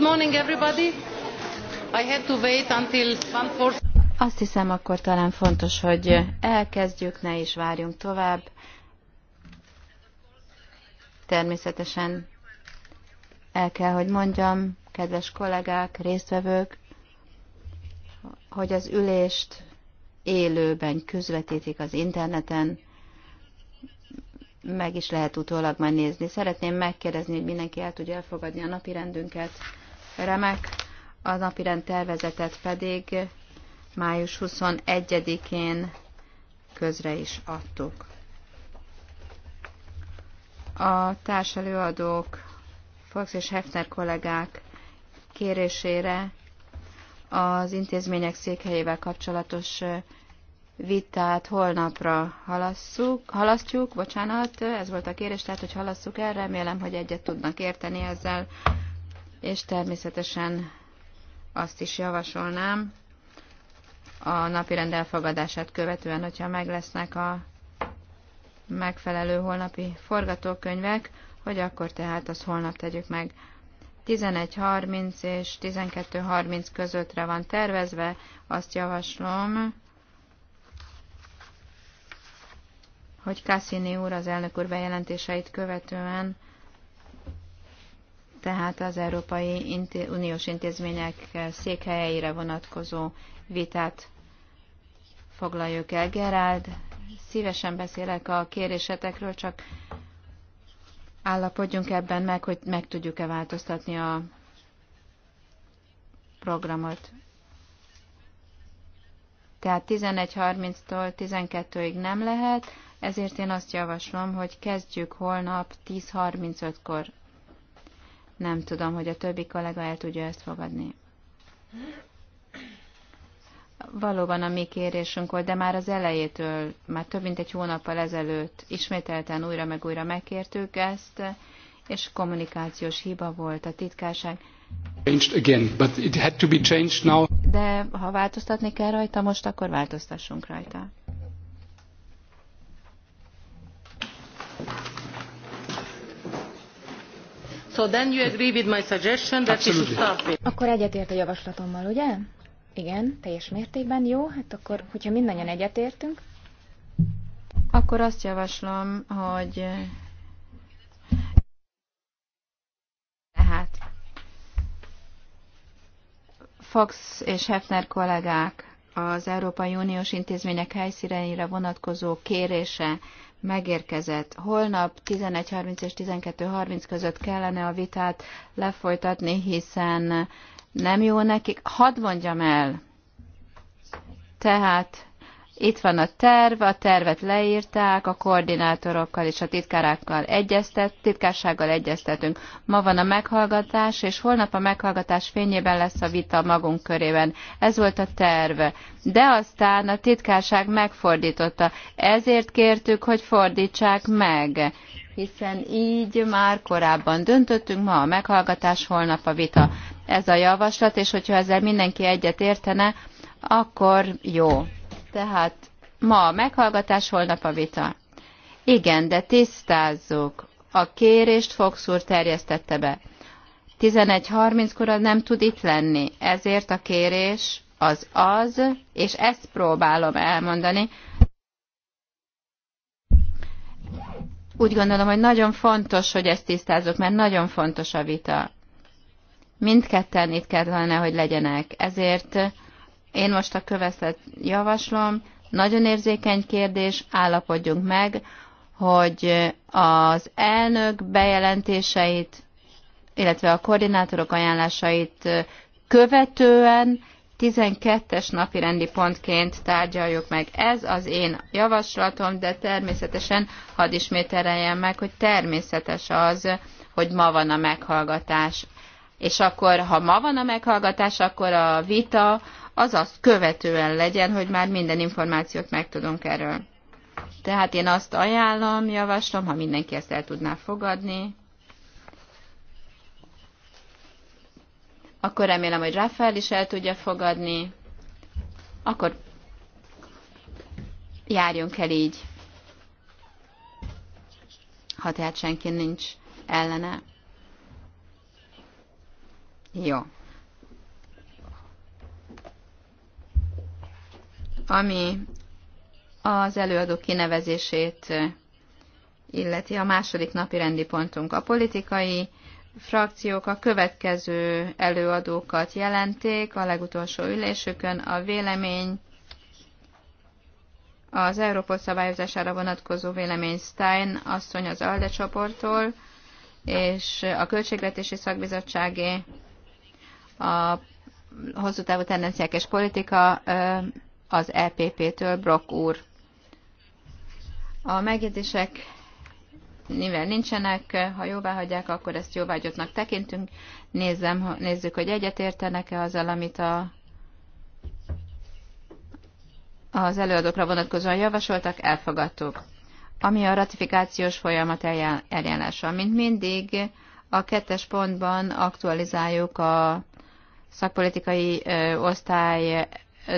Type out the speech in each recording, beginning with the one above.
Good morning everybody. I had to wait until Azt hiszem, akkor talán fontos, hogy elkezdjük, ne is várjunk tovább. Természetesen el kell, hogy mondjam, kedves kollégák, résztvevők, hogy az ülést élőben közvetítik az interneten, meg is lehet utólag majd nézni. Szeretném megkérdezni, hogy mindenki el tudja elfogadni a napi rendünket remek, a napirend tervezetet pedig május 21-én közre is adtuk. A társelőadók, Fox és Hefner kollégák kérésére az intézmények székhelyével kapcsolatos vitát holnapra halasszuk, halasztjuk, bocsánat, ez volt a kérés, tehát hogy halasszuk el, remélem, hogy egyet tudnak érteni ezzel és természetesen azt is javasolnám a rend elfogadását követően, hogyha meg lesznek a megfelelő holnapi forgatókönyvek, hogy akkor tehát az holnap tegyük meg. 11.30 és 12.30 közöttre van tervezve, azt javaslom, hogy Cassini úr az elnök úr bejelentéseit követően tehát az Európai Uniós intézmények székhelyeire vonatkozó vitát foglaljuk el. Gerald, szívesen beszélek a kérésetekről, csak állapodjunk ebben meg, hogy meg tudjuk-e változtatni a programot. Tehát 11.30-tól 12-ig nem lehet, ezért én azt javaslom, hogy kezdjük holnap 10.35-kor nem tudom, hogy a többi kollega el tudja ezt fogadni. Valóban a mi kérésünk volt, de már az elejétől, már több mint egy hónappal ezelőtt ismételten újra meg újra megkértük ezt, és kommunikációs hiba volt a titkárság. De ha változtatni kell rajta, most akkor változtassunk rajta. So then you agree with my suggestion that Akkor egyetért a javaslatommal, ugye? Igen, teljes mértékben jó. Hát akkor, hogyha mindannyian egyetértünk, akkor azt javaslom, hogy tehát Fox és Hefner kollégák az Európai Uniós intézmények helyszíreire vonatkozó kérése megérkezett. Holnap 11.30 és 12.30 között kellene a vitát lefolytatni, hiszen nem jó nekik. Hadd mondjam el, tehát itt van a terv, a tervet leírták, a koordinátorokkal és a titkárákkal egyeztet, titkársággal egyeztetünk. Ma van a meghallgatás, és holnap a meghallgatás fényében lesz a vita magunk körében. Ez volt a terv. De aztán a titkárság megfordította. Ezért kértük, hogy fordítsák meg hiszen így már korábban döntöttünk, ma a meghallgatás, holnap a vita. Ez a javaslat, és hogyha ezzel mindenki egyet értene, akkor jó. Tehát ma a meghallgatás, holnap a vita. Igen, de tisztázzuk. A kérést Fox úr terjesztette be. 11.30-kor nem tud itt lenni, ezért a kérés az az, és ezt próbálom elmondani. Úgy gondolom, hogy nagyon fontos, hogy ezt tisztázzuk, mert nagyon fontos a vita. Mindketten itt kellene, hogy legyenek. Ezért én most a köveszet javaslom. Nagyon érzékeny kérdés, állapodjunk meg, hogy az elnök bejelentéseit, illetve a koordinátorok ajánlásait követően 12-es napi rendi pontként tárgyaljuk meg. Ez az én javaslatom, de természetesen hadd ismételjem meg, hogy természetes az, hogy ma van a meghallgatás. És akkor, ha ma van a meghallgatás, akkor a vita az azt követően legyen, hogy már minden információt megtudunk erről. Tehát én azt ajánlom, javaslom, ha mindenki ezt el tudná fogadni, akkor remélem, hogy Rafael is el tudja fogadni, akkor járjunk el így. Ha tehát senki nincs ellene. Jó. Ami az előadó kinevezését illeti a második napi rendi pontunk. A politikai frakciók a következő előadókat jelenték a legutolsó ülésükön. A vélemény az Európa szabályozására vonatkozó vélemény Stein asszony az ALDE csoporttól, és a Költségvetési Szakbizottságé a hosszú távú tendenciák és politika az EPP-től, Brock úr. A megjegyzések mivel nincsenek, ha jóvá hagyják, akkor ezt jóvágyottnak tekintünk. Nézzem, nézzük, hogy egyetértenek-e azzal, amit a, az előadókra vonatkozóan javasoltak, elfogadtuk. Ami a ratifikációs folyamat eljárása. Mint mindig, a kettes pontban aktualizáljuk a szakpolitikai osztály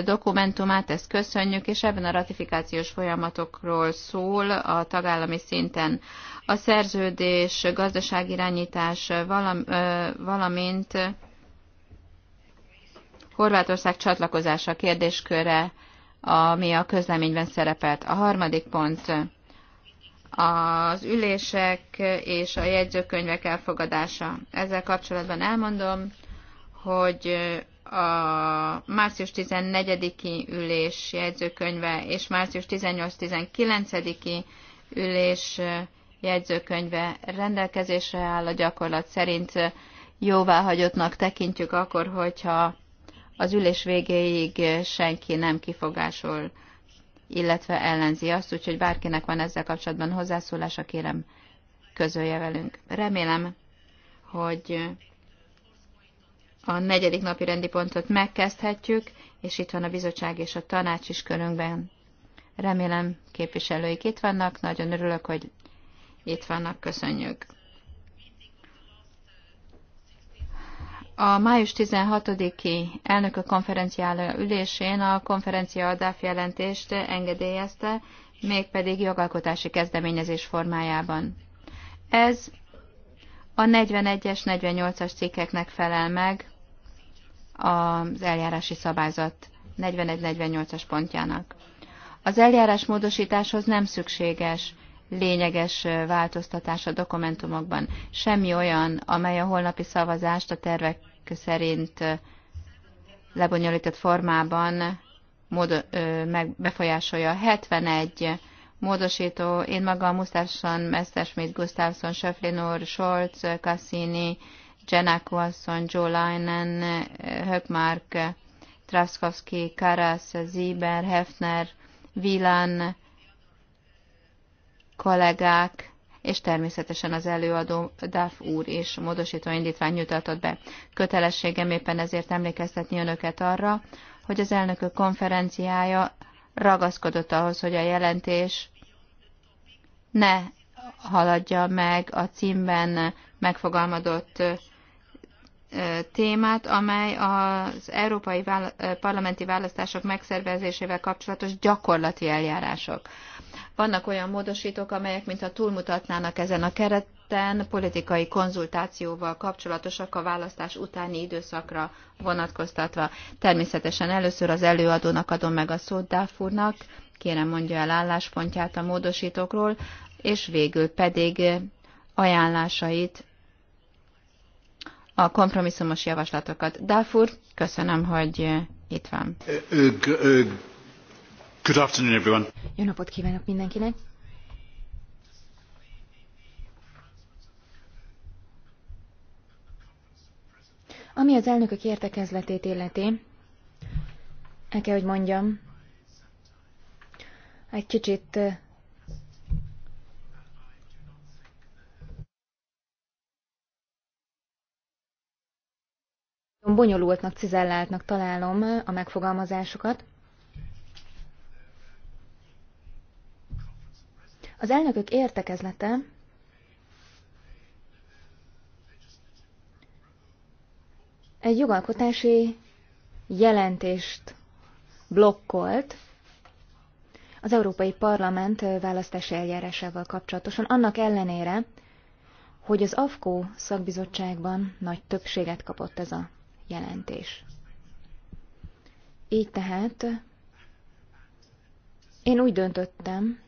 dokumentumát, ezt köszönjük, és ebben a ratifikációs folyamatokról szól a tagállami szinten. A szerződés, gazdaságirányítás, valamint Horvátország csatlakozása kérdésköre, ami a közleményben szerepelt. A harmadik pont az ülések és a jegyzőkönyvek elfogadása. Ezzel kapcsolatban elmondom, hogy a március 14-i ülés jegyzőkönyve és március 18-19-i ülés jegyzőkönyve rendelkezésre áll a gyakorlat szerint jóváhagyottnak tekintjük akkor, hogyha az ülés végéig senki nem kifogásol, illetve ellenzi azt, úgyhogy bárkinek van ezzel kapcsolatban hozzászólása, kérem közölje velünk. Remélem, hogy a negyedik napi rendi pontot megkezdhetjük, és itt van a bizottság és a tanács is körünkben. Remélem képviselőik itt vannak, nagyon örülök, hogy itt vannak, köszönjük. A május 16-i a konferenciája ülésén a konferencia adáf jelentést engedélyezte, mégpedig jogalkotási kezdeményezés formájában. Ez a 41-es, 48-as cikkeknek felel meg, az eljárási szabályzat 41-48-as pontjának. Az eljárás módosításhoz nem szükséges lényeges változtatás a dokumentumokban. Semmi olyan, amely a holnapi szavazást a tervek szerint lebonyolított formában ö, meg, befolyásolja. 71 módosító, én magam Mester, Messerschmidt, Gustafsson, Schöflin úr, Scholz, Cassini, Jenako asszony, Joe Linen, Höckmark, Traskowski, Karas, Zieber, Hefner, Vilan kollégák, és természetesen az előadó DAF úr is módosító indítvány nyújtatott be. Kötelességem éppen ezért emlékeztetni önöket arra, hogy az elnökök konferenciája ragaszkodott ahhoz, hogy a jelentés ne haladja meg a címben megfogalmazott témát, amely az európai parlamenti választások megszervezésével kapcsolatos gyakorlati eljárások. Vannak olyan módosítók, amelyek mintha túlmutatnának ezen a kereten, politikai konzultációval kapcsolatosak a választás utáni időszakra vonatkoztatva. Természetesen először az előadónak adom meg a szót Dáfurnak, kérem mondja el álláspontját a módosítókról, és végül pedig ajánlásait a kompromisszumos javaslatokat. Dáfur, köszönöm, hogy eh, itt van. Good afternoon, everyone. Jó napot kívánok mindenkinek! Ami az elnökök értekezletét illeti, el kell, hogy mondjam, egy kicsit eh, Nagyon bonyolultnak, cizelláltnak találom a megfogalmazásokat. Az elnökök értekezlete egy jogalkotási jelentést blokkolt az Európai Parlament választási eljárásával kapcsolatosan, annak ellenére, hogy az AFKO szakbizottságban nagy többséget kapott ez a jelentés. Így tehát én úgy döntöttem,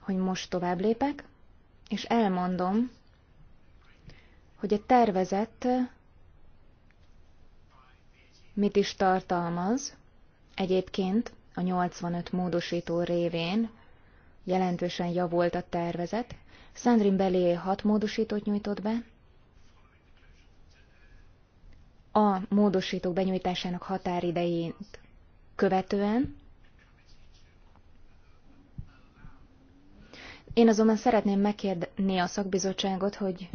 hogy most tovább lépek, és elmondom, hogy a tervezet mit is tartalmaz, egyébként a 85 módosító révén jelentősen javult a tervezet. Sandrin Belé 6 módosítót nyújtott be, a módosítók benyújtásának határidejét követően. Én azonban szeretném megkérni a szakbizottságot, hogy,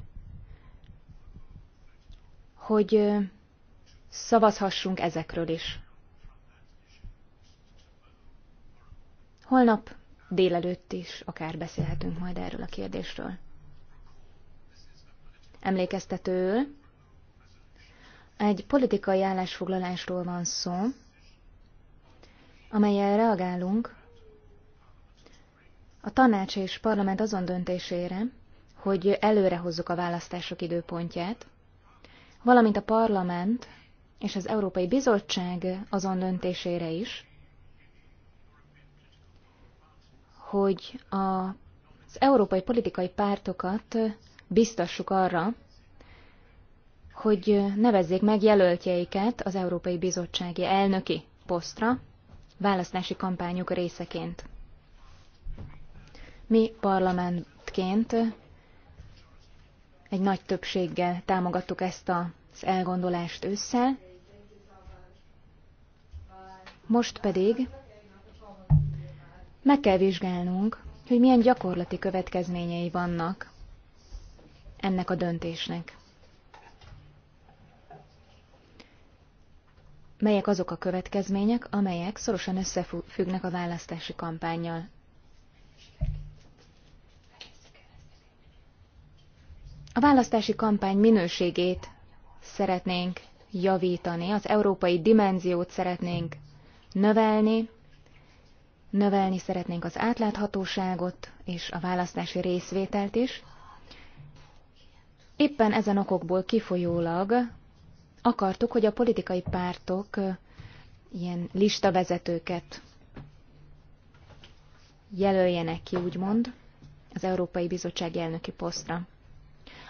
hogy szavazhassunk ezekről is. Holnap délelőtt is akár beszélhetünk majd erről a kérdésről. Emlékeztetőül, egy politikai állásfoglalásról van szó, amelyel reagálunk a tanács és parlament azon döntésére, hogy előrehozzuk a választások időpontját, valamint a parlament és az Európai Bizottság azon döntésére is, hogy az európai politikai pártokat biztassuk arra, hogy nevezzék meg jelöltjeiket az Európai Bizottsági elnöki posztra választási kampányuk részeként. Mi parlamentként egy nagy többséggel támogattuk ezt az elgondolást össze. most pedig meg kell vizsgálnunk, hogy milyen gyakorlati következményei vannak ennek a döntésnek. melyek azok a következmények, amelyek szorosan összefüggnek a választási kampányjal. A választási kampány minőségét szeretnénk javítani, az európai dimenziót szeretnénk növelni, növelni szeretnénk az átláthatóságot és a választási részvételt is. Éppen ezen okokból kifolyólag akartuk, hogy a politikai pártok ilyen listavezetőket jelöljenek ki, úgymond, az Európai Bizottság elnöki posztra.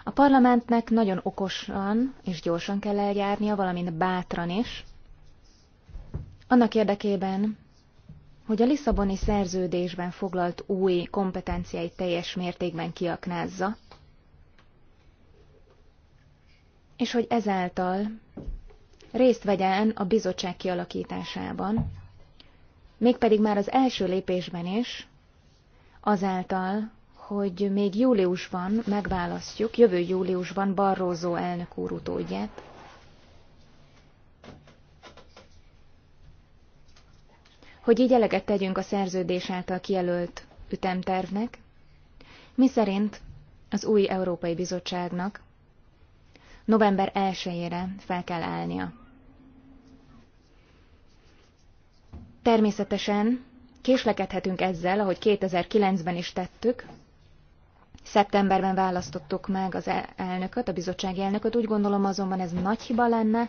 A parlamentnek nagyon okosan és gyorsan kell eljárnia, valamint bátran is, annak érdekében, hogy a Lisszaboni szerződésben foglalt új kompetenciáit teljes mértékben kiaknázza, és hogy ezáltal részt vegyen a bizottság kialakításában, mégpedig már az első lépésben is, azáltal, hogy még júliusban megválasztjuk, jövő júliusban Barrózó elnök úr utódját. Hogy így eleget tegyünk a szerződés által kijelölt ütemtervnek, miszerint az új Európai Bizottságnak november 1-ére fel kell állnia. Természetesen késlekedhetünk ezzel, ahogy 2009-ben is tettük. Szeptemberben választottuk meg az elnököt, a bizottsági elnököt, úgy gondolom azonban ez nagy hiba lenne,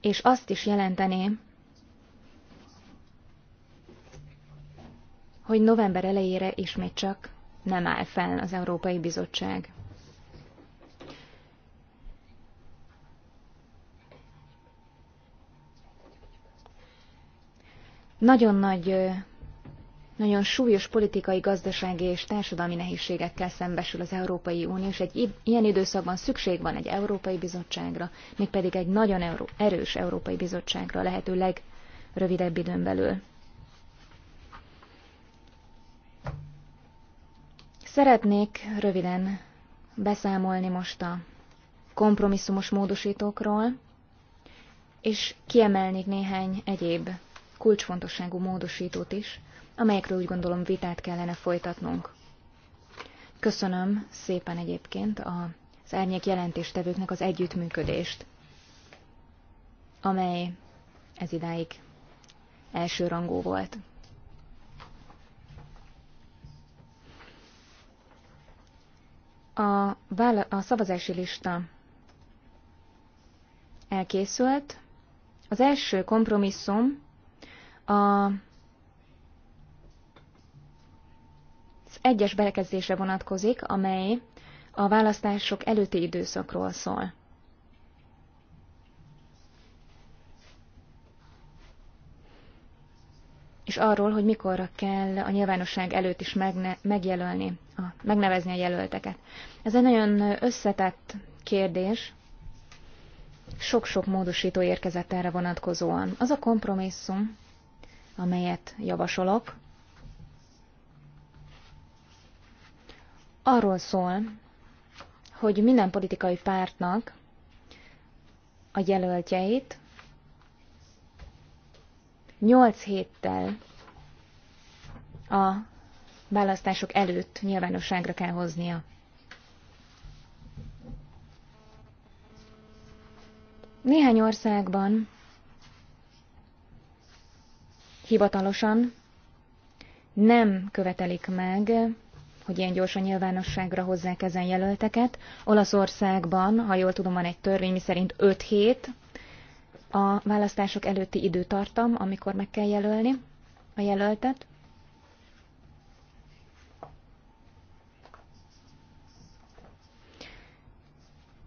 és azt is jelentené, hogy november elejére ismét csak nem áll fenn az Európai Bizottság. nagyon nagy, nagyon súlyos politikai, gazdasági és társadalmi nehézségekkel szembesül az Európai Unió, és egy ilyen időszakban szükség van egy Európai Bizottságra, mégpedig egy nagyon erős Európai Bizottságra lehető legrövidebb időn belül. Szeretnék röviden beszámolni most a kompromisszumos módosítókról, és kiemelnék néhány egyéb kulcsfontosságú módosítót is, amelyekről úgy gondolom vitát kellene folytatnunk. Köszönöm szépen egyébként az árnyék jelentéstevőknek az együttműködést, amely ez idáig elsőrangú volt. A, vála- a szavazási lista elkészült. Az első kompromisszum a az egyes belekezdésre vonatkozik, amely a választások előtti időszakról szól. és arról, hogy mikorra kell a nyilvánosság előtt is megne, megjelölni, a, megnevezni a jelölteket. Ez egy nagyon összetett kérdés, sok-sok módosító érkezett erre vonatkozóan. Az a kompromisszum, amelyet javasolok, arról szól, hogy minden politikai pártnak a jelöltjeit 8 héttel a választások előtt nyilvánosságra kell hoznia. Néhány országban hivatalosan nem követelik meg, hogy ilyen gyorsan nyilvánosságra hozzák ezen jelölteket. Olaszországban, ha jól tudom, van egy törvény, miszerint 5 hét a választások előtti időtartam, amikor meg kell jelölni a jelöltet.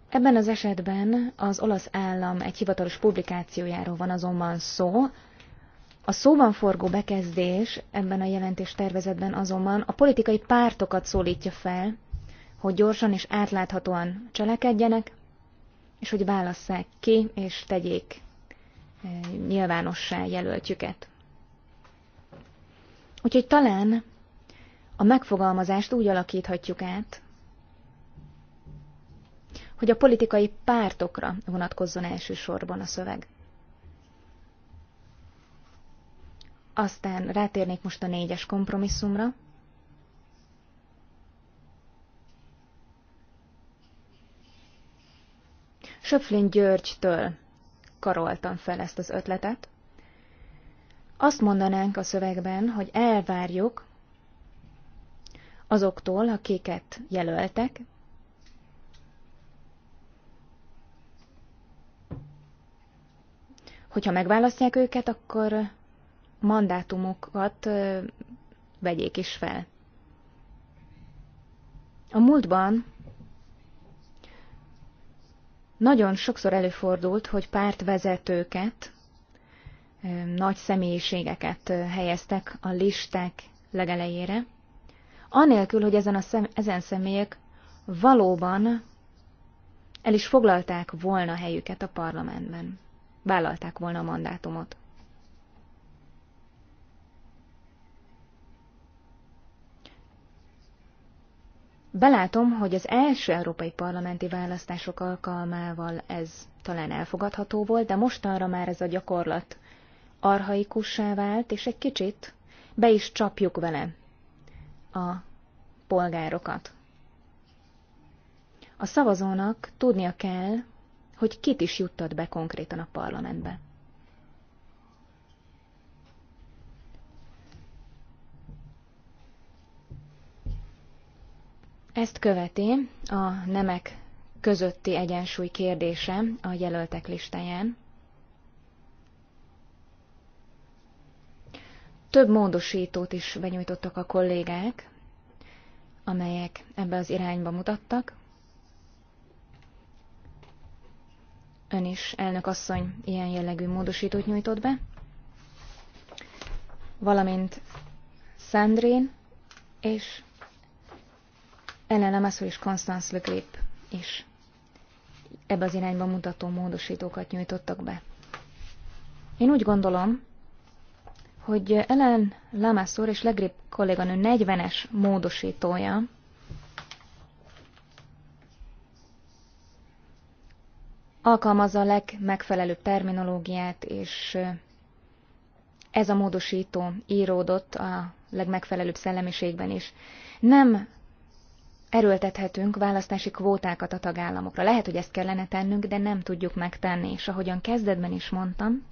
Ebben az esetben az olasz állam egy hivatalos publikációjáról van azonban szó, a szóban forgó bekezdés ebben a jelentés tervezetben azonban a politikai pártokat szólítja fel, hogy gyorsan és átláthatóan cselekedjenek, és hogy válasszák ki és tegyék e, nyilvánossá jelöltjüket. Úgyhogy talán a megfogalmazást úgy alakíthatjuk át, hogy a politikai pártokra vonatkozzon elsősorban a szöveg. Aztán rátérnék most a négyes kompromisszumra. Söpflin Györgytől karoltam fel ezt az ötletet. Azt mondanánk a szövegben, hogy elvárjuk azoktól, akiket jelöltek, hogyha megválasztják őket, akkor mandátumokat vegyék is fel. A múltban nagyon sokszor előfordult, hogy pártvezetőket, nagy személyiségeket helyeztek a listák legelejére, anélkül, hogy ezen, a szem, ezen személyek valóban el is foglalták volna helyüket a parlamentben, vállalták volna a mandátumot. Belátom, hogy az első európai parlamenti választások alkalmával ez talán elfogadható volt, de mostanra már ez a gyakorlat arhaikussá vált, és egy kicsit be is csapjuk vele a polgárokat. A szavazónak tudnia kell, hogy kit is juttat be konkrétan a parlamentbe. Ezt követi a nemek közötti egyensúly kérdése a jelöltek listáján. Több módosítót is benyújtottak a kollégák, amelyek ebbe az irányba mutattak. Ön is, elnök asszony, ilyen jellegű módosítót nyújtott be. Valamint Szendrén és ellen Masszó és Constance Le Grip is ebbe az irányba mutató módosítókat nyújtottak be. Én úgy gondolom, hogy Ellen Lamassur és Legrip kolléganő 40-es módosítója alkalmazza a legmegfelelőbb terminológiát, és ez a módosító íródott a legmegfelelőbb szellemiségben is. Nem erőltethetünk választási kvótákat a tagállamokra. Lehet, hogy ezt kellene tennünk, de nem tudjuk megtenni. És ahogyan kezdetben is mondtam,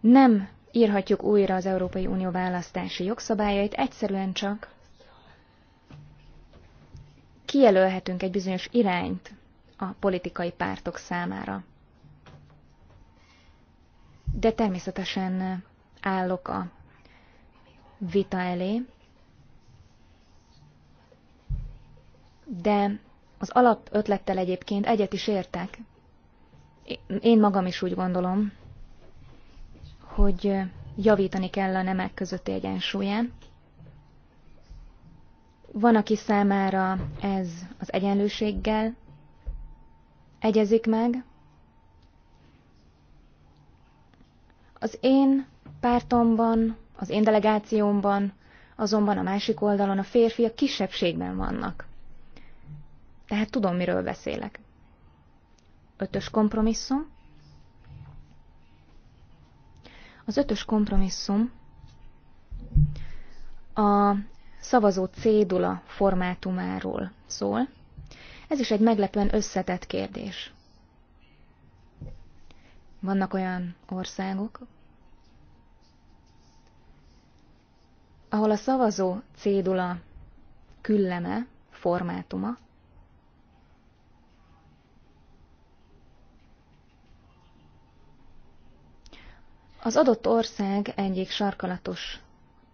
nem írhatjuk újra az Európai Unió választási jogszabályait, egyszerűen csak kijelölhetünk egy bizonyos irányt a politikai pártok számára de természetesen állok a vita elé, de az alap ötlettel egyébként egyet is értek. Én magam is úgy gondolom, hogy javítani kell a nemek közötti egyensúlyán. Van, aki számára ez az egyenlőséggel egyezik meg, Az én pártomban, az én delegációmban, azonban a másik oldalon a férfiak kisebbségben vannak. Tehát tudom, miről beszélek. Ötös kompromisszum. Az ötös kompromisszum a szavazó cédula formátumáról szól. Ez is egy meglepően összetett kérdés. Vannak olyan országok, ahol a szavazó cédula külleme, formátuma az adott ország egyik sarkalatos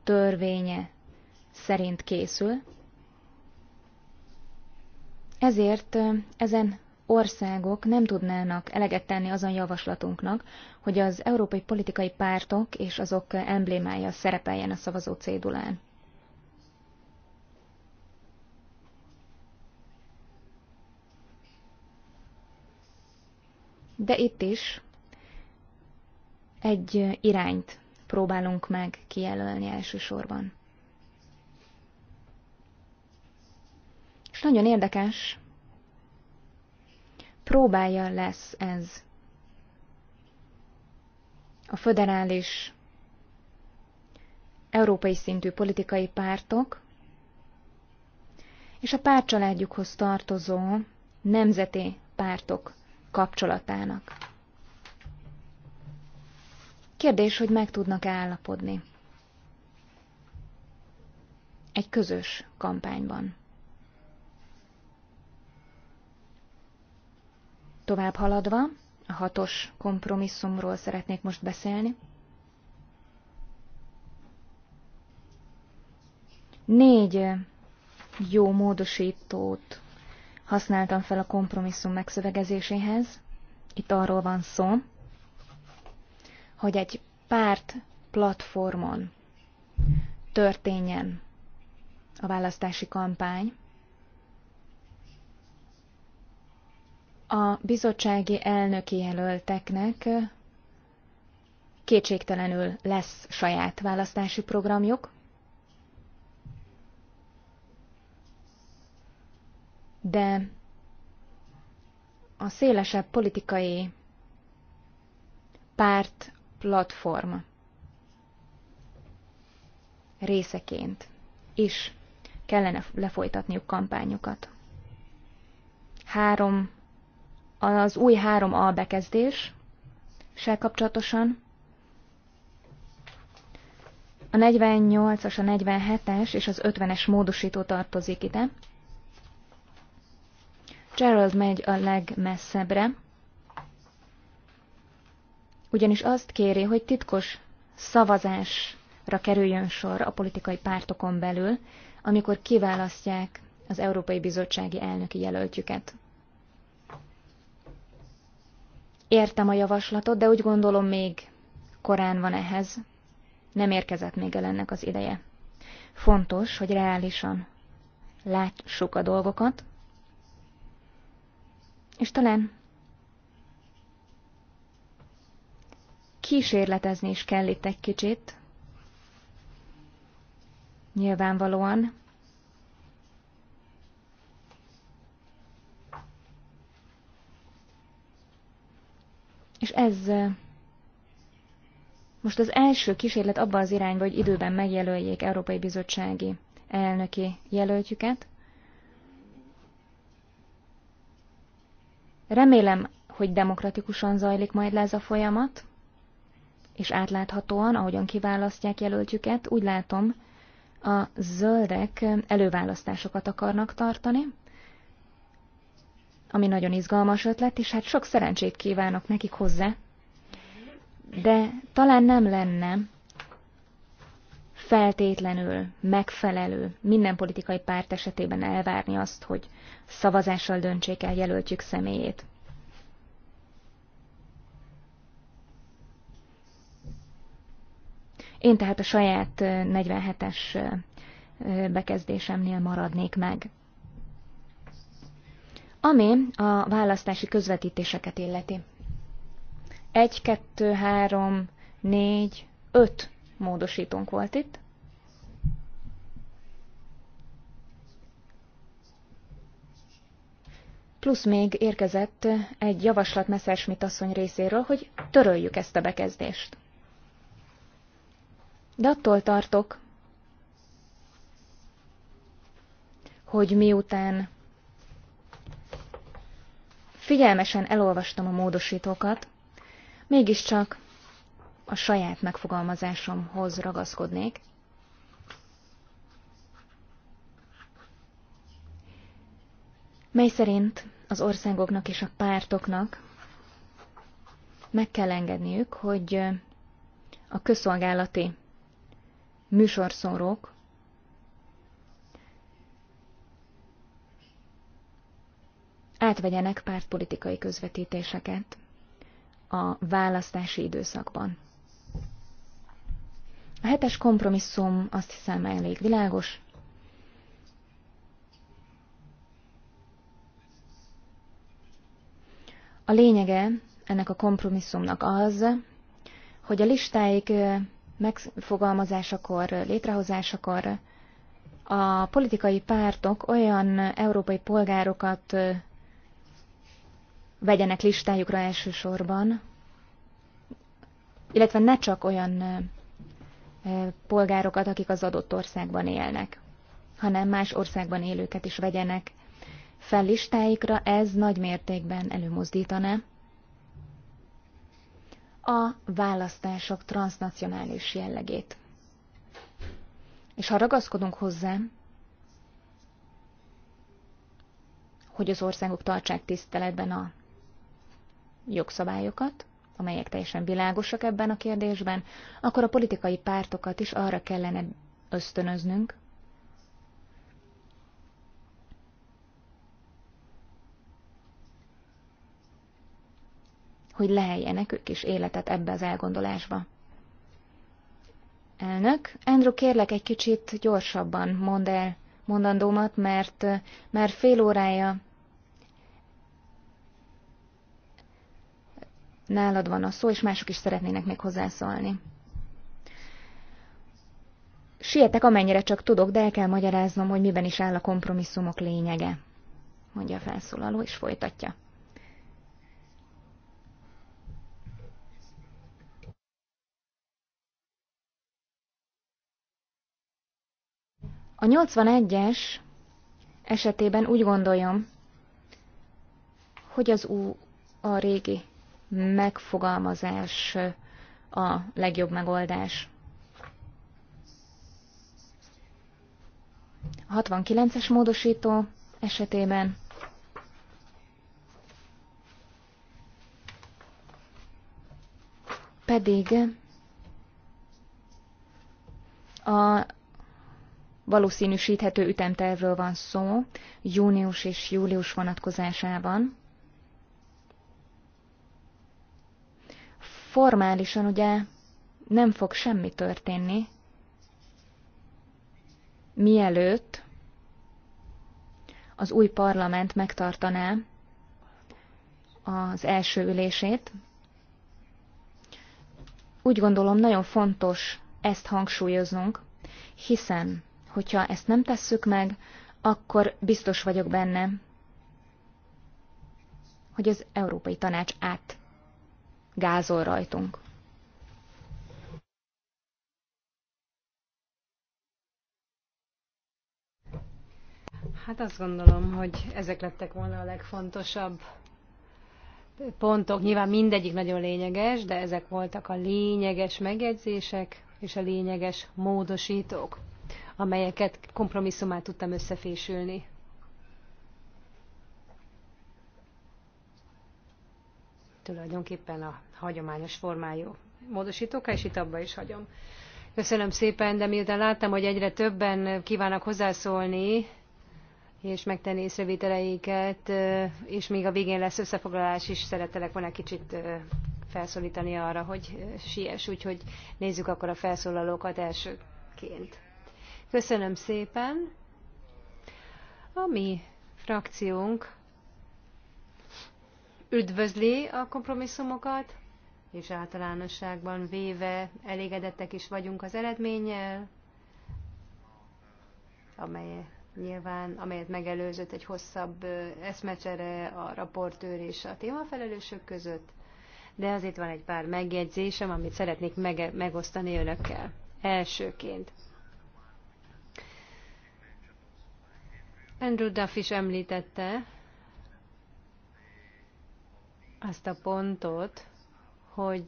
törvénye szerint készül, ezért ezen országok nem tudnának eleget tenni azon javaslatunknak, hogy az európai politikai pártok és azok emblémája szerepeljen a szavazó cédulán. De itt is egy irányt próbálunk meg kijelölni elsősorban. És nagyon érdekes próbája lesz ez a föderális európai szintű politikai pártok és a pártcsaládjukhoz tartozó nemzeti pártok kapcsolatának. Kérdés, hogy meg tudnak -e állapodni egy közös kampányban. Tovább haladva, a hatos kompromisszumról szeretnék most beszélni. Négy jó módosítót használtam fel a kompromisszum megszövegezéséhez. Itt arról van szó, hogy egy párt platformon történjen a választási kampány, a bizottsági elnöki jelölteknek kétségtelenül lesz saját választási programjuk, de a szélesebb politikai párt platform részeként is kellene lefolytatniuk kampányukat. Három az új 3A bekezdés se kapcsolatosan. A 48-as, a 47-es és az 50-es módosító tartozik ide. Gerald megy a legmesszebbre, ugyanis azt kéri, hogy titkos szavazásra kerüljön sor a politikai pártokon belül, amikor kiválasztják az Európai Bizottsági elnöki jelöltjüket. Értem a javaslatot, de úgy gondolom még korán van ehhez. Nem érkezett még el ennek az ideje. Fontos, hogy reálisan látsuk a dolgokat, és talán kísérletezni is kell itt egy kicsit. Nyilvánvalóan És ez most az első kísérlet abba az irányba, hogy időben megjelöljék Európai Bizottsági elnöki jelöltjüket. Remélem, hogy demokratikusan zajlik majd le ez a folyamat, és átláthatóan, ahogyan kiválasztják jelöltjüket, úgy látom, a zöldek előválasztásokat akarnak tartani, ami nagyon izgalmas ötlet, és hát sok szerencsét kívánok nekik hozzá. De talán nem lenne feltétlenül megfelelő minden politikai párt esetében elvárni azt, hogy szavazással döntsék el jelöltjük személyét. Én tehát a saját 47-es eh, eh, bekezdésemnél maradnék meg ami a választási közvetítéseket illeti. Egy, kettő, három, négy, öt módosítónk volt itt. Plusz még érkezett egy javaslat Messerschmitt asszony részéről, hogy töröljük ezt a bekezdést. De attól tartok, hogy miután Figyelmesen elolvastam a módosítókat, mégiscsak a saját megfogalmazásomhoz ragaszkodnék. mely szerint az országoknak és a pártoknak meg kell engedniük, hogy a közszolgálati műsorszórók átvegyenek pártpolitikai közvetítéseket a választási időszakban. A hetes kompromisszum azt hiszem elég világos. A lényege ennek a kompromisszumnak az, hogy a listáik megfogalmazásakor, létrehozásakor a politikai pártok olyan európai polgárokat vegyenek listájukra elsősorban, illetve ne csak olyan polgárokat, akik az adott országban élnek, hanem más országban élőket is vegyenek fel listáikra, ez nagy mértékben előmozdítaná a választások transnacionális jellegét. És ha ragaszkodunk hozzá, hogy az országok tartsák tiszteletben a jogszabályokat, amelyek teljesen világosak ebben a kérdésben, akkor a politikai pártokat is arra kellene ösztönöznünk, hogy leheljenek ők is életet ebbe az elgondolásba. Elnök, Andrew, kérlek egy kicsit gyorsabban mondd el mondandómat, mert eh, már fél órája nálad van a szó, és mások is szeretnének még hozzászólni. Sietek, amennyire csak tudok, de el kell magyaráznom, hogy miben is áll a kompromisszumok lényege, mondja a felszólaló, és folytatja. A 81-es esetében úgy gondolom, hogy az U a régi megfogalmazás a legjobb megoldás. A 69-es módosító esetében pedig a valószínűsíthető ütemtervről van szó június és július vonatkozásában. formálisan ugye nem fog semmi történni, mielőtt az új parlament megtartaná az első ülését. Úgy gondolom, nagyon fontos ezt hangsúlyoznunk, hiszen, hogyha ezt nem tesszük meg, akkor biztos vagyok benne, hogy az Európai Tanács át gázol rajtunk. Hát azt gondolom, hogy ezek lettek volna a legfontosabb pontok. Nyilván mindegyik nagyon lényeges, de ezek voltak a lényeges megjegyzések és a lényeges módosítók, amelyeket kompromisszumát tudtam összefésülni. tulajdonképpen a hagyományos formájú módosítókkal, és itt abba is hagyom. Köszönöm szépen, de miután láttam, hogy egyre többen kívánnak hozzászólni, és megtenni észrevételeiket, és még a végén lesz összefoglalás is, szeretelek volna kicsit felszólítani arra, hogy siess, úgyhogy nézzük akkor a felszólalókat elsőként. Köszönöm szépen. A mi frakciónk üdvözli a kompromisszumokat, és általánosságban véve elégedettek is vagyunk az eredménnyel, amely nyilván, amelyet megelőzött egy hosszabb eszmecsere a raportőr és a témafelelősök között, de azért van egy pár megjegyzésem, amit szeretnék mege- megosztani önökkel. Elsőként. Andrew Duff is említette, azt a pontot, hogy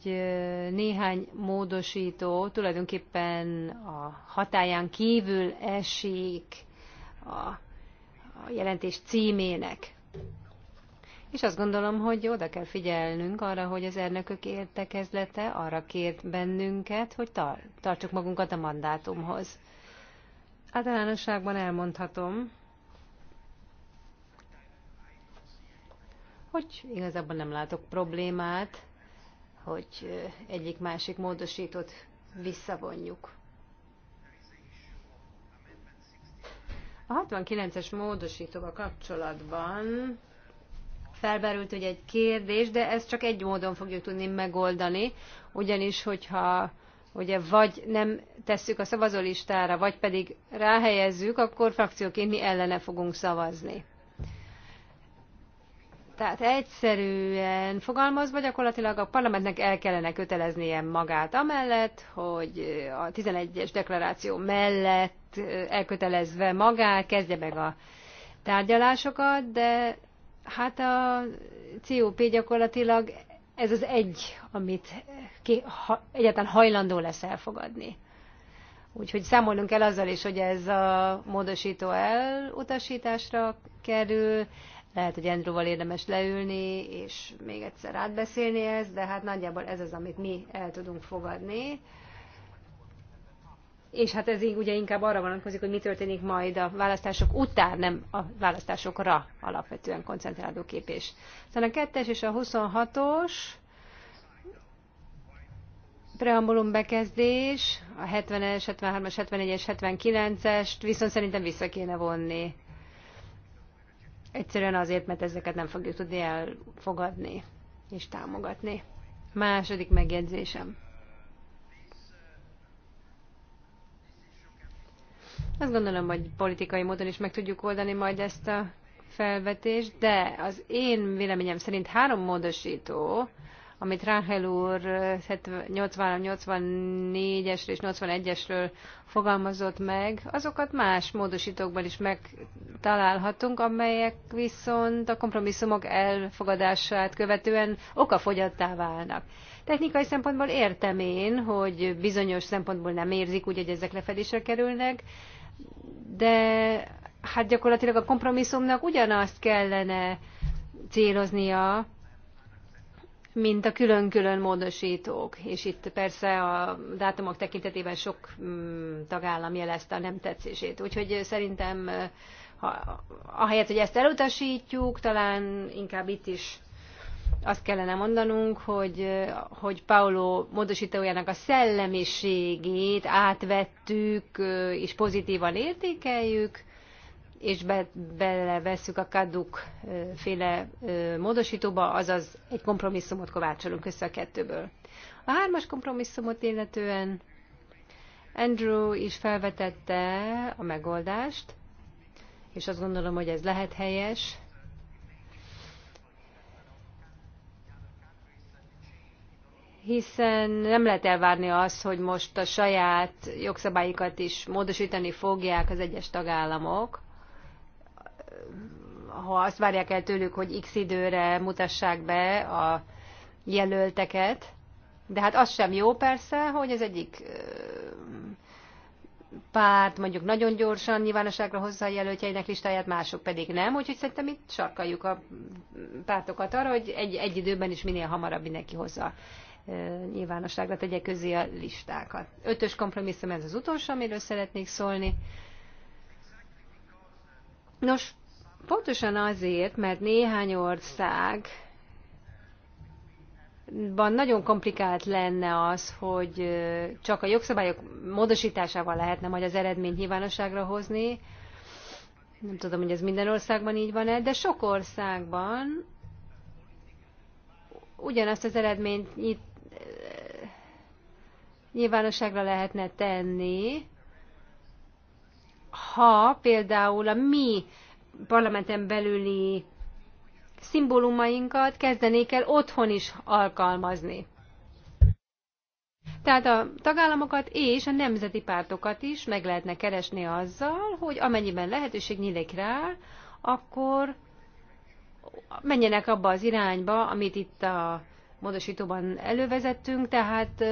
néhány módosító tulajdonképpen a hatáján kívül esik a, a jelentés címének. És azt gondolom, hogy oda kell figyelnünk arra, hogy az elnökök értekezlete arra kért bennünket, hogy tar- tartsuk magunkat a mandátumhoz. Általánosságban elmondhatom, hogy igazából nem látok problémát, hogy egyik-másik módosítót visszavonjuk. A 69-es módosítóval kapcsolatban felberült hogy egy kérdés, de ezt csak egy módon fogjuk tudni megoldani, ugyanis hogyha ugye vagy nem tesszük a szavazólistára, vagy pedig ráhelyezzük, akkor frakcióként mi ellene fogunk szavazni. Tehát egyszerűen fogalmazva gyakorlatilag a parlamentnek el kellene köteleznie magát amellett, hogy a 11-es deklaráció mellett elkötelezve magát kezdje meg a tárgyalásokat, de hát a COP gyakorlatilag ez az egy, amit ki, ha, egyáltalán hajlandó lesz elfogadni. Úgyhogy számolnunk el azzal is, hogy ez a módosító elutasításra kerül, lehet, hogy Andrewval érdemes leülni, és még egyszer átbeszélni ezt, de hát nagyjából ez az, amit mi el tudunk fogadni. És hát ez így ugye inkább arra vonatkozik, hogy mi történik majd a választások után, nem a választásokra alapvetően koncentráló képés. Szóval a kettes és a 26-os preambulum bekezdés, a 70-es, 73-as, 74-es, 79-est viszont szerintem vissza kéne vonni. Egyszerűen azért, mert ezeket nem fogjuk tudni elfogadni és támogatni. Második megjegyzésem. Azt gondolom, hogy politikai módon is meg tudjuk oldani majd ezt a felvetést, de az én véleményem szerint három módosító, amit Ráhel úr 83 84 es és 81-esről fogalmazott meg, azokat más módosítókban is megtalálhatunk, amelyek viszont a kompromisszumok elfogadását követően okafogyattá válnak. Technikai szempontból értem én, hogy bizonyos szempontból nem érzik úgy, hogy ezek lefedésre kerülnek, de hát gyakorlatilag a kompromisszumnak ugyanazt kellene céloznia, mint a külön-külön módosítók. És itt persze a dátumok tekintetében sok mm, tagállam jelezte a nem tetszését. Úgyhogy szerintem ha, ahelyett, hogy ezt elutasítjuk, talán inkább itt is azt kellene mondanunk, hogy, hogy Paulo módosítójának a szellemiségét átvettük és pozitívan értékeljük, és be, belevesszük a kaduk féle módosítóba, azaz egy kompromisszumot kovácsolunk össze a kettőből. A hármas kompromisszumot illetően Andrew is felvetette a megoldást, és azt gondolom, hogy ez lehet helyes. hiszen nem lehet elvárni az, hogy most a saját jogszabályikat is módosítani fogják az egyes tagállamok, ha azt várják el tőlük, hogy x időre mutassák be a jelölteket, de hát az sem jó persze, hogy az egyik párt mondjuk nagyon gyorsan nyilvánosságra hozza a jelöltjeinek listáját, mások pedig nem, úgyhogy szerintem itt sarkaljuk a pártokat arra, hogy egy, egy időben is minél hamarabb mindenki hozza nyilvánosságra tegye közé a listákat. Ötös kompromisszum ez az utolsó, amiről szeretnék szólni. Nos, Pontosan azért, mert néhány ország van nagyon komplikált lenne az, hogy csak a jogszabályok módosításával lehetne majd az eredményt nyilvánosságra hozni. Nem tudom, hogy ez minden országban így van-e, de sok országban ugyanazt az eredményt nyit, nyilvánosságra lehetne tenni, ha például a mi parlamenten belüli szimbólumainkat kezdenék el otthon is alkalmazni. Tehát a tagállamokat és a nemzeti pártokat is meg lehetne keresni azzal, hogy amennyiben lehetőség nyílik rá, akkor menjenek abba az irányba, amit itt a módosítóban elővezettünk, tehát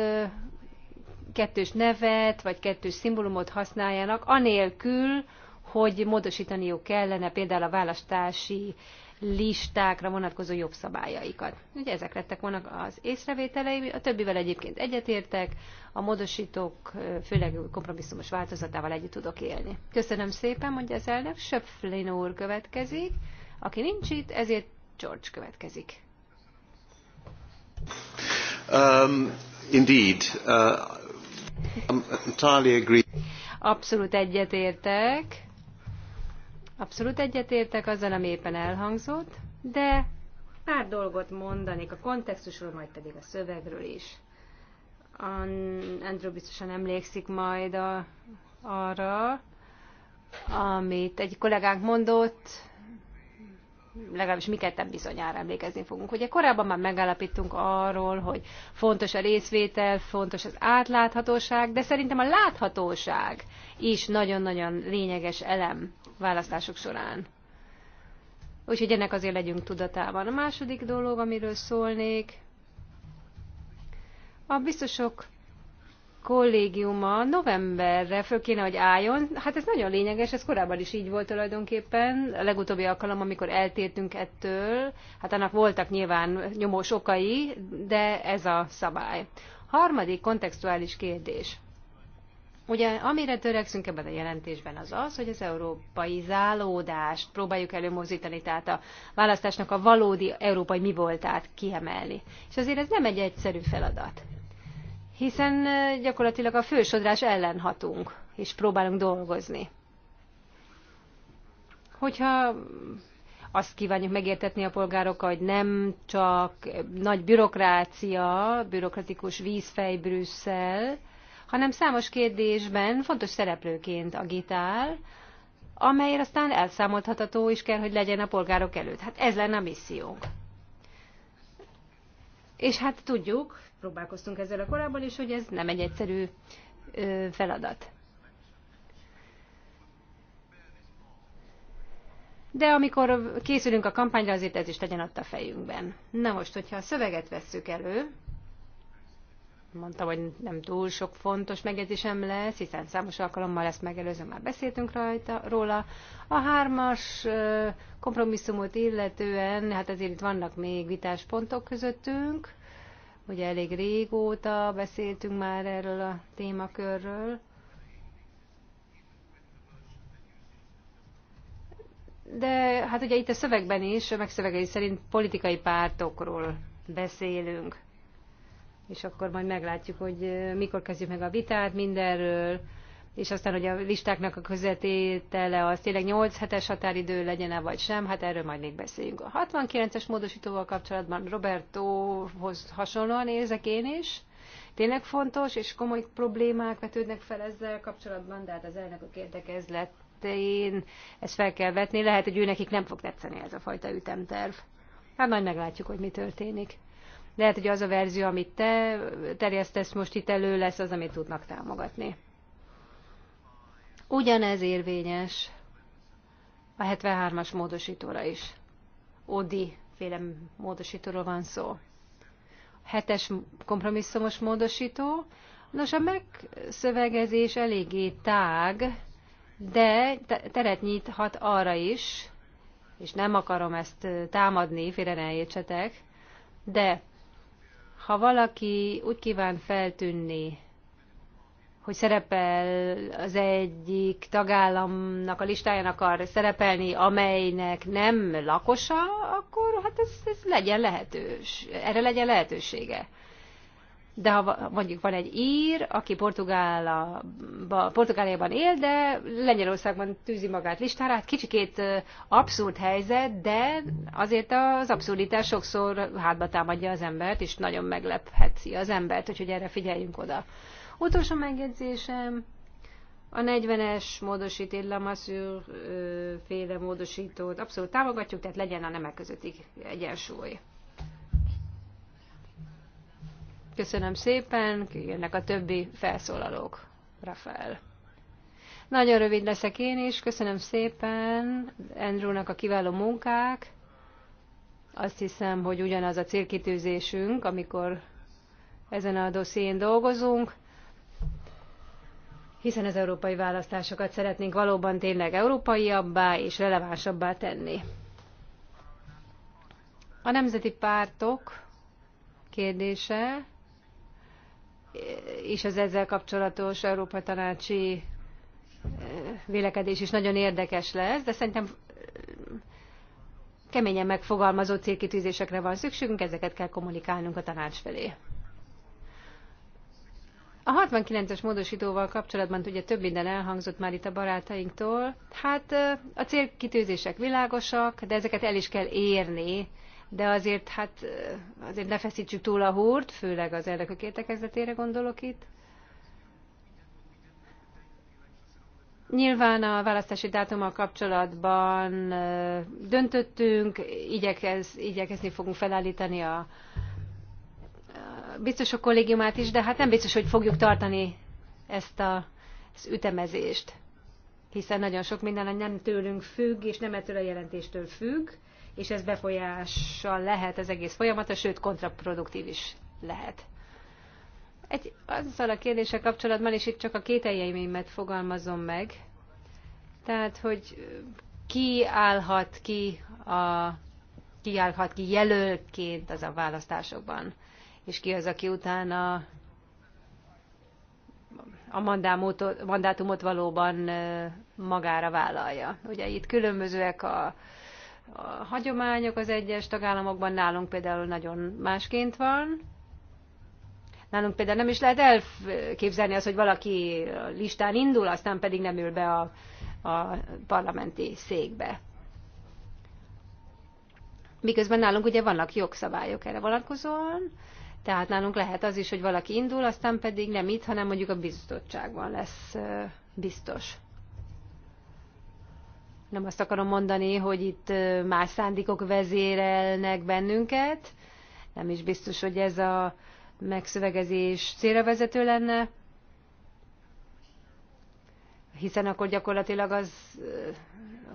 kettős nevet vagy kettős szimbólumot használjanak, anélkül, hogy módosítaniuk kellene például a választási listákra vonatkozó jogszabályaikat. Ugye ezek lettek volna az észrevételeim, a többivel egyébként egyetértek, a módosítók főleg kompromisszumos változatával együtt tudok élni. Köszönöm szépen, mondja az elnök, Söpflin úr következik, aki nincs itt, ezért George következik. Um, indeed. Uh, I'm entirely agree. Abszolút egyetértek Abszolút egyetértek azzal, ami éppen elhangzott, de pár dolgot mondanék a kontextusról, majd pedig a szövegről is. Andrew biztosan emlékszik majd a, arra, amit egy kollégánk mondott, legalábbis mi ketten bizonyára emlékezni fogunk. Ugye korábban már megállapítunk arról, hogy fontos a részvétel, fontos az átláthatóság, de szerintem a láthatóság is nagyon-nagyon lényeges elem választások során. Úgyhogy ennek azért legyünk tudatában. A második dolog, amiről szólnék, a biztosok kollégiuma novemberre föl kéne, hogy álljon. Hát ez nagyon lényeges, ez korábban is így volt tulajdonképpen. A legutóbbi alkalom, amikor eltértünk ettől, hát annak voltak nyilván nyomós okai, de ez a szabály. Harmadik kontextuális kérdés. Ugye, amire törekszünk ebben a jelentésben az az, hogy az európai zálódást próbáljuk előmozdítani, tehát a választásnak a valódi európai mi voltát kiemelni. És azért ez nem egy egyszerű feladat hiszen gyakorlatilag a fősodrás ellen hatunk, és próbálunk dolgozni. Hogyha azt kívánjuk megértetni a polgárokkal, hogy nem csak nagy bürokrácia, bürokratikus vízfej Brüsszel, hanem számos kérdésben fontos szereplőként agitál, amelyért aztán elszámoltható is kell, hogy legyen a polgárok előtt. Hát ez lenne a missziónk. És hát tudjuk, próbálkoztunk ezzel a korábban, és hogy ez nem egy egyszerű feladat. De amikor készülünk a kampányra, azért ez is legyen ott a fejünkben. Na most, hogyha a szöveget vesszük elő, mondtam, hogy nem túl sok fontos megjegyzésem lesz, hiszen számos alkalommal ezt megelőzően már beszéltünk rajta, róla. A hármas kompromisszumot illetően, hát azért itt vannak még vitáspontok közöttünk, Ugye elég régóta beszéltünk már erről a témakörről, de hát ugye itt a szövegben is, a megszövegei szerint politikai pártokról beszélünk. És akkor majd meglátjuk, hogy eh, mikor kezdjük meg a vitát mindenről, és aztán, hogy a listáknak a közvetétele az tényleg 8 hetes határidő legyen-e vagy sem, hát erről majd még beszéljünk. A 69-es módosítóval kapcsolatban Robertohoz hasonlóan érzek én is. Tényleg fontos, és komoly problémák vetődnek fel ezzel kapcsolatban, de hát az elnökök érdekezletén ezt fel kell vetni. Lehet, hogy ő nekik nem fog tetszeni ez a fajta ütemterv. Hát majd meglátjuk, hogy mi történik. Lehet, hogy az a verzió, amit te terjesztesz most itt elő, lesz az, amit tudnak támogatni. Ugyanez érvényes a 73-as módosítóra is. Odi féle módosítóról van szó. Hetes kompromisszumos módosító. Nos, a megszövegezés eléggé tág, de teret nyithat arra is, és nem akarom ezt támadni, félre ne értsetek, de ha valaki úgy kíván feltűnni, hogy szerepel az egyik tagállamnak a listáján akar szerepelni, amelynek nem lakosa, akkor hát ez, ez legyen lehetős, erre legyen lehetősége. De ha mondjuk van egy ír, aki Portugáliában él, de Lengyelországban tűzi magát listára, hát kicsikét abszurd helyzet, de azért az abszurditás sokszor hátba támadja az embert, és nagyon meglephetzi az embert, úgyhogy erre figyeljünk oda. Utolsó megjegyzésem, a 40-es módosítét, Lamassur féle módosítót abszolút támogatjuk, tehát legyen a nemek közötti egyensúly. Köszönöm szépen, jönnek a többi felszólalók. Rafael. Nagyon rövid leszek én is, köszönöm szépen Andrewnak a kiváló munkák. Azt hiszem, hogy ugyanaz a célkitűzésünk, amikor ezen a dosszén dolgozunk hiszen az európai választásokat szeretnénk valóban tényleg európaiabbá és relevánsabbá tenni. A nemzeti pártok kérdése és az ezzel kapcsolatos Európa Tanácsi eh, vélekedés is nagyon érdekes lesz, de szerintem eh, keményen megfogalmazott célkitűzésekre van szükségünk, ezeket kell kommunikálnunk a tanács felé. A 69-es módosítóval kapcsolatban ugye több minden elhangzott már itt a barátainktól. Hát a célkitűzések világosak, de ezeket el is kell érni, de azért hát azért ne feszítsük túl a húrt, főleg az elnökök értekezletére gondolok itt. Nyilván a választási dátummal kapcsolatban döntöttünk, igyekez, igyekezni fogunk felállítani a biztosok kollégiumát is, de hát nem biztos, hogy fogjuk tartani ezt a, az ütemezést, hiszen nagyon sok minden nem tőlünk függ, és nem ettől a jelentéstől függ, és ez befolyással lehet az egész folyamata, sőt kontraproduktív is lehet. Egy, azzal a kérdéssel kapcsolatban, és itt csak a két kételjeimet fogalmazom meg, tehát, hogy ki állhat ki, a, ki állhat ki jelöltként az a választásokban és ki az, aki utána a mandátumot valóban magára vállalja. Ugye itt különbözőek a, a hagyományok az egyes tagállamokban, nálunk például nagyon másként van. Nálunk például nem is lehet elképzelni azt, hogy valaki listán indul, aztán pedig nem ül be a, a parlamenti székbe. Miközben nálunk ugye vannak jogszabályok erre vonatkozóan, tehát nálunk lehet az is, hogy valaki indul, aztán pedig nem itt, hanem mondjuk a biztottságban lesz biztos. Nem azt akarom mondani, hogy itt más szándékok vezérelnek bennünket, nem is biztos, hogy ez a megszövegezés célra vezető lenne, hiszen akkor gyakorlatilag az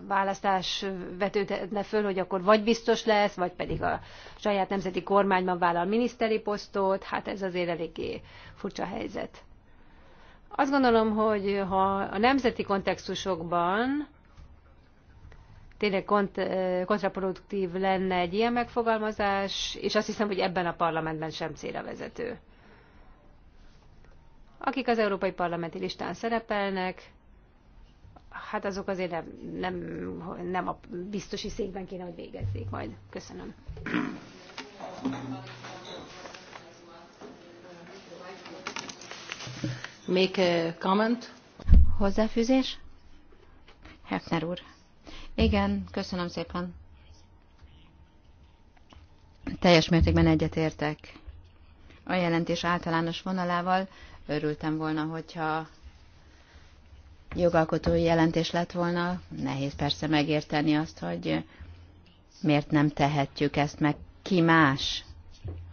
választás vetődne föl, hogy akkor vagy biztos lesz, vagy pedig a saját nemzeti kormányban vállal miniszteri posztot, hát ez azért eléggé furcsa helyzet. Azt gondolom, hogy ha a nemzeti kontextusokban tényleg kont, kontraproduktív lenne egy ilyen megfogalmazás, és azt hiszem, hogy ebben a parlamentben sem célra vezető. Akik az Európai Parlamenti listán szerepelnek, hát azok azért nem, nem, nem a biztosi székben kéne, hogy végezzék majd. Köszönöm. Make eh, a comment? Hozzáfűzés? Hefner úr. Igen, köszönöm szépen. Teljes mértékben egyetértek a jelentés általános vonalával. Örültem volna, hogyha jogalkotói jelentés lett volna. Nehéz persze megérteni azt, hogy miért nem tehetjük ezt meg. Ki más,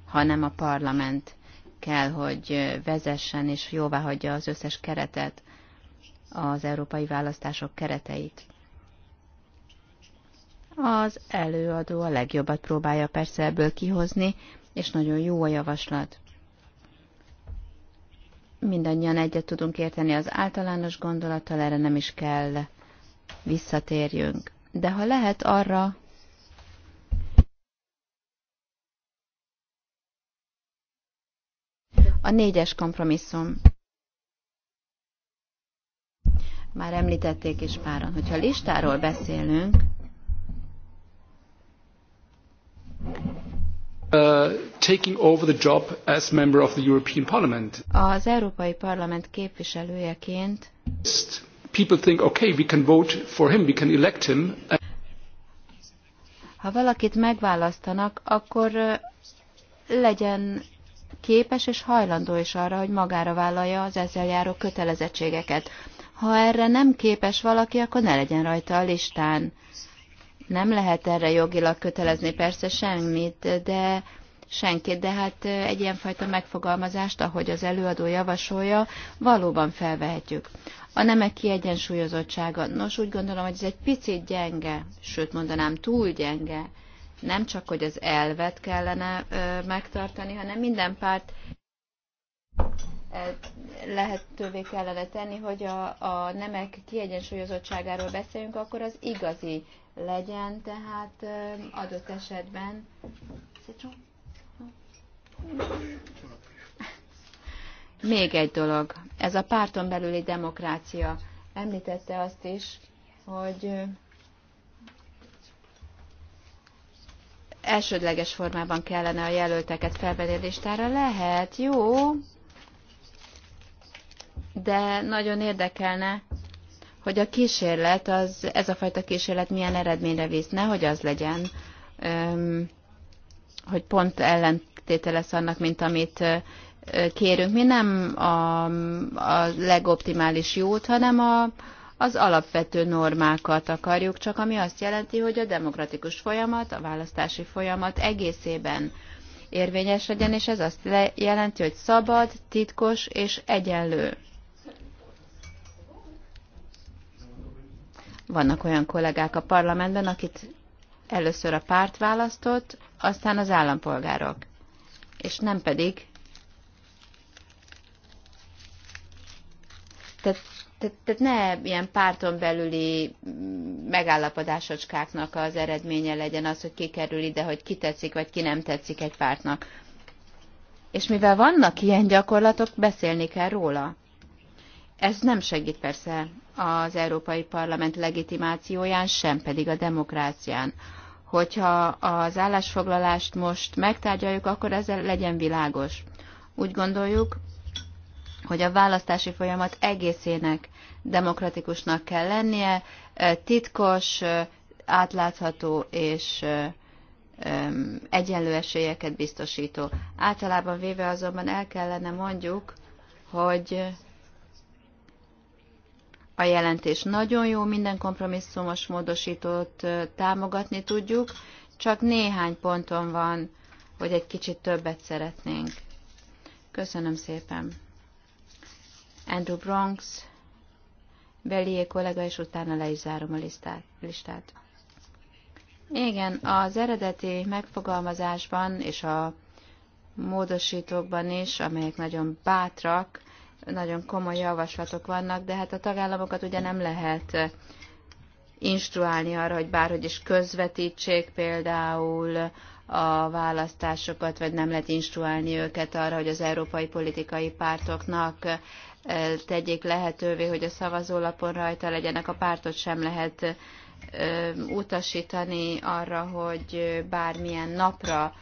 hanem a parlament kell, hogy vezessen és jóvá hagyja az összes keretet, az európai választások kereteit. Az előadó a legjobbat próbálja persze ebből kihozni, és nagyon jó a javaslat mindannyian egyet tudunk érteni az általános gondolattal, erre nem is kell visszatérjünk. De ha lehet arra, a négyes kompromisszum. Már említették is páran, hogyha listáról beszélünk, Uh, taking over the job as member of the European Parliament. Az Európai Parlament képviselőjeként people think, okay, we can vote for him, we can elect him. Ha valakit megválasztanak, akkor uh, legyen képes és hajlandó is arra, hogy magára vállalja az ezzel járó kötelezettségeket. Ha erre nem képes valaki, akkor ne legyen rajta a listán. Nem lehet erre jogilag kötelezni persze semmit, de senkit, de hát egy ilyenfajta megfogalmazást, ahogy az előadó javasolja, valóban felvehetjük. A nemek kiegyensúlyozottsága. Nos, úgy gondolom, hogy ez egy picit gyenge, sőt mondanám túl gyenge. Nem csak, hogy az elvet kellene ö, megtartani, hanem minden párt lehetővé kellene tenni, hogy a, a nemek kiegyensúlyozottságáról beszéljünk, akkor az igazi legyen, tehát adott esetben még egy dolog, ez a párton belüli demokrácia. Említette azt is, hogy elsődleges formában kellene a jelölteket felvenni listára. Lehet, jó, de nagyon érdekelne, hogy a kísérlet, az, ez a fajta kísérlet milyen eredményre visz, nehogy az legyen, hogy pont ellentéte lesz annak, mint amit kérünk. Mi nem a, a legoptimális jót, hanem a, az alapvető normákat akarjuk, csak ami azt jelenti, hogy a demokratikus folyamat, a választási folyamat egészében érvényes legyen, és ez azt jelenti, hogy szabad, titkos és egyenlő. Vannak olyan kollégák a parlamentben, akit először a párt választott, aztán az állampolgárok, és nem pedig. Tehát te, te ne ilyen párton belüli mm, megállapodásocskáknak az eredménye legyen az, hogy ki kerül ide, hogy ki tetszik, vagy ki nem tetszik egy pártnak. És mivel vannak ilyen gyakorlatok, beszélni kell róla. Ez nem segít persze az Európai Parlament legitimációján, sem pedig a demokrácián. Hogyha az állásfoglalást most megtárgyaljuk, akkor ezzel legyen világos. Úgy gondoljuk, hogy a választási folyamat egészének demokratikusnak kell lennie, titkos, átlátható és egyenlő esélyeket biztosító. Általában véve azonban el kellene mondjuk, hogy a jelentés nagyon jó, minden kompromisszumos módosítót támogatni tudjuk, csak néhány ponton van, hogy egy kicsit többet szeretnénk. Köszönöm szépen. Andrew Bronx, Belié kollega, és utána le is zárom a listát. Igen, az eredeti megfogalmazásban és a módosítókban is, amelyek nagyon bátrak, nagyon komoly javaslatok vannak, de hát a tagállamokat ugye nem lehet eh, instruálni arra, hogy bárhogy is közvetítsék például a választásokat, vagy nem lehet instruálni őket arra, hogy az európai politikai pártoknak eh, tegyék lehetővé, hogy a szavazólapon rajta legyenek, a pártot sem lehet eh, utasítani arra, hogy bármilyen napra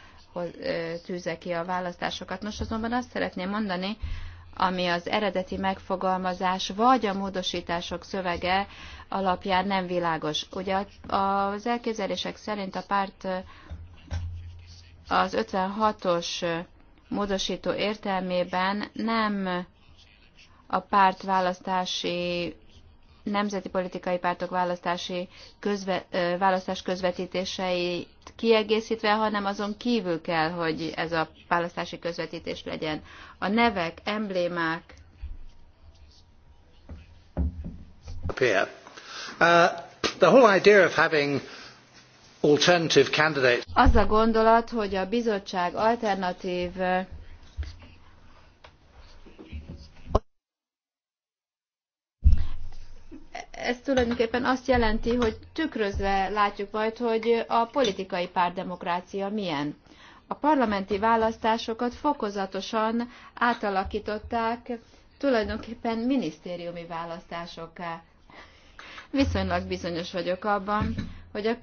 tűzze ki a választásokat. Most azonban azt szeretném mondani, ami az eredeti megfogalmazás vagy a módosítások szövege alapján nem világos. Ugye az elképzelések szerint a párt az 56-os módosító értelmében nem a párt választási nemzeti politikai pártok választási közve, választás közvetítései kiegészítve, hanem azon kívül kell, hogy ez a választási közvetítés legyen. A nevek, emblémák. Uh, the whole idea of having alternative candidates. Az a gondolat, hogy a bizottság alternatív ez tulajdonképpen azt jelenti, hogy tükrözve látjuk majd, hogy a politikai párdemokrácia milyen. A parlamenti választásokat fokozatosan átalakították tulajdonképpen minisztériumi választásokká. Viszonylag bizonyos vagyok abban, hogy a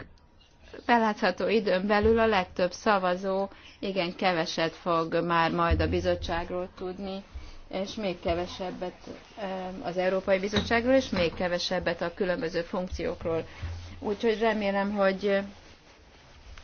belátható időn belül a legtöbb szavazó igen keveset fog már majd a bizottságról tudni, és még kevesebbet eh, az Európai Bizottságról, és még kevesebbet a különböző funkciókról. Úgyhogy remélem, hogy eh,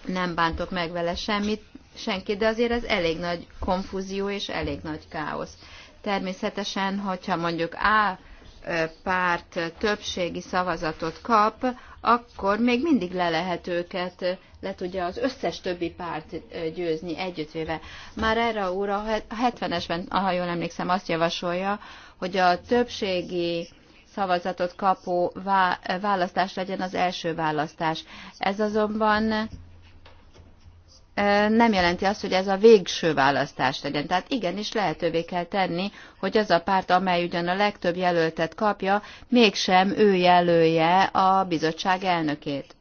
nem bántok meg vele semmit, senki, de azért ez elég nagy konfúzió és elég nagy káosz. Természetesen, hogyha mondjuk A eh, párt többségi szavazatot kap, akkor még mindig le lehet őket le tudja az összes többi párt győzni együttvéve. Már erre a úr a 70-esben, ha jól emlékszem, azt javasolja, hogy a többségi szavazatot kapó választás legyen az első választás. Ez azonban nem jelenti azt, hogy ez a végső választás legyen. Tehát igenis lehetővé kell tenni, hogy az a párt, amely ugyan a legtöbb jelöltet kapja, mégsem ő jelölje a bizottság elnökét.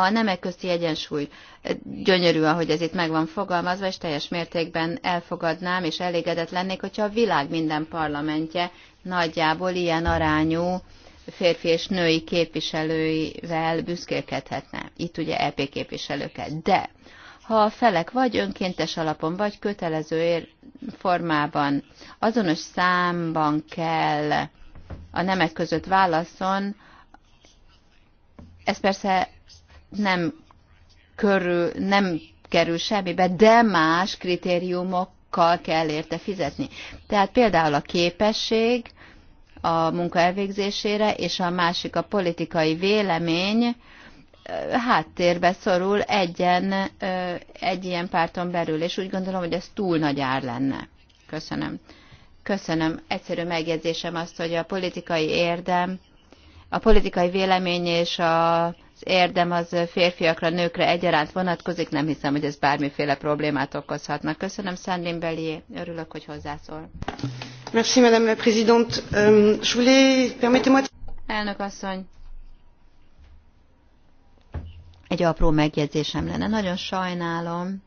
A nemek közti egyensúly eh, gyönyörű, ahogy ez itt meg van fogalmazva, és teljes mértékben elfogadnám, és elégedett lennék, hogyha a világ minden parlamentje nagyjából ilyen arányú férfi és női képviselőivel büszkélkedhetne. Itt ugye EP képviselőket. De ha a felek vagy önkéntes alapon, vagy kötelező formában azonos számban kell a nemek között válaszon, ez persze nem, körül, nem kerül semmibe, de más kritériumokkal kell érte fizetni. Tehát például a képesség a munka elvégzésére, és a másik a politikai vélemény, háttérbe szorul egyen, egy ilyen párton belül, és úgy gondolom, hogy ez túl nagy ár lenne. Köszönöm. Köszönöm. Egyszerű megjegyzésem azt, hogy a politikai érdem, a politikai vélemény és a érdem az férfiakra, nőkre egyaránt vonatkozik, nem hiszem, hogy ez bármiféle problémát okozhatna. Köszönöm, Sandin Bellier, örülök, hogy hozzászól. Merci, Madame la Présidente. Um, je voulais, permettez-moi... Elnök asszony, egy apró megjegyzésem lenne. Nagyon sajnálom,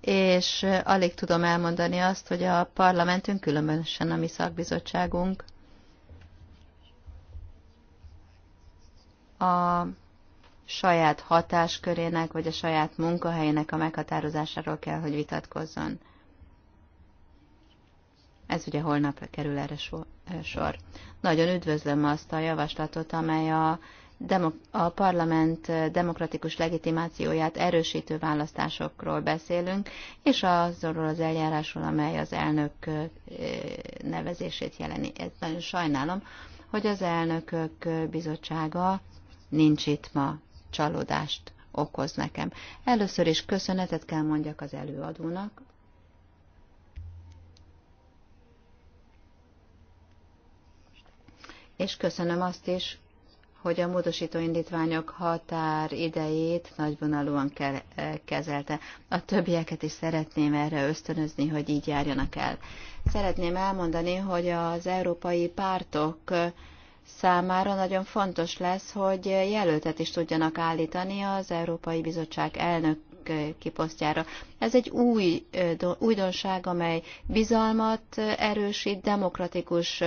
és alig tudom elmondani azt, hogy a parlamentünk, különösen a mi szakbizottságunk, a saját hatáskörének vagy a saját munkahelyének a meghatározásáról kell, hogy vitatkozzon. Ez ugye holnapra kerül erre sor. Nagyon üdvözlöm azt a javaslatot, amely a, demok- a parlament demokratikus legitimációját erősítő választásokról beszélünk, és azról az eljárásról, amely az elnök nevezését jeleni. Ezt nagyon sajnálom, hogy az elnökök bizottsága nincs itt ma, csalódást okoz nekem. Először is köszönetet kell mondjak az előadónak. És köszönöm azt is, hogy a módosító indítványok határ idejét nagyvonalúan eh, kezelte. A többieket is szeretném erre ösztönözni, hogy így járjanak el. Szeretném elmondani, hogy az európai pártok eh, számára nagyon fontos lesz, hogy jelöltet is tudjanak állítani az Európai Bizottság elnök kiposztjára. Ez egy új újdonság, amely bizalmat erősít, demokratikus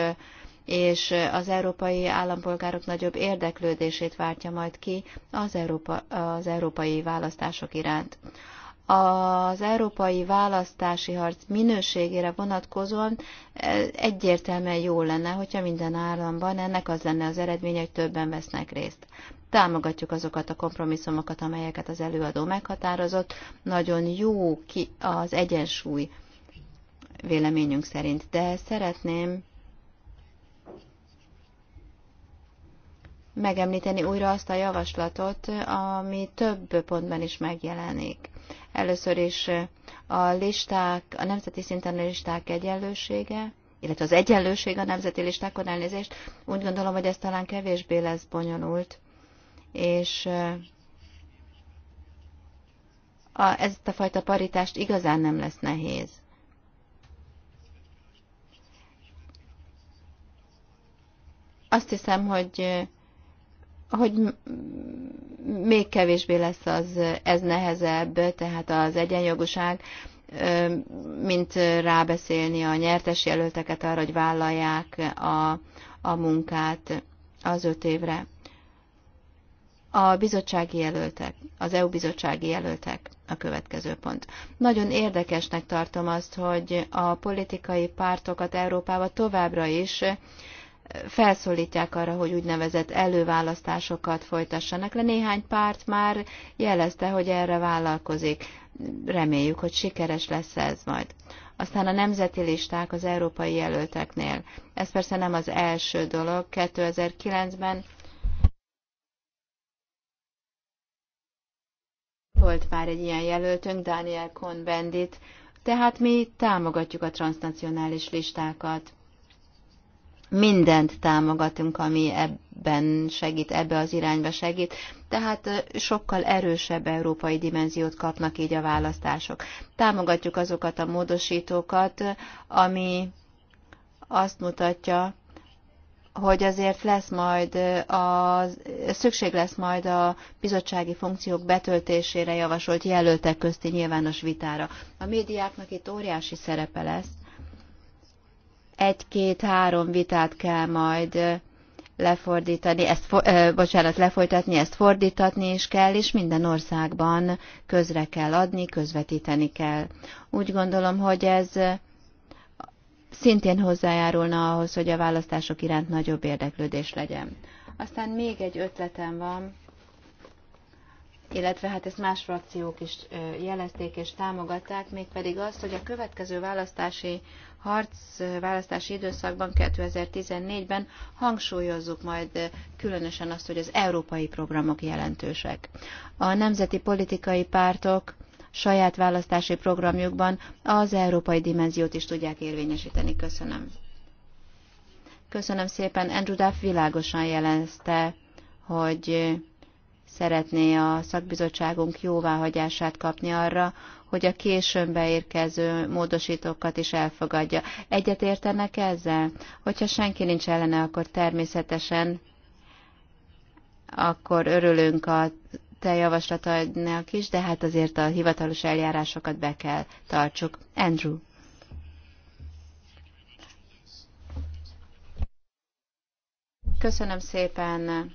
és az európai állampolgárok nagyobb érdeklődését váltja majd ki az, Európa, az európai választások iránt az európai választási harc minőségére vonatkozóan e, egyértelműen jó lenne, hogyha minden államban ennek az lenne az eredménye, hogy többen vesznek részt. Támogatjuk azokat a kompromisszumokat, amelyeket az előadó meghatározott. Nagyon jó ki az egyensúly véleményünk szerint, de szeretném megemlíteni újra azt a javaslatot, ami több pontban is megjelenik Először is a listák, a nemzeti szinten a listák egyenlősége, illetve az egyenlőség a nemzeti listákon elnézést, úgy gondolom, hogy ez talán kevésbé lesz bonyolult, és a, ezt a fajta paritást igazán nem lesz nehéz. Azt hiszem, hogy hogy még kevésbé lesz az, ez nehezebb, tehát az egyenjogúság, mint rábeszélni a nyertes jelölteket arra, hogy vállalják a, a munkát az öt évre. A bizottsági jelöltek, az EU bizottsági jelöltek a következő pont. Nagyon érdekesnek tartom azt, hogy a politikai pártokat Európába továbbra is felszólítják arra, hogy úgynevezett előválasztásokat folytassanak le. Néhány párt már jelezte, hogy erre vállalkozik. Reméljük, hogy sikeres lesz ez majd. Aztán a nemzeti listák az európai jelölteknél. Ez persze nem az első dolog. 2009-ben volt már egy ilyen jelöltünk, Daniel Cohn-Bendit, tehát mi támogatjuk a transnacionális listákat mindent támogatunk, ami ebben segít, ebbe az irányba segít, tehát sokkal erősebb európai dimenziót kapnak így a választások. Támogatjuk azokat a módosítókat, ami azt mutatja, hogy azért lesz majd a, szükség lesz majd a bizottsági funkciók betöltésére javasolt jelöltek közti nyilvános vitára. A médiáknak itt óriási szerepe lesz, egy-két-három vitát kell majd lefordítani, ezt, for, ö, bocsánat, lefolytatni, ezt fordítatni is kell, és minden országban közre kell adni, közvetíteni kell. Úgy gondolom, hogy ez szintén hozzájárulna ahhoz, hogy a választások iránt nagyobb érdeklődés legyen. Aztán még egy ötletem van, illetve hát ezt más frakciók is jelezték és támogatták, mégpedig azt, hogy a következő választási harc választási időszakban 2014-ben hangsúlyozzuk majd eh, különösen azt, hogy az európai programok jelentősek. A nemzeti politikai pártok saját választási programjukban az európai dimenziót is tudják érvényesíteni. Köszönöm. Köszönöm szépen. Andrew Duff világosan jelezte, hogy szeretné a szakbizottságunk jóváhagyását kapni arra, hogy a későn beérkező módosítókat is elfogadja. Egyet értenek ezzel? Hogyha senki nincs ellene, akkor természetesen akkor örülünk a te javaslatodnak is, de hát azért a hivatalos eljárásokat be kell tartsuk. Andrew. Köszönöm szépen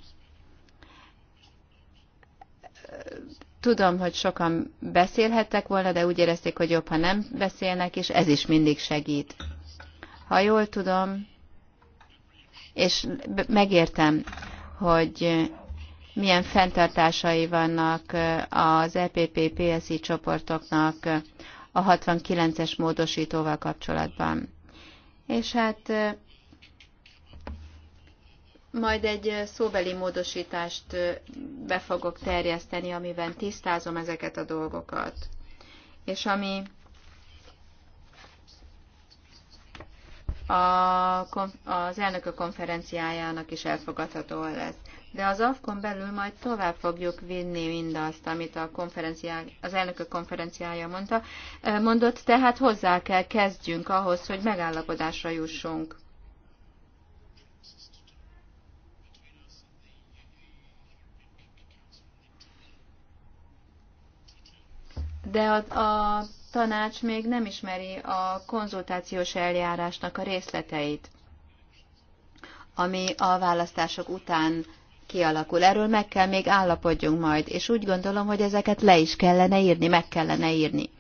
tudom, hogy sokan beszélhettek volna, de úgy érezték, hogy jobb, ha nem beszélnek, és ez is mindig segít. Ha jól tudom, és megértem, hogy milyen fenntartásai vannak az EPP-PSI csoportoknak a 69-es módosítóval kapcsolatban. És hát majd egy szóbeli módosítást be fogok terjeszteni, amiben tisztázom ezeket a dolgokat. És ami a, az elnökök konferenciájának is elfogadható lesz. De az AFKon belül majd tovább fogjuk vinni mindazt, amit a az elnökök konferenciája mondta, mondott, tehát hozzá kell kezdjünk ahhoz, hogy megállapodásra jussunk. de a, a tanács még nem ismeri a konzultációs eljárásnak a részleteit, ami a választások után kialakul. Erről meg kell még állapodjunk majd, és úgy gondolom, hogy ezeket le is kellene írni, meg kellene írni.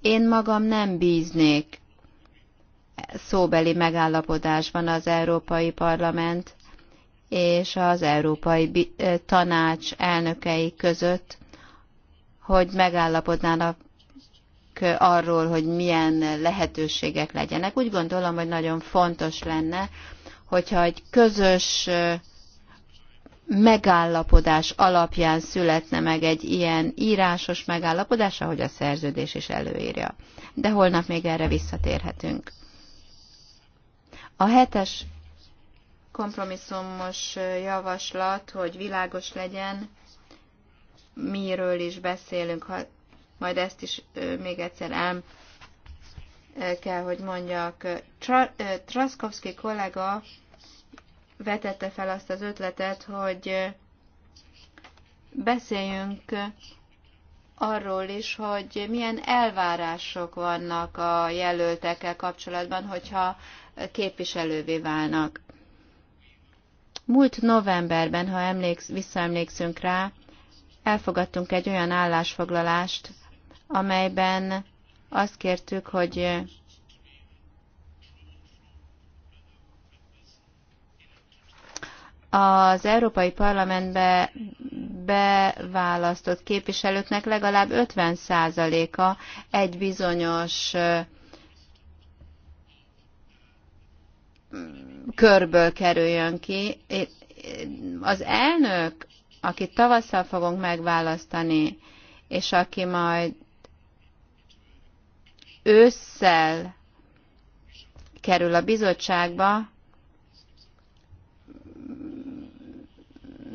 Én magam nem bíznék szóbeli megállapodásban az Európai Parlament és az Európai eh, Tanács elnökei között hogy megállapodnának arról, hogy milyen lehetőségek legyenek. Úgy gondolom, hogy nagyon fontos lenne, hogyha egy közös megállapodás alapján születne meg egy ilyen írásos megállapodás, ahogy a szerződés is előírja. De holnap még erre visszatérhetünk. A hetes kompromisszumos javaslat, hogy világos legyen, miről is beszélünk, ha majd ezt is még egyszer el kell, hogy mondjak. Traskowski kollega vetette fel azt az ötletet, hogy beszéljünk arról is, hogy milyen elvárások vannak a jelöltekkel kapcsolatban, hogyha képviselővé válnak. Múlt novemberben, ha emléksz, visszaemlékszünk rá, elfogadtunk egy olyan állásfoglalást, amelyben azt kértük, hogy az Európai Parlamentbe beválasztott képviselőknek legalább 50%-a egy bizonyos körből kerüljön ki. Az elnök akit tavasszal fogunk megválasztani, és aki majd ősszel kerül a bizottságba,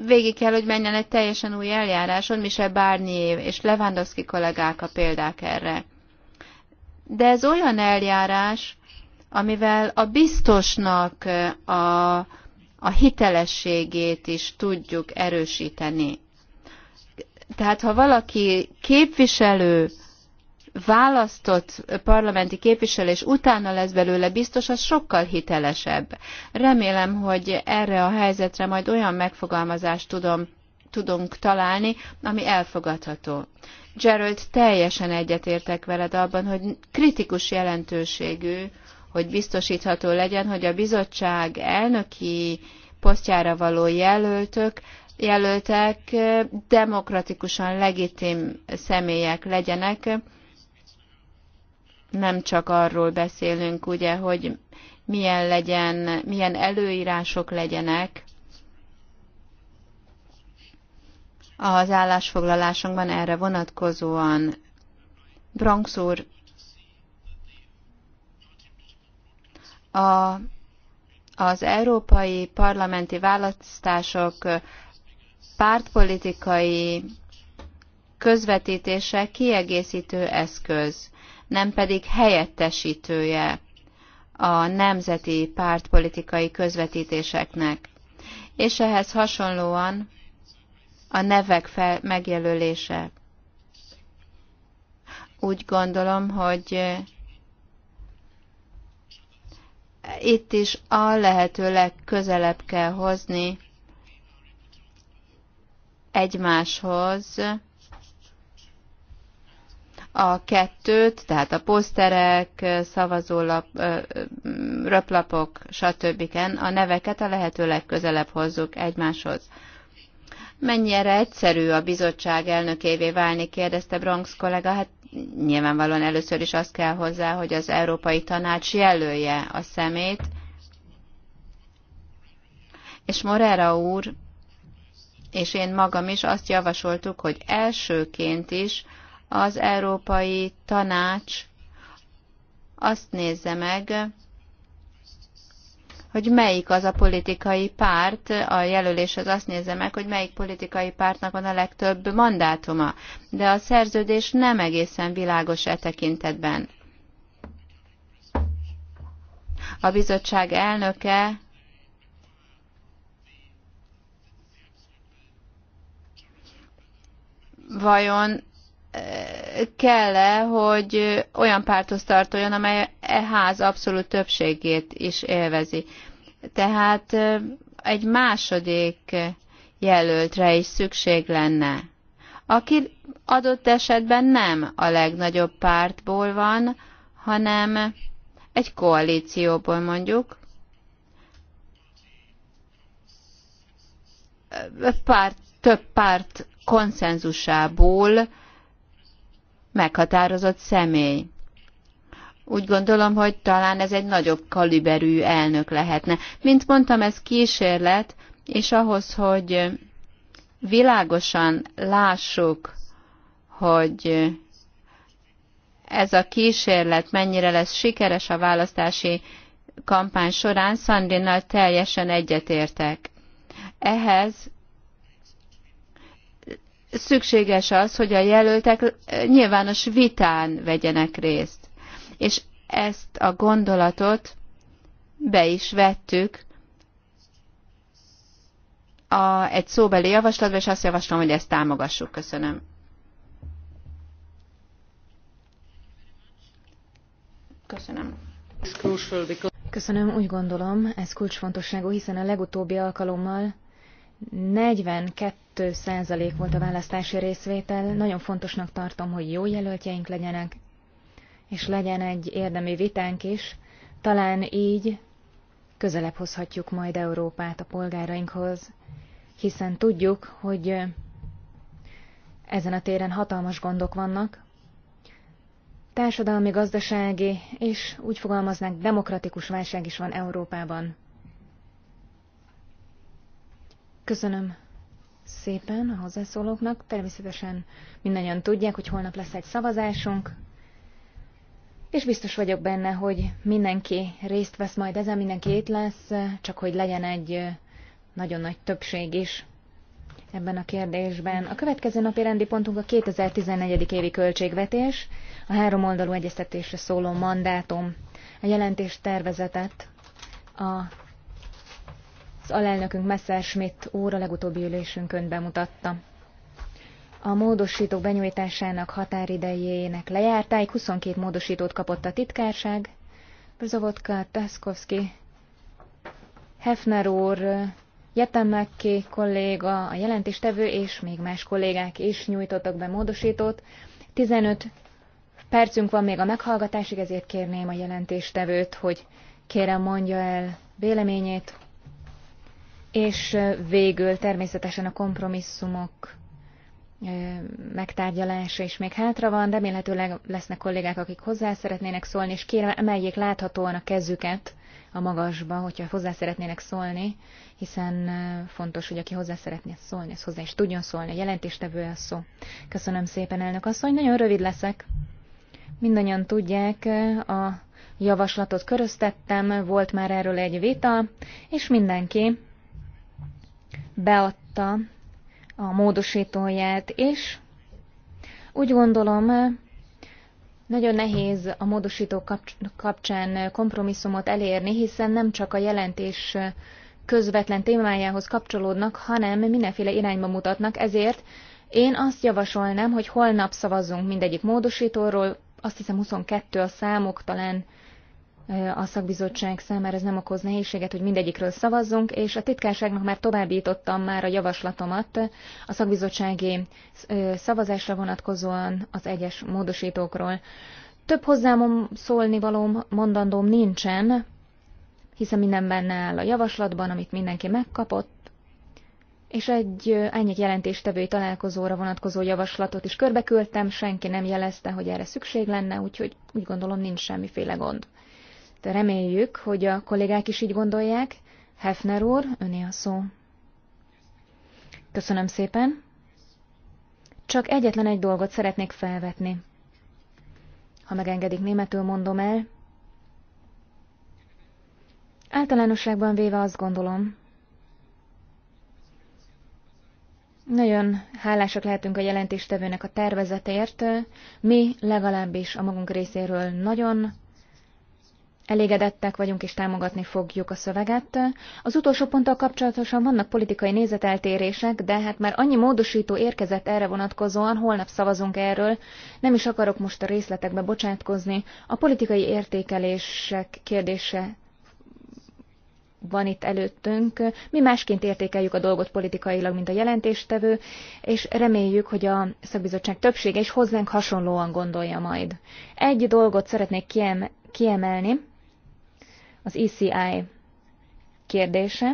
végig kell, hogy menjen egy teljesen új eljáráson, Michel Barnier és Lewandowski kollégák a példák erre. De ez olyan eljárás, amivel a biztosnak a a hitelességét is tudjuk erősíteni. Tehát ha valaki képviselő, választott parlamenti képviselő, és utána lesz belőle biztos, az sokkal hitelesebb. Remélem, hogy erre a helyzetre majd olyan megfogalmazást tudom, tudunk találni, ami elfogadható. Gerald, teljesen egyetértek veled abban, hogy kritikus jelentőségű, hogy biztosítható legyen, hogy a bizottság elnöki posztjára való jelöltök, jelöltek demokratikusan legitim személyek legyenek. Nem csak arról beszélünk, ugye, hogy milyen legyen, milyen előírások legyenek az állásfoglalásunkban erre vonatkozóan. Bronx úr A, az európai parlamenti választások pártpolitikai közvetítése kiegészítő eszköz, nem pedig helyettesítője a nemzeti pártpolitikai közvetítéseknek. És ehhez hasonlóan a nevek fel megjelölése. Úgy gondolom, hogy itt is a lehető legközelebb kell hozni egymáshoz a kettőt, tehát a poszterek, szavazólap, röplapok, stb. a neveket a lehető legközelebb hozzuk egymáshoz. Mennyire egyszerű a bizottság elnökévé válni, kérdezte Bronx kollega. Hát nyilvánvalóan először is az kell hozzá, hogy az Európai Tanács jelölje a szemét, és Morera úr és én magam is azt javasoltuk, hogy elsőként is az Európai Tanács azt nézze meg, hogy melyik az a politikai párt, a jelöléshez azt nézze meg, hogy melyik politikai pártnak van a legtöbb mandátuma. De a szerződés nem egészen világos e tekintetben. A bizottság elnöke vajon kell-e, hogy olyan párthoz tartoljon, amely e ház abszolút többségét is élvezi. Tehát egy második jelöltre is szükség lenne. Aki adott esetben nem a legnagyobb pártból van, hanem egy koalícióból mondjuk, párt, több párt konszenzusából meghatározott személy. Úgy gondolom, hogy talán ez egy nagyobb kaliberű elnök lehetne. Mint mondtam, ez kísérlet, és ahhoz, hogy világosan lássuk, hogy ez a kísérlet mennyire lesz sikeres a választási kampány során, Szandinnal teljesen egyetértek. Ehhez szükséges az, hogy a jelöltek eh, nyilvános vitán vegyenek részt. És ezt a gondolatot be is vettük a, egy szóbeli javaslatba, és azt javaslom, hogy ezt támogassuk. Köszönöm. Köszönöm. Köszönöm, úgy gondolom, ez kulcsfontosságú, hiszen a legutóbbi alkalommal 42% volt a választási részvétel, nagyon fontosnak tartom, hogy jó jelöltjeink legyenek, és legyen egy érdemi vitánk is, talán így közelebb hozhatjuk majd Európát a polgárainkhoz, hiszen tudjuk, hogy ezen a téren hatalmas gondok vannak, társadalmi, gazdasági és úgy fogalmaznánk, demokratikus válság is van Európában. Köszönöm szépen a hozzászólóknak. Természetesen mindannyian tudják, hogy holnap lesz egy szavazásunk, és biztos vagyok benne, hogy mindenki részt vesz majd ezen, mindenki itt lesz, csak hogy legyen egy nagyon nagy többség is ebben a kérdésben. A következő napi rendi pontunk a 2014. évi költségvetés, a három oldalú egyeztetésre szóló mandátum. A jelentés tervezetet a az alelnökünk Messerschmidt óra a legutóbbi ülésünkön bemutatta. A módosítók benyújtásának határidejének lejártáig 22 módosítót kapott a titkárság. Brzovotka, Taszkowski, Hefner úr, Jetemekki kolléga, a jelentéstevő és még más kollégák is nyújtottak be módosítót. 15 percünk van még a meghallgatásig, ezért kérném a jelentéstevőt, hogy kérem mondja el véleményét és végül természetesen a kompromisszumok megtárgyalása is még hátra van, de remélhetőleg lesznek kollégák, akik hozzá szeretnének szólni, és kérem emeljék láthatóan a kezüket a magasba, hogyha hozzá szeretnének szólni, hiszen fontos, hogy aki hozzá szeretné szólni, az hozzá is tudjon szólni, a jelentéstevő a szó. Köszönöm szépen, elnök asszony, nagyon rövid leszek. Mindannyian tudják, a javaslatot köröztettem, volt már erről egy vita, és mindenki beadta a módosítóját, és úgy gondolom, nagyon nehéz a módosító kapcsán kompromisszumot elérni, hiszen nem csak a jelentés közvetlen témájához kapcsolódnak, hanem mindenféle irányba mutatnak, ezért én azt javasolnám, hogy holnap szavazzunk mindegyik módosítóról, azt hiszem 22 a számok talán a szakbizottság számára ez nem okoz nehézséget, hogy mindegyikről szavazzunk, és a titkárságnak már továbbítottam már a javaslatomat a szakbizottsági szavazásra vonatkozóan az egyes módosítókról. Több hozzám szólni valóm, mondandóm nincsen, hiszen minden benne áll a javaslatban, amit mindenki megkapott, és egy ennyi jelentéstevői találkozóra vonatkozó javaslatot is körbeküldtem, senki nem jelezte, hogy erre szükség lenne, úgyhogy úgy gondolom nincs semmiféle gond reméljük, hogy a kollégák is így gondolják. Hefner úr, öné a szó. Köszönöm szépen. Csak egyetlen egy dolgot szeretnék felvetni. Ha megengedik, németül mondom el. Általánosságban véve azt gondolom, nagyon hálásak lehetünk a jelentéstevőnek a tervezetért. Mi legalábbis a magunk részéről nagyon Elégedettek vagyunk és támogatni fogjuk a szöveget. Az utolsó ponttal kapcsolatosan vannak politikai nézeteltérések, de hát már annyi módosító érkezett erre vonatkozóan, holnap szavazunk erről, nem is akarok most a részletekbe bocsátkozni. A politikai értékelések kérdése van itt előttünk. Mi másként értékeljük a dolgot politikailag, mint a jelentéstevő, és reméljük, hogy a szakbizottság többsége is hozzánk hasonlóan gondolja majd. Egy dolgot szeretnék kiem- kiemelni, az ECI kérdése.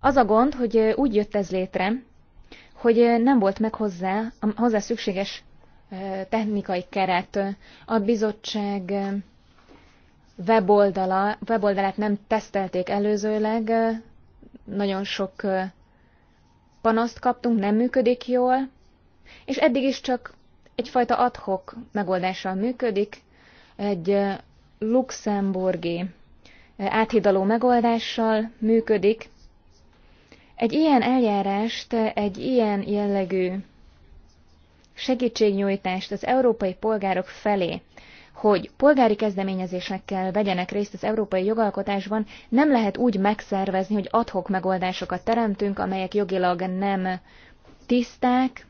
Az a gond, hogy úgy jött ez létre, hogy nem volt meg hozzá, hozzá szükséges technikai keret. A bizottság weboldala, weboldalát nem tesztelték előzőleg, nagyon sok panaszt kaptunk, nem működik jól, és eddig is csak egyfajta adhok megoldással működik, egy luxemburgi áthidaló megoldással működik. Egy ilyen eljárást, egy ilyen jellegű segítségnyújtást az európai polgárok felé, hogy polgári kezdeményezésekkel vegyenek részt az európai jogalkotásban, nem lehet úgy megszervezni, hogy adhok megoldásokat teremtünk, amelyek jogilag nem tiszták,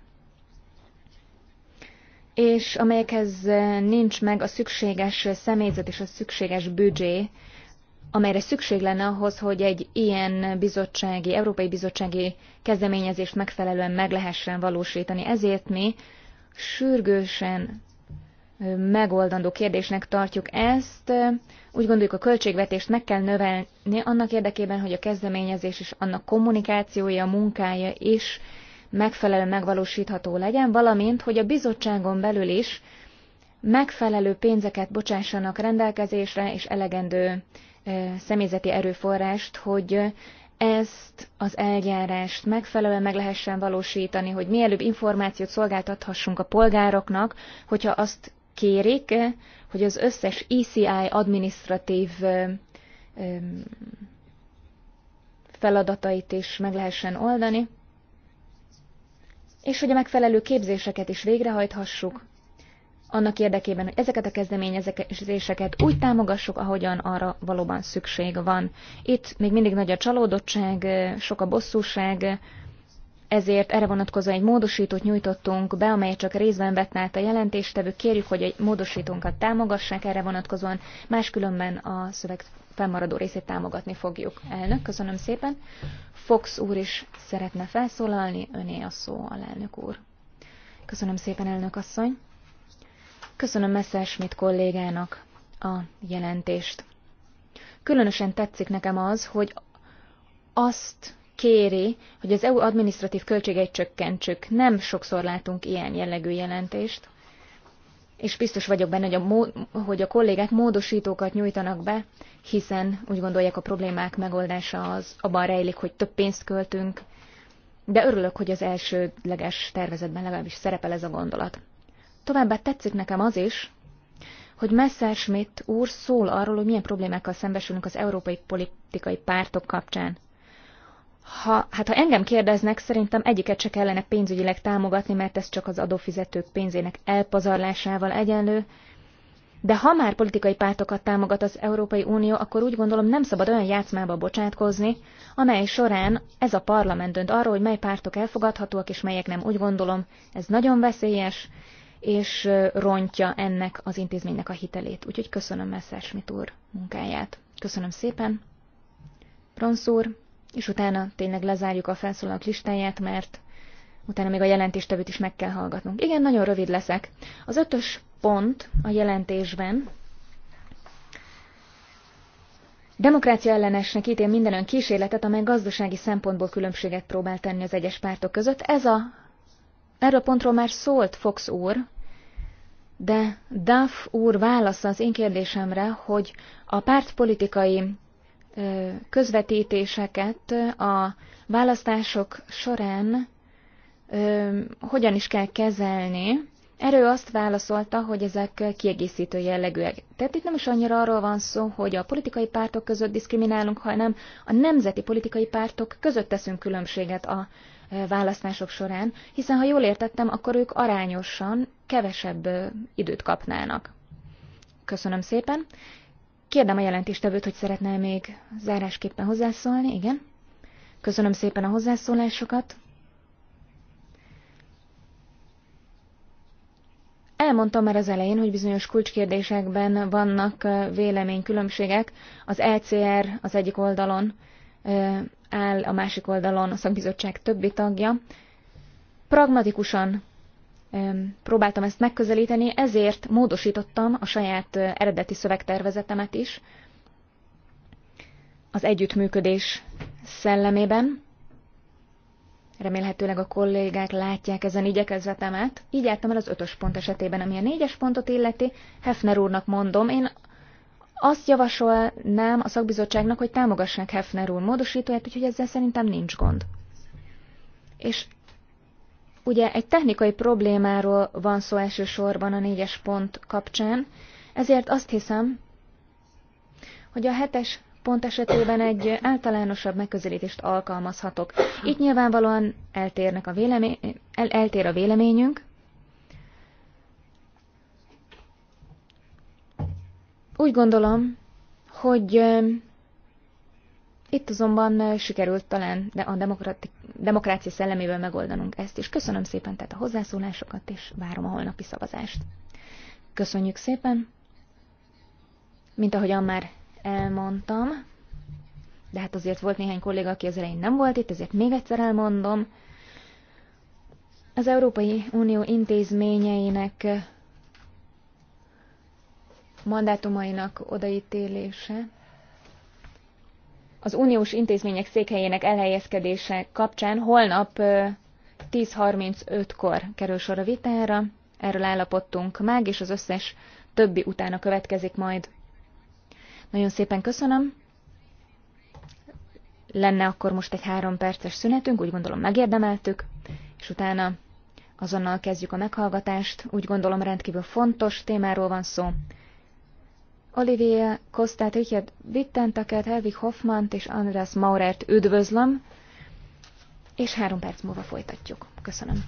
és amelyekhez nincs meg a szükséges személyzet és a szükséges büdzsé, amelyre szükség lenne ahhoz, hogy egy ilyen bizottsági, európai bizottsági kezdeményezést megfelelően meg lehessen valósítani. Ezért mi sürgősen megoldandó kérdésnek tartjuk ezt. Úgy gondoljuk, a költségvetést meg kell növelni annak érdekében, hogy a kezdeményezés és annak kommunikációja, munkája is megfelelően megvalósítható legyen, valamint, hogy a bizottságon belül is megfelelő pénzeket bocsássanak rendelkezésre, és elegendő személyzeti erőforrást, hogy ezt az eljárást megfelelően meg lehessen valósítani, hogy mielőbb információt szolgáltathassunk a polgároknak, hogyha azt kérik, hogy az összes ECI administratív feladatait is meg lehessen oldani és hogy a megfelelő képzéseket is végrehajthassuk, annak érdekében, hogy ezeket a kezdeményezéseket úgy támogassuk, ahogyan arra valóban szükség van. Itt még mindig nagy a csalódottság, sok a bosszúság, ezért erre vonatkozóan egy módosítót nyújtottunk be, amely csak részben vetne át a jelentéstevő. Kérjük, hogy egy módosítónkat támogassák erre vonatkozóan, máskülönben a szöveg fennmaradó részét támogatni fogjuk. Elnök, köszönöm szépen. Fox úr is szeretne felszólalni, öné a szó, alelnök úr. Köszönöm szépen, elnök asszony. Köszönöm Schmidt kollégának a jelentést. Különösen tetszik nekem az, hogy azt kéri, hogy az EU adminisztratív költségeit csökkentsük. Nem sokszor látunk ilyen jellegű jelentést és biztos vagyok benne, hogy a, mó, hogy a kollégák módosítókat nyújtanak be, hiszen úgy gondolják a problémák megoldása az abban rejlik, hogy több pénzt költünk, de örülök, hogy az elsődleges tervezetben legalábbis szerepel ez a gondolat. Továbbá tetszik nekem az is, hogy Messerschmidt úr szól arról, hogy milyen problémákkal szembesülünk az európai politikai pártok kapcsán. Ha, hát ha engem kérdeznek, szerintem egyiket se kellene pénzügyileg támogatni, mert ez csak az adófizetők pénzének elpazarlásával egyenlő. De ha már politikai pártokat támogat az Európai Unió, akkor úgy gondolom nem szabad olyan játszmába bocsátkozni, amely során ez a parlament dönt arról, hogy mely pártok elfogadhatóak és melyek nem. Úgy gondolom, ez nagyon veszélyes, és rontja ennek az intézménynek a hitelét. Úgyhogy köszönöm Messerschmidt úr munkáját. Köszönöm szépen. Bronsz úr, és utána tényleg lezárjuk a felszólalók listáját, mert utána még a jelentéstevőt is meg kell hallgatnunk. Igen, nagyon rövid leszek. Az ötös pont a jelentésben Demokrácia ellenesnek ítél minden olyan kísérletet, amely gazdasági szempontból különbséget próbál tenni az egyes pártok között. Ez a... Erről pontról már szólt Fox úr, de Duff úr válasza az én kérdésemre, hogy a pártpolitikai közvetítéseket a választások során hogyan is kell kezelni. Erő azt válaszolta, hogy ezek kiegészítő jellegűek. Tehát itt nem is annyira arról van szó, hogy a politikai pártok között diszkriminálunk, hanem a nemzeti politikai pártok között teszünk különbséget a választások során, hiszen ha jól értettem, akkor ők arányosan kevesebb időt kapnának. Köszönöm szépen. Kérdem a jelentéstevőt, hogy szeretne még zárásképpen hozzászólni. Igen. Köszönöm szépen a hozzászólásokat. Elmondtam már az elején, hogy bizonyos kulcskérdésekben vannak véleménykülönbségek. Az ECR az egyik oldalon áll, a másik oldalon a szakbizottság többi tagja. Pragmatikusan próbáltam ezt megközelíteni, ezért módosítottam a saját eredeti szövegtervezetemet is az együttműködés szellemében. Remélhetőleg a kollégák látják ezen igyekezetemet. Így jártam el az ötös pont esetében, ami a négyes pontot illeti. Hefner úrnak mondom, én azt javasolnám a szakbizottságnak, hogy támogassák Hefner úr módosítóját, úgyhogy ezzel szerintem nincs gond. És Ugye egy technikai problémáról van szó elsősorban a négyes pont kapcsán, ezért azt hiszem, hogy a hetes pont esetében egy általánosabb megközelítést alkalmazhatok. Itt nyilvánvalóan eltérnek a vélemény, el, eltér a véleményünk. Úgy gondolom, hogy itt azonban sikerült talán de a demokrácia szellemével megoldanunk ezt, is. köszönöm szépen tehát a hozzászólásokat, és várom a holnapi szavazást. Köszönjük szépen! Mint ahogyan már elmondtam, de hát azért volt néhány kolléga, aki az elején nem volt itt, ezért még egyszer elmondom. Az Európai Unió intézményeinek mandátumainak odaítélése az uniós intézmények székhelyének elhelyezkedése kapcsán holnap 10.35-kor kerül sor a vitára, erről állapodtunk meg, és az összes többi utána következik majd. Nagyon szépen köszönöm. Lenne akkor most egy három perces szünetünk, úgy gondolom megérdemeltük, és utána azonnal kezdjük a meghallgatást. Úgy gondolom rendkívül fontos témáról van szó. Olivier Kostát, Richard Wittentakert, Helvig Hoffmant és András Maurert üdvözlöm, és három perc múlva folytatjuk. Köszönöm.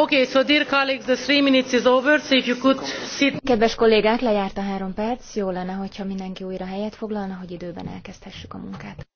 Okay, so dear colleagues, the three minutes is over, so if you could sit... Kedves kollégák, lejárt a három perc. Jó lenne, hogyha mindenki újra helyet foglalna, hogy időben elkezdhessük a munkát.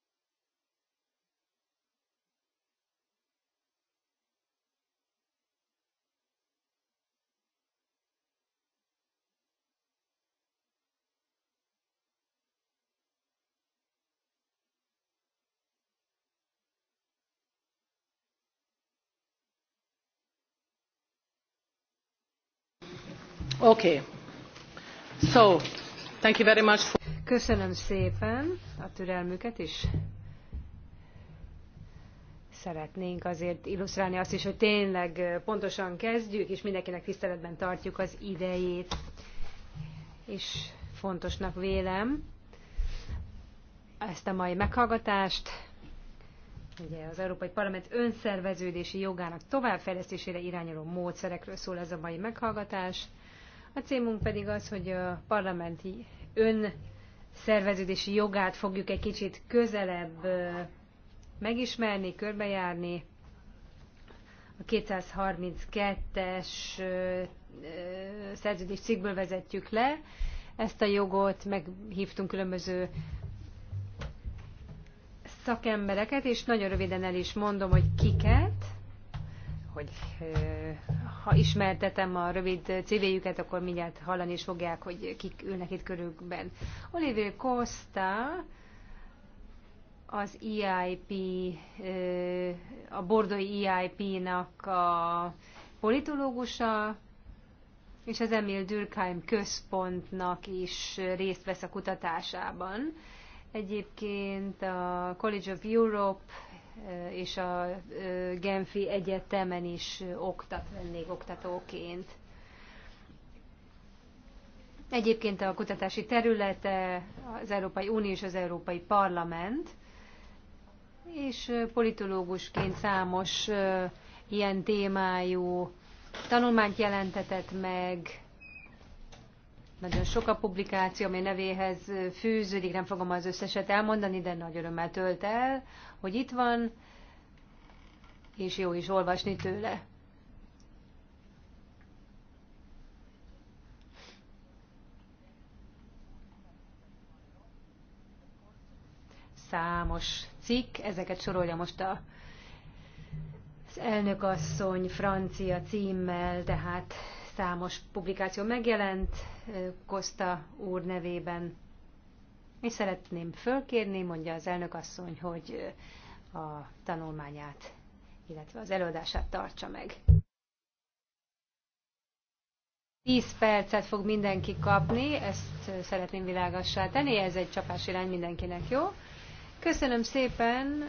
Köszönöm szépen a türelmüket és Szeretnénk azért illusztrálni azt is, hogy tényleg pontosan kezdjük, és mindenkinek tiszteletben tartjuk az idejét. És fontosnak vélem ezt a mai meghallgatást, Ugye az Európai Parlament önszerveződési jogának továbbfejlesztésére irányuló módszerekről szól ez a mai meghallgatás. A célunk pedig az, hogy a parlamenti önszerveződési jogát fogjuk egy kicsit közelebb megismerni, körbejárni. A 232-es szerződés cikkből vezetjük le ezt a jogot, meghívtunk különböző szakembereket, és nagyon röviden el is mondom, hogy kiket hogy ha ismertetem a rövid CV-jüket, akkor mindjárt hallani is fogják, hogy kik ülnek itt körükben. Olivier Costa, az EIP, a bordói EIP-nak a politológusa, és az Emil Dürkheim központnak is részt vesz a kutatásában. Egyébként a College of Europe Eh, és a eh, Genfi Egyetemen is oktat lennék oktatóként. Egyébként a kutatási területe az Európai Unió és az Európai Parlament, és eh, politológusként számos ilyen témájú tanulmányt jelentetett meg, nagyon sok a publikáció, ami nevéhez fűződik, nem fogom az összeset elmondani, de nagy örömmel tölt el hogy itt van, és jó is olvasni tőle. Számos cikk, ezeket sorolja most a az elnökasszony francia címmel, tehát számos publikáció megjelent Kosta úr nevében. Mi szeretném fölkérni, mondja az elnök asszony, hogy a tanulmányát, illetve az előadását tartsa meg. 10 percet fog mindenki kapni, ezt szeretném világassá tenni, ez egy csapás irány mindenkinek, jó? Köszönöm szépen!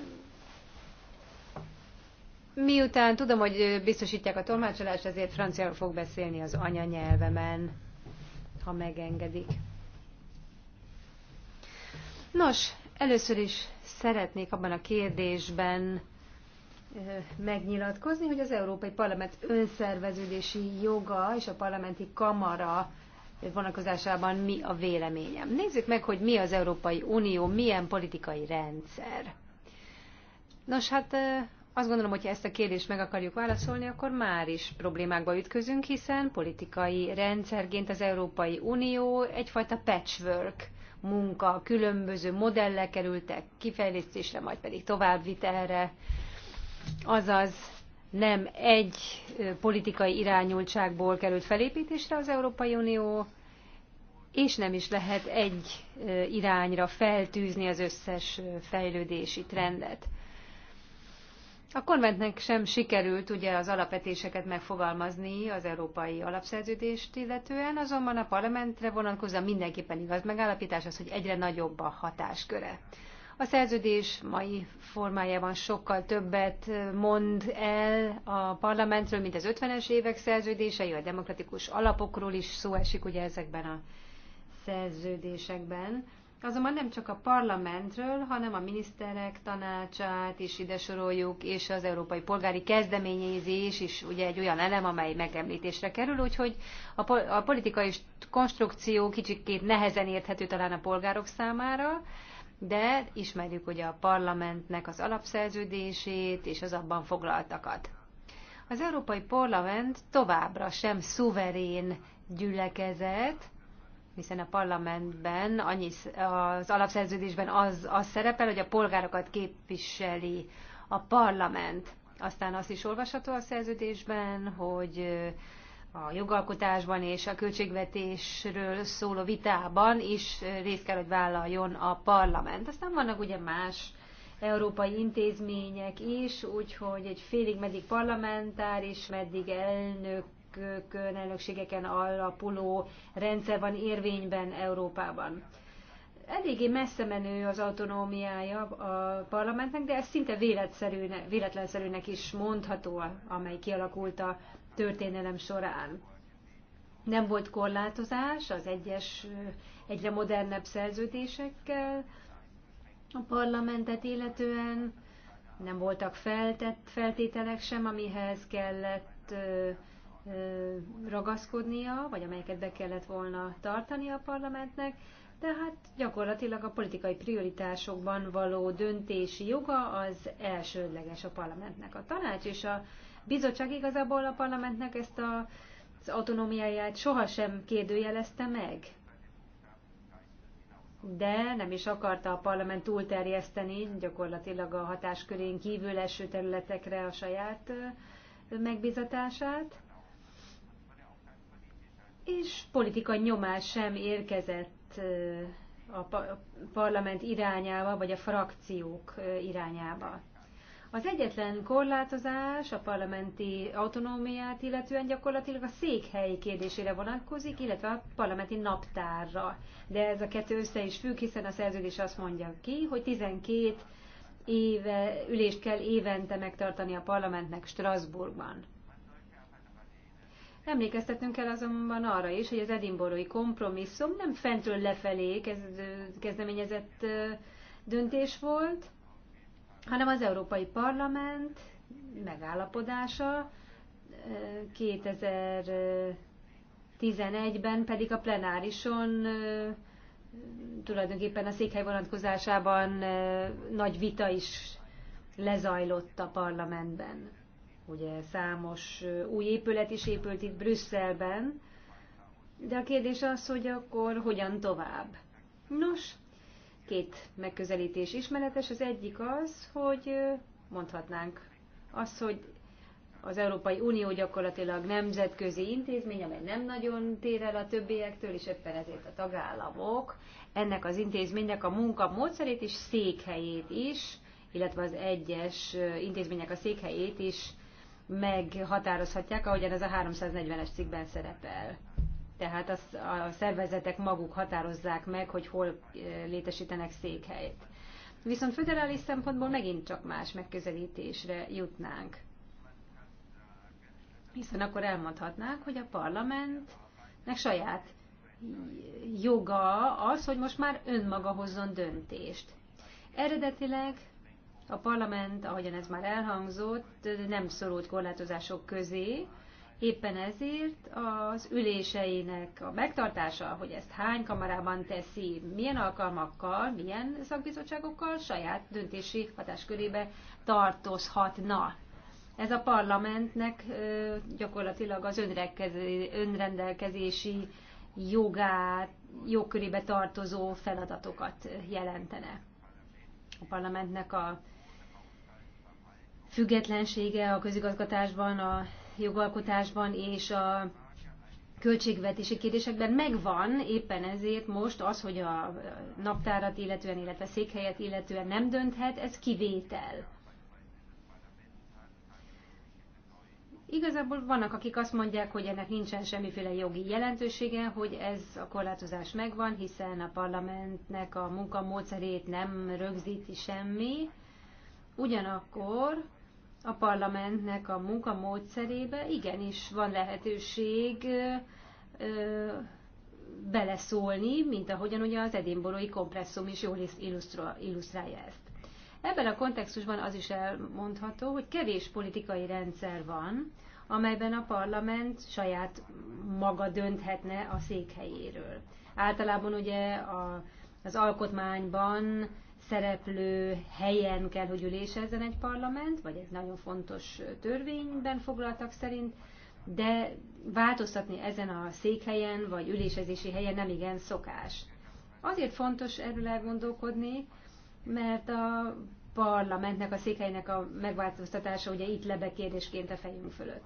Miután tudom, hogy biztosítják a tolmácsolást, ezért franciául fog beszélni az anyanyelvemen, ha megengedik. Nos, először is szeretnék abban a kérdésben megnyilatkozni, hogy az Európai Parlament önszerveződési joga és a parlamenti kamara vonatkozásában mi a véleményem. Nézzük meg, hogy mi az Európai Unió, milyen politikai rendszer. Nos, hát azt gondolom, hogy ha ezt a kérdést meg akarjuk válaszolni, akkor már is problémákba ütközünk, hiszen politikai rendszerként az Európai Unió egyfajta patchwork munka, különböző modellek kerültek kifejlesztésre, majd pedig továbbvitelre. Azaz nem egy politikai irányultságból került felépítésre az Európai Unió, és nem is lehet egy irányra feltűzni az összes fejlődési trendet. A konventnek sem sikerült ugye az alapvetéseket megfogalmazni az európai alapszerződést illetően, azonban a parlamentre vonatkozó mindenképpen igaz megállapítás az, hogy egyre nagyobb a hatásköre. A szerződés mai formájában sokkal többet mond el a parlamentről, mint az 50-es évek szerződései, a demokratikus alapokról is szó esik ugye ezekben a szerződésekben. Azonban nem csak a parlamentről, hanem a miniszterek tanácsát is ide soroljuk, és az európai polgári kezdeményezés is ugye egy olyan elem, amely megemlítésre kerül, úgyhogy a politikai konstrukció kicsikét nehezen érthető talán a polgárok számára, de ismerjük ugye a parlamentnek az alapszerződését és az abban foglaltakat. Az Európai Parlament továbbra sem szuverén gyülekezet, hiszen a parlamentben annyi, az alapszerződésben az, az szerepel, hogy a polgárokat képviseli a parlament. Aztán azt is olvasható a szerződésben, hogy a jogalkotásban és a költségvetésről szóló vitában is részt kell, hogy vállaljon a parlament. Aztán vannak ugye más európai intézmények is, úgyhogy egy félig meddig parlamentáris, meddig elnök elnökökön, elnökségeken alapuló rendszer van érvényben Európában. Eléggé messze menő az autonómiája a parlamentnek, de ez szinte véletlenszerűnek, is mondható, amely kialakult a történelem során. Nem volt korlátozás az egyes, egyre modernebb szerződésekkel a parlamentet illetően, nem voltak feltett feltételek sem, amihez kellett ragaszkodnia, vagy amelyeket be kellett volna tartani a parlamentnek, de hát gyakorlatilag a politikai prioritásokban való döntési joga az elsődleges a parlamentnek. A tanács és a bizottság igazából a parlamentnek ezt a, az autonómiáját sohasem kérdőjelezte meg. De nem is akarta a parlament túlterjeszteni gyakorlatilag a hatáskörén kívül eső területekre a saját megbizatását és politikai nyomás sem érkezett a parlament irányába, vagy a frakciók irányába. Az egyetlen korlátozás a parlamenti autonómiát illetően gyakorlatilag a székhelyi kérdésére vonatkozik, illetve a parlamenti naptárra. De ez a kettő össze is függ, hiszen a szerződés azt mondja ki, hogy 12 éve, ülést kell évente megtartani a parlamentnek Strasbourgban. Emlékeztetnünk kell azonban arra is, hogy az edinborói kompromisszum nem fentről lefelé kezdeményezett döntés volt, hanem az Európai Parlament megállapodása 2011-ben pedig a plenárison tulajdonképpen a székhely vonatkozásában nagy vita is lezajlott a parlamentben. Ugye számos új épület is épült itt Brüsszelben, de a kérdés az, hogy akkor hogyan tovább. Nos, két megközelítés ismeretes. Az egyik az, hogy mondhatnánk azt, hogy az Európai Unió gyakorlatilag nemzetközi intézmény, amely nem nagyon tér el a többiektől, és éppen ezért a tagállamok ennek az intézménynek a munka módszerét és székhelyét is, illetve az egyes intézmények a székhelyét is meghatározhatják, ahogyan ez a 340-es cikkben szerepel. Tehát az, a szervezetek maguk határozzák meg, hogy hol eh, létesítenek székhelyet. Viszont föderális szempontból megint csak más megközelítésre jutnánk. Hiszen akkor elmondhatnák, hogy a parlamentnek saját joga az, hogy most már önmaga hozzon döntést. Eredetileg a parlament, ahogyan ez már elhangzott, nem szorult korlátozások közé, éppen ezért az üléseinek a megtartása, hogy ezt hány kamarában teszi, milyen alkalmakkal, milyen szakbizottságokkal saját döntési hatáskörébe tartozhatna. Ez a parlamentnek gyakorlatilag az önrendelkezési jogát, jogkörébe tartozó feladatokat jelentene. A parlamentnek a függetlensége a közigazgatásban, a jogalkotásban és a költségvetési kérdésekben megvan, éppen ezért most az, hogy a naptárat illetően, illetve székhelyet illetően nem dönthet, ez kivétel. Igazából vannak, akik azt mondják, hogy ennek nincsen semmiféle jogi jelentősége, hogy ez a korlátozás megvan, hiszen a parlamentnek a munkamódszerét nem rögzíti semmi. Ugyanakkor a parlamentnek a munkamódszerébe igenis van lehetőség beleszólni, mint ahogyan ugye az edinborói kompresszum is jól illusztrálja ezt. Ebben a kontextusban az is elmondható, hogy kevés politikai rendszer van, amelyben a parlament saját maga dönthetne a székhelyéről. Általában ugye a, az alkotmányban szereplő helyen kell, hogy ülésezzen egy parlament, vagy ez nagyon fontos törvényben foglaltak szerint, de változtatni ezen a székhelyen vagy ülésezési helyen nem igen szokás. Azért fontos erről elgondolkodni, mert a parlamentnek, a székhelynek a megváltoztatása ugye itt lebeg kérdésként a fejünk fölött.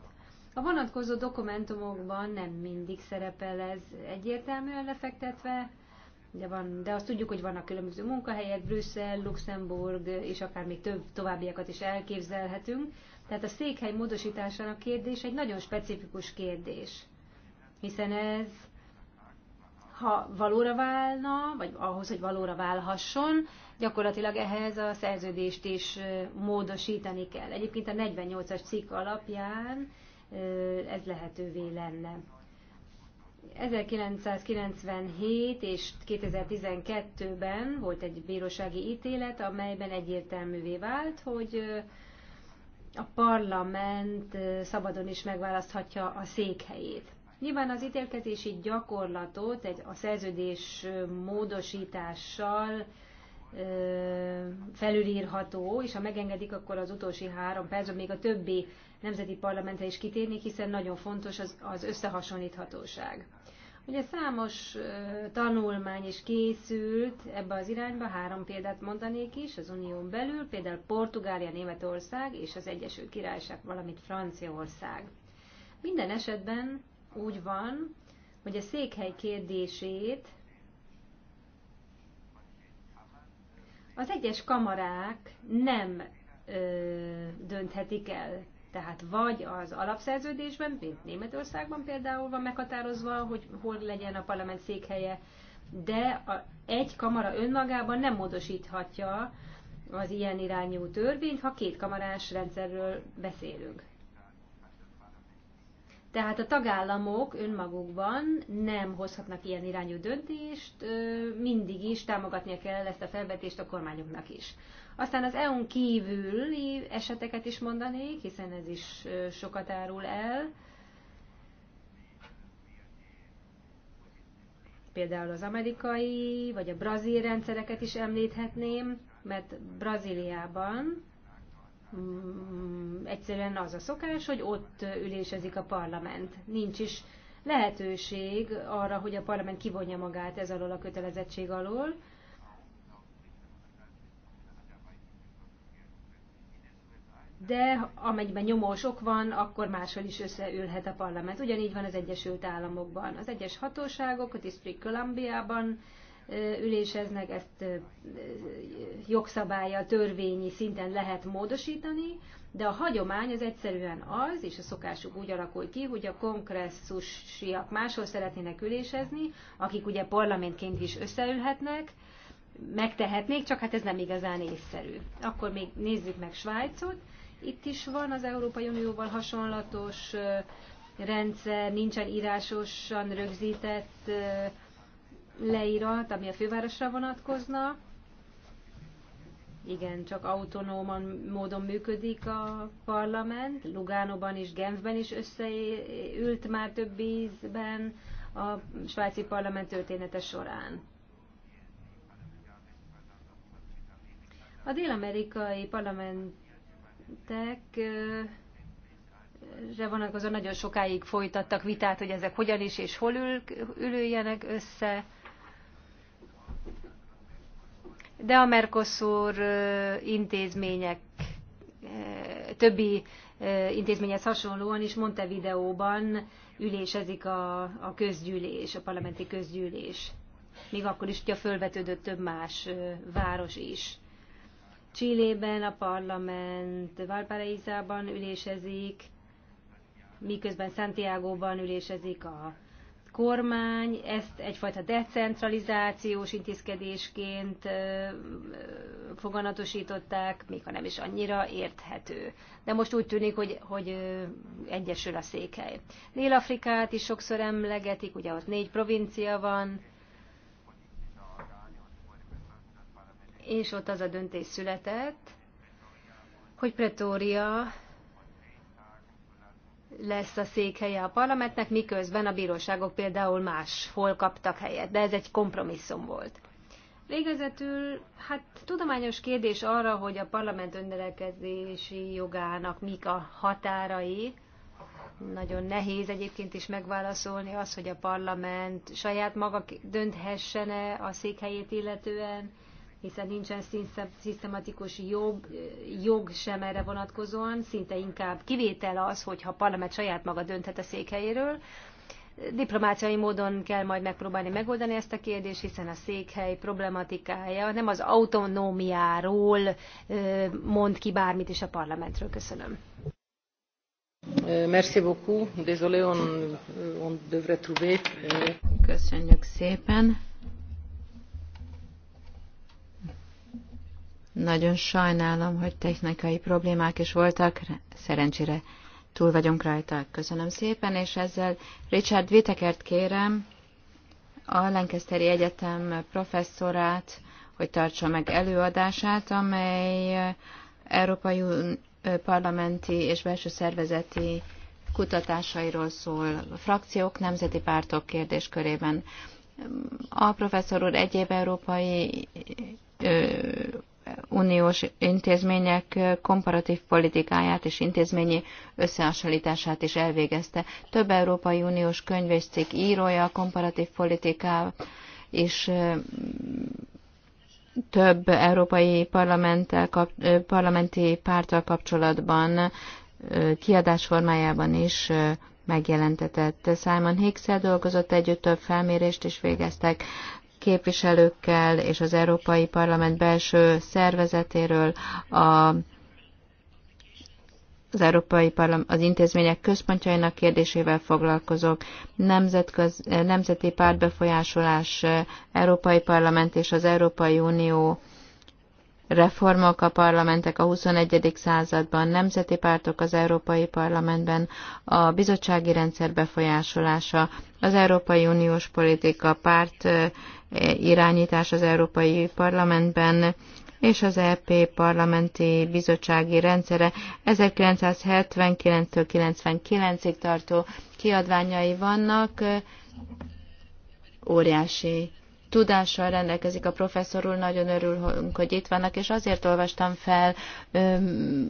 A vonatkozó dokumentumokban nem mindig szerepel ez egyértelműen lefektetve, de, van, de azt tudjuk, hogy vannak különböző munkahelyek, Brüsszel, Luxemburg, és akár még több továbbiakat is elképzelhetünk. Tehát a székhely módosításának kérdés egy nagyon specifikus kérdés, hiszen ez, ha valóra válna, vagy ahhoz, hogy valóra válhasson, gyakorlatilag ehhez a szerződést is módosítani kell. Egyébként a 48-as cikk alapján ez lehetővé lenne. 1997 és 2012-ben volt egy bírósági ítélet, amelyben egyértelművé vált, hogy a parlament szabadon is megválaszthatja a székhelyét. Nyilván az ítélkezési gyakorlatot egy, a szerződés módosítással felülírható, és ha megengedik, akkor az utolsó három percben még a többi nemzeti parlamentre is kitérnék, hiszen nagyon fontos az, az összehasonlíthatóság. Ugye számos tanulmány is készült ebbe az irányba, három példát mondanék is az unión belül, például Portugália, Németország és az Egyesült Királyság, valamint Franciaország. Minden esetben úgy van, hogy a székhely kérdését az egyes kamarák nem ö, dönthetik el. Tehát vagy az alapszerződésben, mint Németországban például van meghatározva, hogy hol legyen a parlament székhelye, de a, egy kamara önmagában nem módosíthatja az ilyen irányú törvényt, ha két kamarás rendszerről beszélünk. Tehát a tagállamok önmagukban nem hozhatnak ilyen irányú döntést, mindig is támogatnia kell ezt a felvetést a kormányoknak is. Aztán az EU-n kívüli eseteket is mondanék, hiszen ez is sokat árul el. Például az amerikai, vagy a brazil rendszereket is említhetném, mert Brazíliában mm, egyszerűen az a szokás, hogy ott ülésezik a parlament. Nincs is lehetőség arra, hogy a parlament kivonja magát ez alól a kötelezettség alól, de amennyiben nyomósok van, akkor máshol is összeülhet a parlament. Ugyanígy van az Egyesült Államokban. Az egyes hatóságok a District Columbia-ban üléseznek, ezt jogszabálya, törvényi szinten lehet módosítani, de a hagyomány az egyszerűen az, és a szokásuk úgy alakul ki, hogy a kongresszusiak máshol szeretnének ülésezni, akik ugye parlamentként is összeülhetnek, megtehetnék, csak hát ez nem igazán észszerű. Akkor még nézzük meg Svájcot. Itt is van az Európai Unióval hasonlatos rendszer, nincsen írásosan rögzített leírat, ami a fővárosra vonatkozna. Igen, csak autonóman módon működik a parlament. Lugánóban és Genfben is összeült már több ízben a svájci parlament története során. A dél-amerikai parlament Eh, vannak azon nagyon sokáig folytattak vitát, hogy ezek hogyan is és hol ül, ülüljenek össze. De a Mercosur eh, intézmények eh, többi intézményhez hasonlóan is Montevideóban ülésezik a, a közgyűlés, a parlamenti közgyűlés. Még akkor is, hogyha fölvetődött több más város is. Csillében a parlament Valparaízában ülésezik, miközben Santiago-ban ülésezik a kormány. Ezt egyfajta decentralizációs intézkedésként foganatosították, még ha nem is annyira érthető. De most úgy tűnik, hogy, hogy egyesül a székely. Dél-Afrikát is sokszor emlegetik, ugye ott négy provincia van, és ott az a döntés született, hogy Pretória lesz a székhelye a parlamentnek, miközben a bíróságok például máshol kaptak helyet, de ez egy kompromisszum volt. Végezetül, hát tudományos kérdés arra, hogy a parlament önrendelkezési jogának mik a határai. Nagyon nehéz egyébként is megválaszolni az, hogy a parlament saját maga dönthessen-e a székhelyét illetően, hiszen nincsen szisztematikus jog, jog sem erre vonatkozóan, szinte inkább kivétel az, hogyha a parlament saját maga dönthet a székhelyéről. Diplomáciai módon kell majd megpróbálni megoldani ezt a kérdést, hiszen a székhely problematikája nem az autonómiáról mond ki bármit is a parlamentről. Köszönöm. Merci beaucoup. Désolé, on, on devrait trouver. Euh, Köszönjük szépen. Nagyon sajnálom, hogy technikai problémák is voltak, szerencsére túl vagyunk rajta. Köszönöm szépen, és ezzel Richard Vitekert kérem, a Lancasteri Egyetem professzorát, hogy tartsa meg előadását, amely Európai Parlamenti és Belső Szervezeti kutatásairól szól a frakciók, nemzeti pártok kérdéskörében. A professzor úr egyéb európai uniós intézmények komparatív politikáját és intézményi összehasonlítását is elvégezte. Több Európai Uniós könyvészcikk írója a komparatív politiká és több európai parlamenti párttal kapcsolatban kiadás formájában is megjelentetett. Simon hicks dolgozott együtt, több felmérést is végeztek képviselőkkel és az Európai Parlament belső szervezetéről, a, az Európai Parlament, az intézmények központjainak kérdésével foglalkozok, nemzetközi nemzeti pártbefolyásolás, Európai Parlament és az Európai Unió reformok a parlamentek a 21. században, nemzeti pártok az Európai Parlamentben, a bizottsági rendszer befolyásolása, az Európai Uniós politika, párt irányítás az Európai Parlamentben, és az EP parlamenti bizottsági rendszere 1979-től 99-ig tartó kiadványai vannak, óriási tudással rendelkezik a professzor úr, nagyon örülünk, hogy itt vannak, és azért olvastam fel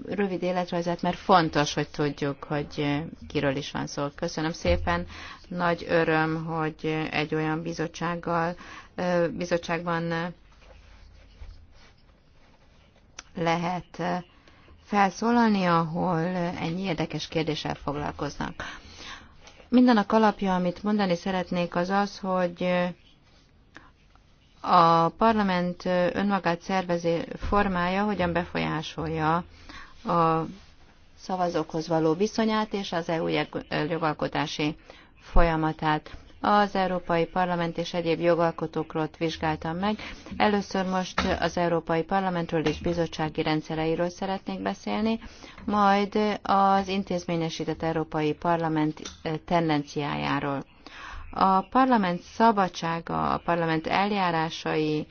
rövid életrajzát, mert fontos, hogy tudjuk, hogy kiről is van szó. Köszönöm szépen, nagy öröm, hogy egy olyan bizottsággal, bizottságban lehet felszólalni, ahol ennyi érdekes kérdéssel foglalkoznak. Minden a kalapja, amit mondani szeretnék, az az, hogy a parlament önmagát szervező formája hogyan befolyásolja a szavazókhoz való viszonyát és az EU jogalkotási folyamatát. Az Európai Parlament és egyéb jogalkotókról vizsgáltam meg. Először most az Európai Parlamentről és bizottsági rendszereiről szeretnék beszélni, majd az intézményesített Európai Parlament tendenciájáról. A parlament szabadsága, a parlament eljárásai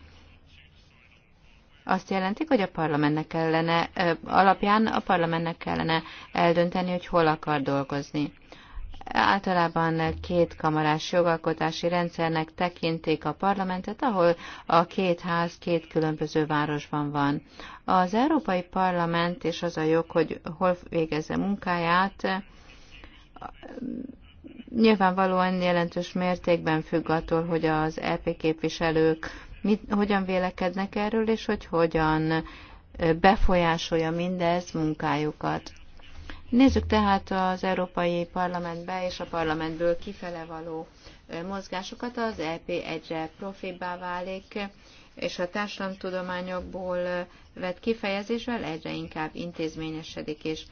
azt jelentik, hogy a parlamentnek kellene, alapján a parlamentnek kellene eldönteni, hogy hol akar dolgozni. Általában két kamarás jogalkotási rendszernek tekintik a parlamentet, ahol a két ház két különböző városban van. Az Európai Parlament és az a jog, hogy hol végezze munkáját, nyilvánvalóan jelentős mértékben függ attól, hogy az LP e képviselők mit, hogyan vélekednek erről, és hogy hogyan befolyásolja mindez munkájukat. Nézzük tehát az Európai Parlamentbe és a parlamentből kifele való mozgásokat. Az EP egyre profibbá válik, és a társadalomtudományokból vett kifejezésvel egyre inkább intézményesedik és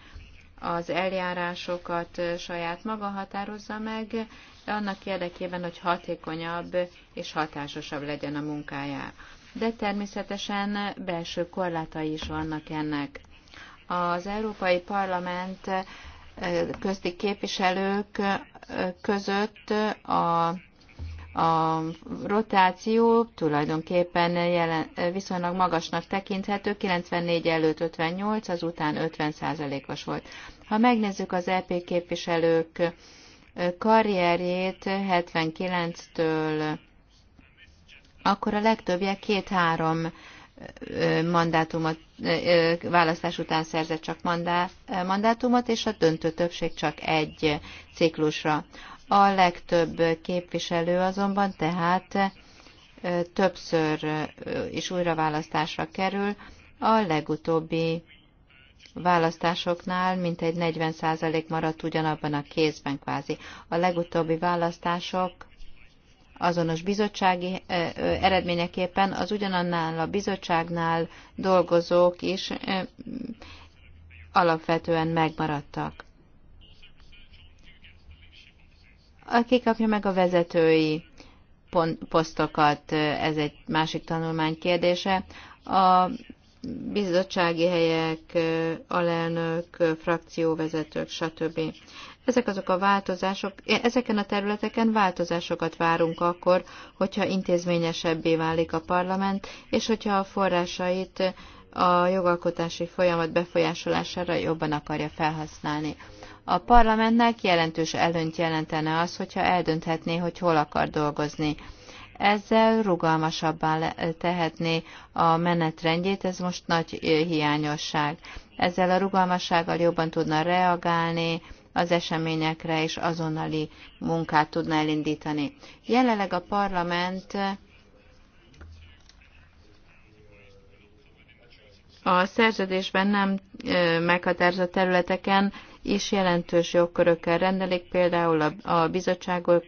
az eljárásokat saját maga határozza meg, annak érdekében, hogy hatékonyabb és hatásosabb legyen a munkája. De természetesen belső korlátai is vannak ennek. Az Európai Parlament eh, közti képviselők eh, között a, a rotáció tulajdonképpen jelen, eh, viszonylag magasnak tekinthető, 94 előtt 58, azután 50 os volt. Ha megnézzük az EP képviselők karrierjét 79-től, akkor a legtöbbje két-három mandátumot, választás után szerzett csak mandátumot, és a döntő többség csak egy ciklusra. A legtöbb képviselő azonban tehát többször is újraválasztásra kerül a legutóbbi választásoknál mintegy 40% maradt ugyanabban a kézben kvázi. A legutóbbi választások azonos bizottsági eredményeképpen az ugyanannál a bizottságnál dolgozók is alapvetően megmaradtak. Aki kapja meg a vezetői posztokat, ez egy másik tanulmány kérdése. A bizottsági helyek, alelnök, frakcióvezetők, stb. Ezek azok a változások, e, ezeken a területeken változásokat várunk akkor, hogyha intézményesebbé válik a parlament, és hogyha a forrásait a jogalkotási folyamat befolyásolására jobban akarja felhasználni. A parlamentnek jelentős előnyt jelentene az, hogyha eldönthetné, hogy hol akar dolgozni ezzel rugalmasabbá tehetné a menetrendjét, ez most nagy hiányosság. Ezzel a rugalmassággal jobban tudna reagálni az eseményekre, és azonnali munkát tudna elindítani. Jelenleg a parlament a szerződésben nem meghatározott területeken is jelentős jogkörökkel rendelik, például a, a bizottságok,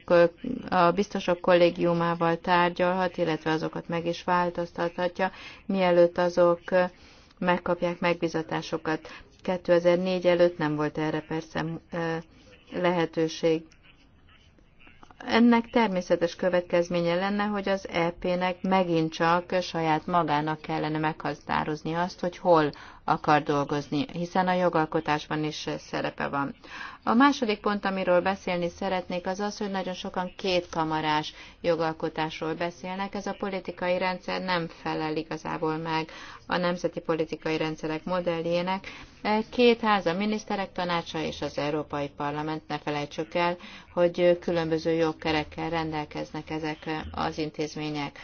a biztosok kollégiumával tárgyalhat, illetve azokat meg is változtathatja, mielőtt azok megkapják megbizatásokat. 2004 előtt nem volt erre persze lehetőség. Ennek természetes következménye lenne, hogy az EP-nek megint csak saját magának kellene meghatározni azt, hogy hol akar dolgozni, hiszen a jogalkotásban is szerepe van. A második pont, amiről beszélni szeretnék, az az, hogy nagyon sokan kétkamarás jogalkotásról beszélnek. Ez a politikai rendszer nem felel igazából meg a nemzeti politikai rendszerek modelljének. Két ház, a miniszterek tanácsa és az Európai Parlament, ne felejtsük el, hogy különböző jogkerekkel rendelkeznek ezek az intézmények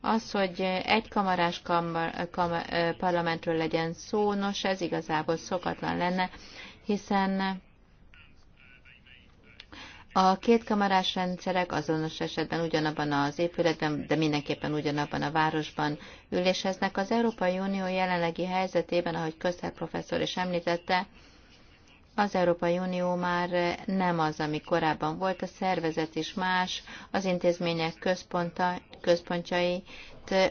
az, hogy egykamarás kamar, kamar, parlamentről legyen szó, nos, ez igazából szokatlan lenne, hiszen a két kamarás rendszerek azonos esetben ugyanabban az épületben, de mindenképpen ugyanabban a városban üléseznek. Az Európai Unió jelenlegi helyzetében, ahogy Köszter professzor is említette, az Európai Unió már nem az, ami korábban volt, a szervezet is más, az intézmények központa, központjai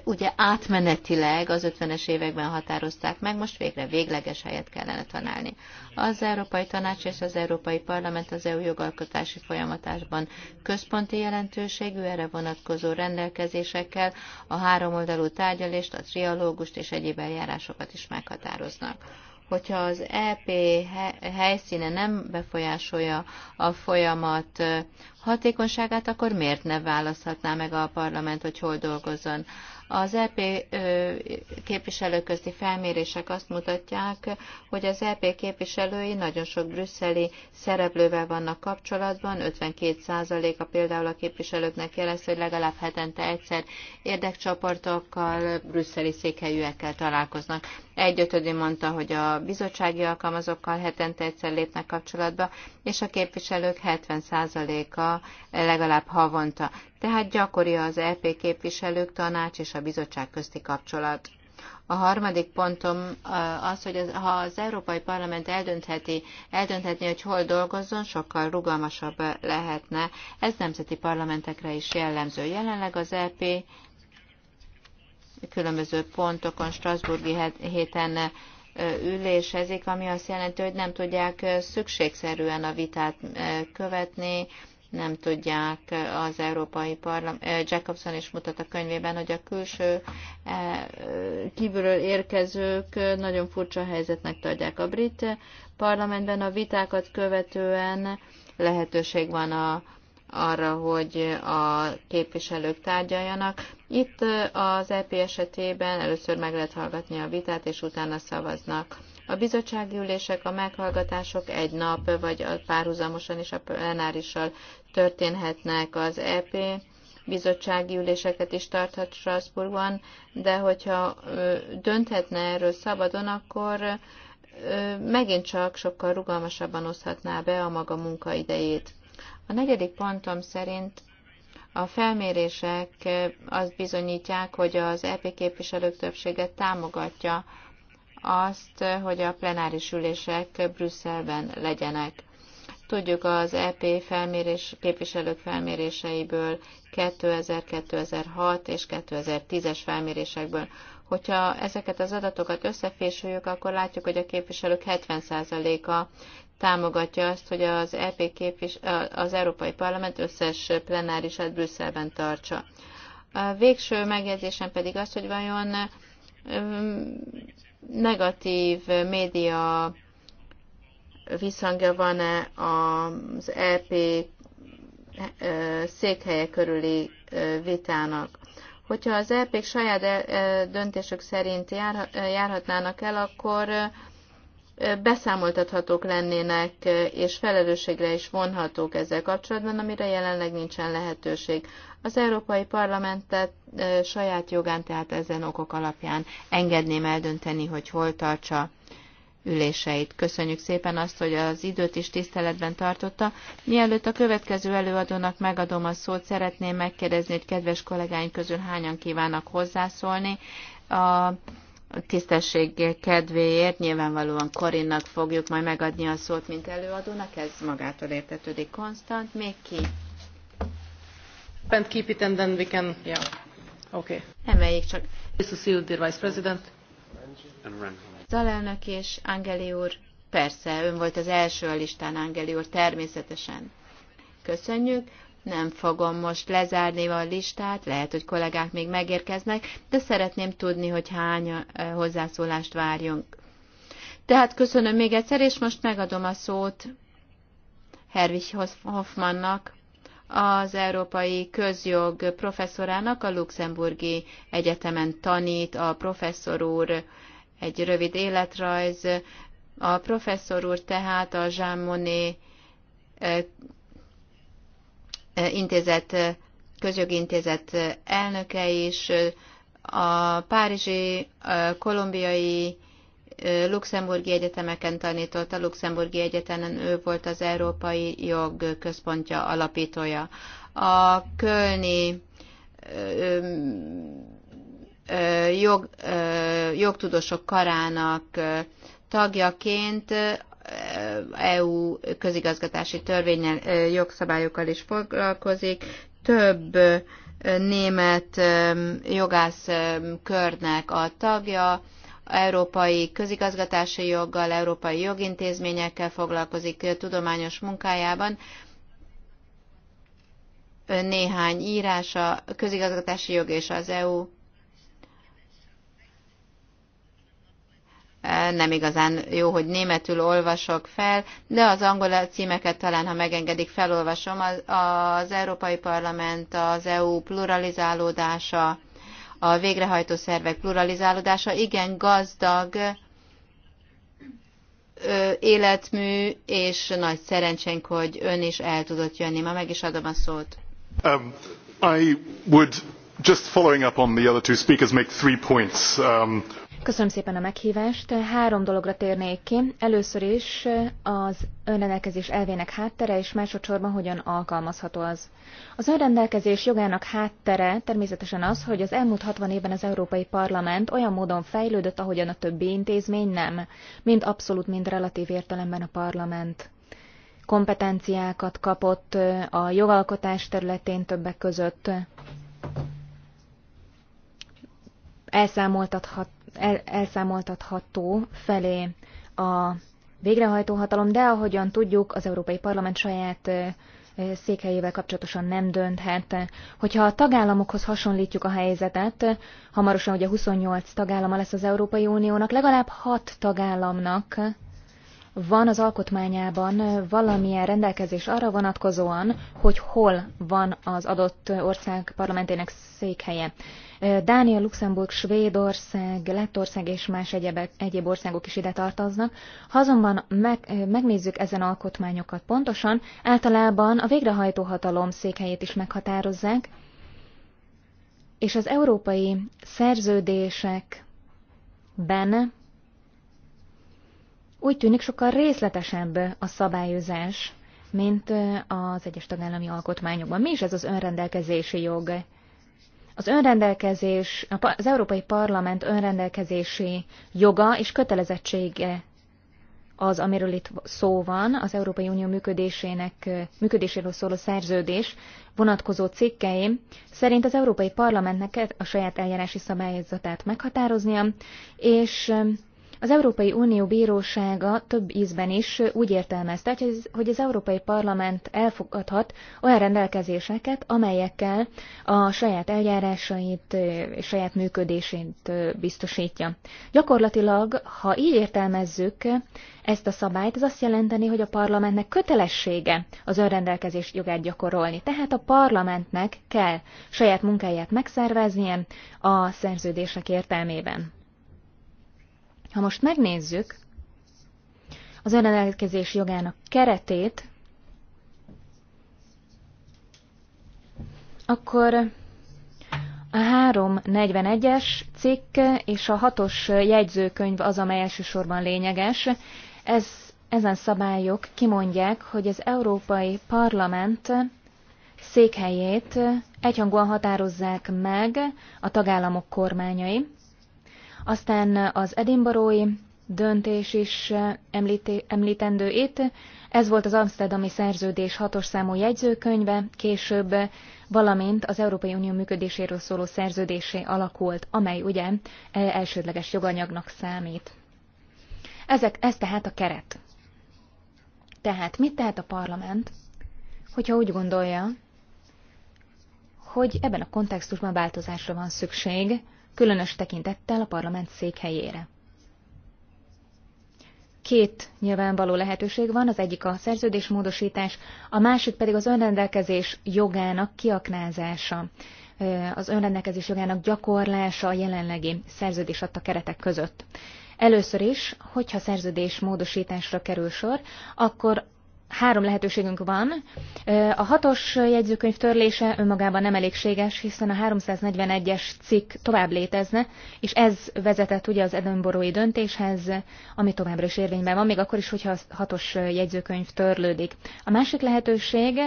ugye átmenetileg az 50-es években határozták meg, most végre végleges helyet kellene találni. Az Európai Tanács és az Európai Parlament az EU jogalkotási folyamatásban központi jelentőségű erre vonatkozó rendelkezésekkel a háromoldalú tárgyalést, a trialógust és egyéb eljárásokat is meghatároznak hogyha az EP helyszíne nem befolyásolja a folyamat hatékonyságát, akkor miért ne választhatná meg a parlament, hogy hol dolgozzon? Az EP képviselők közti felmérések azt mutatják, hogy az EP képviselői nagyon sok brüsszeli szereplővel vannak kapcsolatban, 52%-a például a képviselőknek jelezte, hogy legalább hetente egyszer érdekcsoportokkal, brüsszeli székhelyűekkel találkoznak. Egy Egyötödő mondta, hogy a bizottsági alkalmazókkal hetente egyszer lépnek kapcsolatba, és a képviselők 70%-a legalább havonta tehát gyakori az EP képviselők tanács és a bizottság közti kapcsolat. A harmadik pontom az, hogy ha az Európai Parlament eldöntheti, eldöntheti, hogy hol dolgozzon, sokkal rugalmasabb lehetne. Ez nemzeti parlamentekre is jellemző. Jelenleg az EP különböző pontokon Strasburgi héten ülésezik, ami azt jelenti, hogy nem tudják szükségszerűen a vitát követni, nem tudják az Európai Parlament, eh, Jacobson is mutat a könyvében, hogy a külső eh, kívülről érkezők eh, nagyon furcsa helyzetnek tartják a brit parlamentben. A vitákat követően lehetőség van a, arra, hogy a képviselők tárgyaljanak. Itt az EP esetében először meg lehet hallgatni a vitát, és utána szavaznak. A bizottsági ülések, a meghallgatások egy nap, vagy párhuzamosan is a plenárissal történhetnek az EP bizottsági üléseket is tarthat Strasbourgban, de hogyha dönthetne erről szabadon, akkor megint csak sokkal rugalmasabban oszthatná be a maga munkaidejét. A negyedik pontom szerint a felmérések azt bizonyítják, hogy az EP képviselők többsége támogatja azt, hogy a plenáris ülések Brüsszelben legyenek. Tudjuk az EP felmérés, képviselők felméréseiből 2000, 2006 és 2010-es felmérésekből, hogyha ezeket az adatokat összefésüljük, akkor látjuk, hogy a képviselők 70%-a támogatja azt, hogy az, EP képvis, az Európai Parlament összes plenárisát Brüsszelben tartsa. A végső megjegyzésem pedig az, hogy vajon negatív média visszhangja van-e az EP eh, székhelye körüli eh, vitának. Hogyha az EP saját eh, döntésük szerint járhatnának el, akkor beszámoltathatók lennének, és felelősségre is vonhatók ezzel kapcsolatban, amire jelenleg nincsen lehetőség. Az Európai Parlamentet e, saját jogán, tehát ezen okok alapján engedném eldönteni, hogy hol tartsa üléseit. Köszönjük szépen azt, hogy az időt is tiszteletben tartotta. Mielőtt a következő előadónak megadom a szót, szeretném megkérdezni, hogy kedves kollégáink közül hányan kívánnak hozzászólni. A tisztesség kedvéért nyilvánvalóan Korinnak fogjuk majd megadni a szót, mint előadónak. Ez magától értetődik. Konstant, még ki? And keep it Emeljék csak. Cecil, dear Vice President. Zalelnök és Angeli úr, persze, ön volt az első a listán, Angeli úr, természetesen. Köszönjük. Nem fogom most lezárni a listát, lehet, hogy kollégák még megérkeznek, de szeretném tudni, hogy hány hozzászólást várjunk. Tehát köszönöm még egyszer, és most megadom a szót Herwig Hoffmannnak, az európai közjog professzorának a Luxemburgi Egyetemen tanít a professzor úr egy rövid életrajz. A professzor úr tehát a Jean Monnet eh, intézet, közjogintézet elnöke is, a Párizsi, eh, kolumbiai luxemburgi egyetemeken tanított, a luxemburgi egyetemen ő volt az Európai Jog Központja alapítója. A Kölni jog, jogtudósok karának tagjaként EU közigazgatási törvényel, jogszabályokkal is foglalkozik. Több német jogász körnek a tagja, európai közigazgatási joggal, európai jogintézményekkel foglalkozik tudományos munkájában. Néhány írása, közigazgatási jog és az EU nem igazán jó, hogy németül olvasok fel, de az angol címeket talán, ha megengedik, felolvasom. Az, az Európai Parlament, az EU pluralizálódása, a végrehajtó szervek pluralizálódása igen gazdag életmű, és nagy szerencsénk, hogy ön is el tudott jönni. Ma meg is adom a szót. Um, I would, just following up on the other two speakers, make three points. Um, Köszönöm szépen a meghívást. Három dologra térnék ki. Először is az önrendelkezés elvének háttere, és másodszorban hogyan alkalmazható az. Az önrendelkezés jogának háttere természetesen az, hogy az elmúlt 60 évben az Európai Parlament olyan módon fejlődött, ahogyan a többi intézmény nem, mind abszolút, mind relatív értelemben a parlament kompetenciákat kapott a jogalkotás területén többek között elszámoltathat el, elszámoltatható felé a végrehajtó hatalom, de ahogyan tudjuk, az Európai Parlament saját székhelyével kapcsolatosan nem dönthet. Hogyha a tagállamokhoz hasonlítjuk a helyzetet, hamarosan ugye 28 tagállama lesz az Európai Uniónak, legalább 6 tagállamnak van az alkotmányában valamilyen rendelkezés arra vonatkozóan, hogy hol van az adott ország parlamentének székhelye. Dánia, Luxemburg, Svédország, Lettország és más egyéb, egyéb országok is ide tartoznak. Ha azonban meg, megnézzük ezen alkotmányokat pontosan, általában a végrehajtó hatalom székhelyét is meghatározzák, és az európai szerződésekben úgy tűnik sokkal részletesebb a szabályozás, mint az egyes tagállami alkotmányokban. Mi is ez az önrendelkezési jog? Az önrendelkezés, az Európai Parlament önrendelkezési joga és kötelezettsége az, amiről itt szó van, az Európai Unió működésének, működéséről szóló szerződés vonatkozó cikkeim szerint az Európai Parlamentnek a saját eljárási szabályzatát meghatároznia, és az Európai Unió bírósága több ízben is úgy értelmezte, hogy az Európai Parlament elfogadhat olyan rendelkezéseket, amelyekkel a saját eljárásait és saját működését biztosítja. Gyakorlatilag, ha így értelmezzük ezt a szabályt, ez azt jelenteni, hogy a parlamentnek kötelessége az önrendelkezés jogát gyakorolni. Tehát a parlamentnek kell saját munkáját megszerveznie a szerződések értelmében. Ha most megnézzük az önrendelkezés jogának keretét, akkor a 341-es cikk és a 6-os jegyzőkönyv az, amely elsősorban lényeges. Ez, ezen szabályok kimondják, hogy az Európai Parlament székhelyét egyhangúan határozzák meg a tagállamok kormányai, aztán az edinbarói döntés is eh, említi, említendő itt. Ez volt az Amsterdami Szerződés hatos számú jegyzőkönyve, később eh, valamint az Európai Unió működéséről szóló szerződésé alakult, amely ugye eh, elsődleges joganyagnak számít. Ezek, ez tehát a keret. Tehát mit tehet a parlament, hogyha úgy gondolja, hogy ebben a kontextusban változásra van szükség, különös tekintettel a parlament székhelyére. Két nyilvánvaló lehetőség van, az egyik a szerződésmódosítás, a másik pedig az önrendelkezés jogának kiaknázása, az önrendelkezés jogának gyakorlása a jelenlegi szerződés adta keretek között. Először is, hogyha szerződés módosításra kerül sor, akkor három lehetőségünk van. A hatos jegyzőkönyv törlése önmagában nem elégséges, hiszen a 341-es cikk tovább létezne, és ez vezetett ugye az edinborói döntéshez, ami továbbra is érvényben van, még akkor is, hogyha a hatos jegyzőkönyv törlődik. A másik lehetőség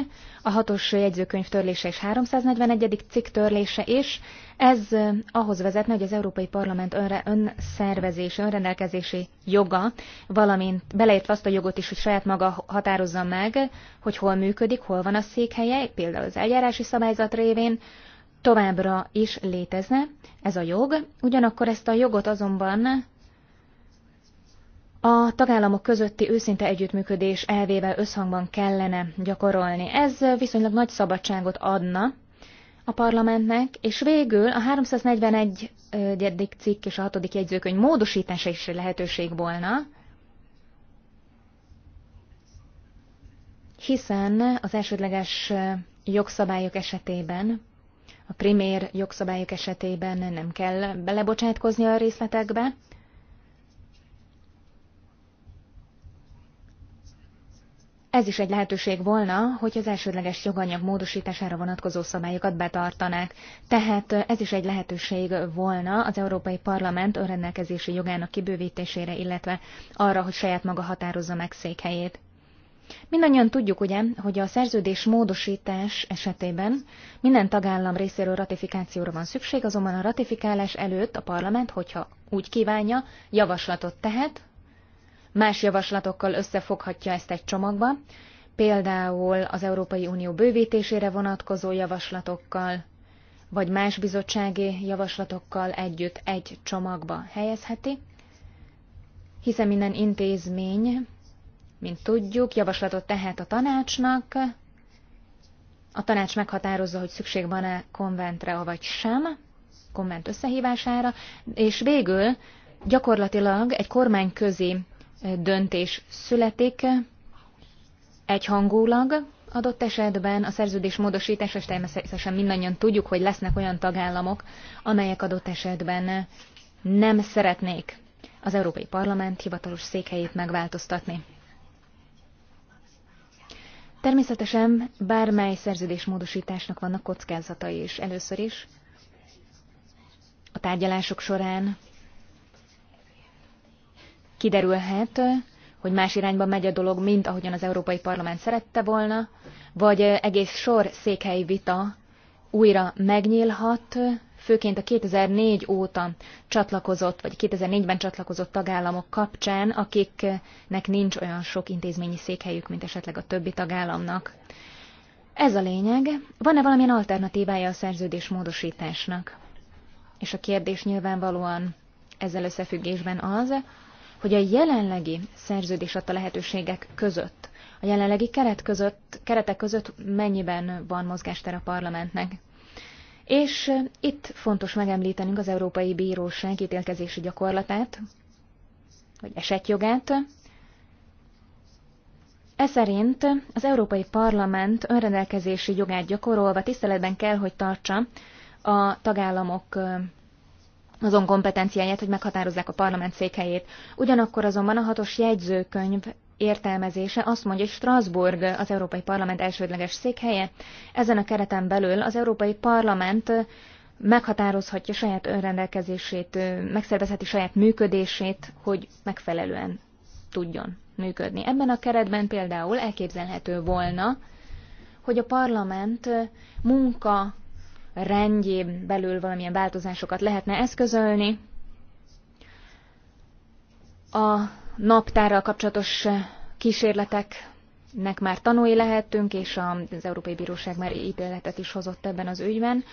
a hatos jegyzőkönyv törlése és 341. cikk törlése is, ez eh, ahhoz vezetne, hogy az Európai Parlament önre, önszervezési, önrendelkezési joga, valamint beleértve azt a jogot is, hogy saját maga határozza meg, hogy hol működik, hol van a székhelye, például az eljárási szabályzat révén, továbbra is létezne ez a jog, ugyanakkor ezt a jogot azonban a tagállamok közötti őszinte együttműködés elvével összhangban kellene gyakorolni. Ez viszonylag nagy szabadságot adna a parlamentnek, és végül a 341. cikk és a 6. jegyzőkönyv módosítása is lehetőség volna, hiszen az elsődleges jogszabályok esetében, a primér jogszabályok esetében nem kell belebocsátkozni a részletekbe, Ez is egy lehetőség volna, hogy az elsődleges joganyag módosítására vonatkozó szabályokat betartanák. Tehát ez is egy lehetőség volna az Európai Parlament önrendelkezési jogának kibővítésére, illetve arra, hogy saját maga határozza meg székhelyét. Mindannyian tudjuk ugye, hogy a szerződés módosítás esetében minden tagállam részéről ratifikációra van szükség, azonban a ratifikálás előtt a parlament, hogyha úgy kívánja, javaslatot tehet más javaslatokkal összefoghatja ezt egy csomagba, például az Európai Unió bővítésére vonatkozó javaslatokkal, vagy más bizottsági javaslatokkal együtt egy csomagba helyezheti, hiszen minden intézmény, mint tudjuk, javaslatot tehet a tanácsnak, a tanács meghatározza, hogy szükség van-e konventre, vagy sem, konvent összehívására, és végül gyakorlatilag egy kormányközi döntés születik egyhangulag, adott esetben a szerződés módosítása, és természetesen mindannyian tudjuk, hogy lesznek olyan tagállamok, amelyek adott esetben nem szeretnék az Európai Parlament hivatalos székhelyét megváltoztatni. Természetesen bármely szerződésmódosításnak vannak kockázatai is. Először is a tárgyalások során kiderülhet, hogy más irányba megy a dolog, mint ahogyan az Európai Parlament szerette volna, vagy egész sor székhelyi vita újra megnyílhat, főként a 2004 óta csatlakozott, vagy 2004-ben csatlakozott tagállamok kapcsán, akiknek nincs olyan sok intézményi székhelyük, mint esetleg a többi tagállamnak. Ez a lényeg. Van-e valamilyen alternatívája a szerződés módosításnak? És a kérdés nyilvánvalóan ezzel összefüggésben az, hogy a jelenlegi szerződés adta lehetőségek között, a jelenlegi keret között, keretek között mennyiben van mozgástér a parlamentnek. És itt fontos megemlítenünk az Európai Bíróság ítélkezési gyakorlatát, vagy esetjogát. Ez szerint az Európai Parlament önrendelkezési jogát gyakorolva tiszteletben kell, hogy tartsa a tagállamok azon kompetenciáját, hogy meghatározzák a parlament székhelyét. Ugyanakkor azonban a hatos jegyzőkönyv értelmezése azt mondja, hogy Strasbourg az Európai Parlament elsődleges székhelye. Ezen a kereten belül az Európai Parlament meghatározhatja saját önrendelkezését, megszervezheti saját működését, hogy megfelelően tudjon működni. Ebben a keretben például elképzelhető volna, hogy a parlament munka rendjén belül valamilyen változásokat lehetne eszközölni. A naptárral kapcsolatos kísérleteknek már tanúi lehettünk, és az Európai Bíróság már ítéletet is hozott ebben az ügyben.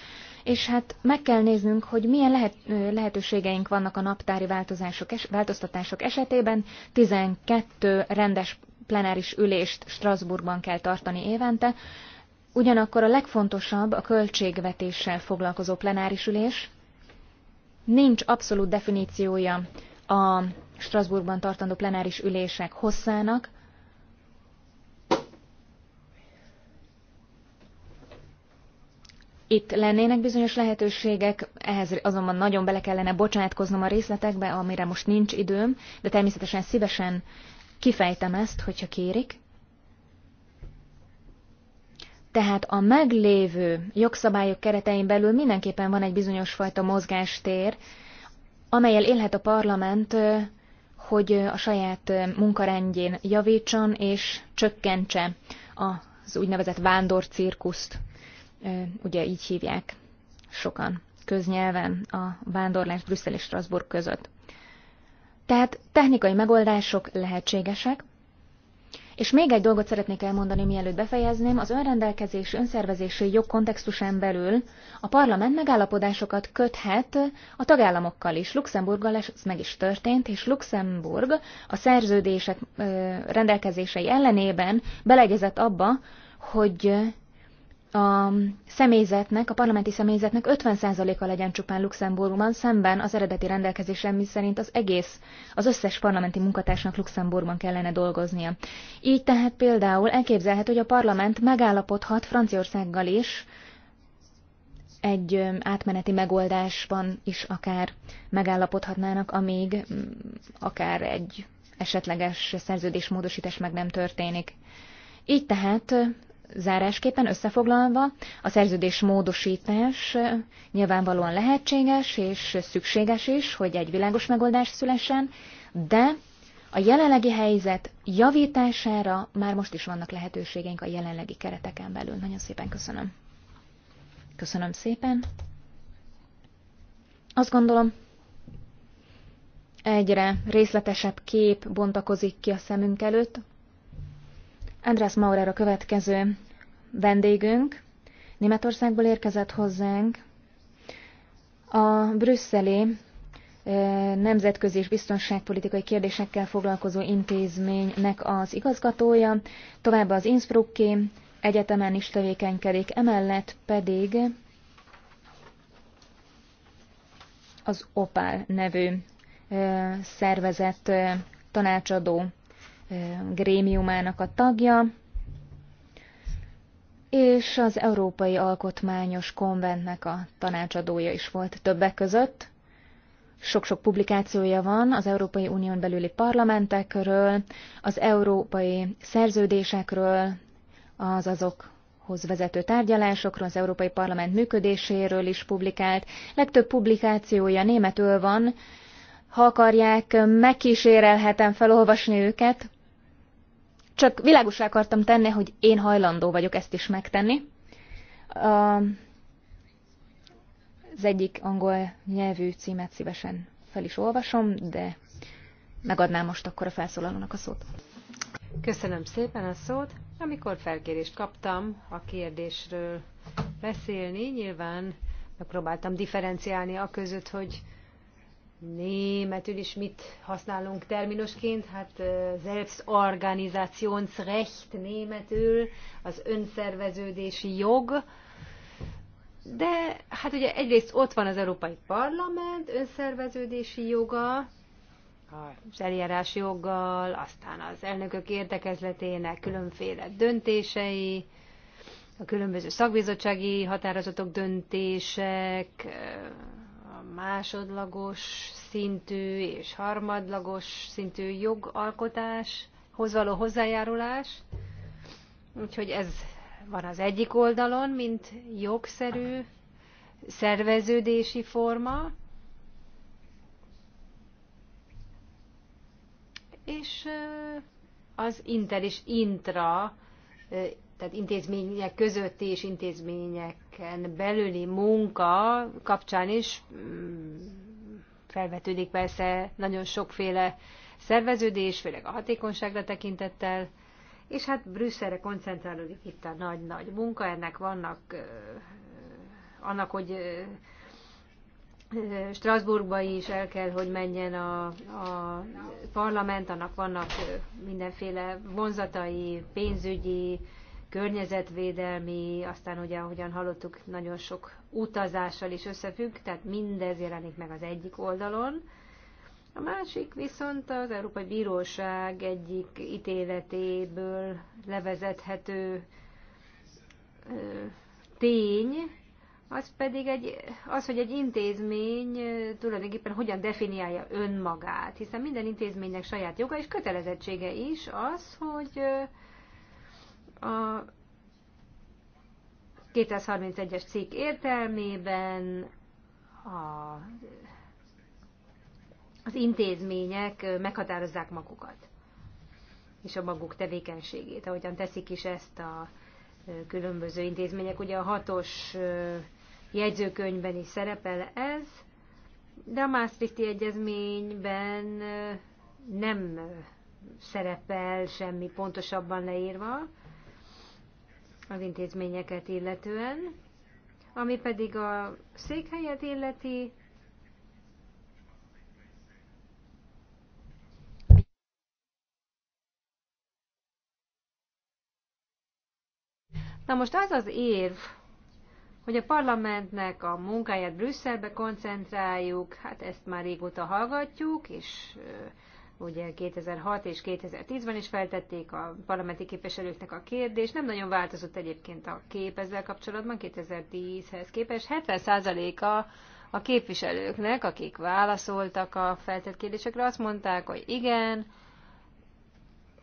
És hát meg kell néznünk, hogy milyen lehet, lehetőségeink vannak a naptári változások, es, változtatások esetében. 12 rendes plenáris ülést Strasbourgban kell tartani évente. Ugyanakkor a legfontosabb a költségvetéssel foglalkozó plenáris ülés. Nincs abszolút definíciója a Strasbourgban tartandó plenáris ülések hosszának. Itt lennének bizonyos lehetőségek, ehhez azonban nagyon bele kellene bocsátkoznom a részletekbe, amire most nincs időm, de természetesen szívesen kifejtem ezt, hogyha kérik. Tehát a meglévő jogszabályok keretein belül mindenképpen van egy bizonyos fajta mozgástér, amelyel élhet a parlament, hogy a saját munkarendjén javítson és csökkentse az úgynevezett vándorcirkuszt, ugye így hívják sokan köznyelven a vándorlás Brüsszel és Strasbourg között. Tehát technikai megoldások lehetségesek, és még egy dolgot szeretnék elmondani, mielőtt befejezném, az önrendelkezés önszervezési jog kontextusán belül a parlament megállapodásokat köthet a tagállamokkal is. Luxemburggal ez meg is történt, és Luxemburg a szerződések rendelkezései ellenében beleegyezett abba, hogy a személyzetnek, a parlamenti személyzetnek 50%-a legyen csupán Luxemburgban, szemben az eredeti rendelkezésre, mi szerint az egész, az összes parlamenti munkatársnak Luxemburgban kellene dolgoznia. Így tehát például elképzelhető, hogy a parlament megállapodhat Franciaországgal is, egy átmeneti megoldásban is akár megállapodhatnának, amíg akár egy esetleges szerződésmódosítás meg nem történik. Így tehát Zárásképpen összefoglalva, a szerződés módosítás nyilvánvalóan lehetséges és szükséges is, hogy egy világos megoldás szülessen, de a jelenlegi helyzet javítására már most is vannak lehetőségeink a jelenlegi kereteken belül. Nagyon szépen köszönöm. Köszönöm szépen. Azt gondolom, egyre részletesebb kép bontakozik ki a szemünk előtt András Maurer a következő vendégünk. Németországból érkezett hozzánk. A brüsszeli nemzetközi és biztonságpolitikai kérdésekkel foglalkozó intézménynek az igazgatója, továbbá az Innsbrucki egyetemen is tevékenykedik, emellett pedig az OPAL nevű szervezet tanácsadó grémiumának a tagja, és az Európai Alkotmányos Konventnek a tanácsadója is volt többek között. Sok-sok publikációja van az Európai Unión belüli parlamentekről, az európai szerződésekről, az azokhoz vezető tárgyalásokról, az Európai Parlament működéséről is publikált. Legtöbb publikációja németül van, ha akarják, megkísérelhetem felolvasni őket. Csak világosra akartam tenni, hogy én hajlandó vagyok ezt is megtenni. az egyik angol nyelvű címet szívesen fel is olvasom, de megadnám most akkor a felszólalónak a szót. Köszönöm szépen a szót. Amikor felkérést kaptam a kérdésről beszélni, nyilván megpróbáltam differenciálni a között, hogy németül is mit használunk terminusként, hát Selbstorganisationsrecht németül, az önszerveződési jog, de hát ugye egyrészt ott van az Európai Parlament önszerveződési joga, az eljárás joggal, aztán az elnökök értekezletének különféle döntései, a különböző szakbizottsági határozatok döntések, másodlagos szintű és harmadlagos szintű jogalkotáshoz való hozzájárulás. Úgyhogy ez van az egyik oldalon, mint jogszerű szerveződési forma, és az inter és intra tehát intézmények közötti és intézményeken belüli munka kapcsán is mm, felvetődik persze nagyon sokféle szerveződés, főleg a hatékonyságra tekintettel, és hát Brüsszelre koncentrálódik itt a nagy-nagy munka, ennek vannak annak, hogy Strasbourgba is el kell, hogy menjen a, a parlament, annak vannak mindenféle vonzatai, pénzügyi, környezetvédelmi, aztán ugye, ahogyan hallottuk, nagyon sok utazással is összefügg, tehát mindez jelenik meg az egyik oldalon. A másik viszont az Európai Bíróság egyik ítéletéből levezethető tény, az pedig egy, az, hogy egy intézmény tulajdonképpen hogyan definiálja önmagát, hiszen minden intézménynek saját joga és kötelezettsége is az, hogy a 231-es cikk értelmében a, az intézmények meghatározzák magukat és a maguk tevékenységét, ahogyan teszik is ezt a különböző intézmények. Ugye a hatos jegyzőkönyvben is szerepel ez, de a Maastrichti Egyezményben nem szerepel semmi pontosabban leírva, az intézményeket illetően, ami pedig a székhelyet illeti, Na most az az érv, hogy a parlamentnek a munkáját Brüsszelbe koncentráljuk, hát ezt már régóta hallgatjuk, és ugye 2006 és 2010-ben is feltették a parlamenti képviselőknek a kérdést. Nem nagyon változott egyébként a kép ezzel kapcsolatban 2010-hez képest. 70%-a a képviselőknek, akik válaszoltak a feltett kérdésekre, azt mondták, hogy igen,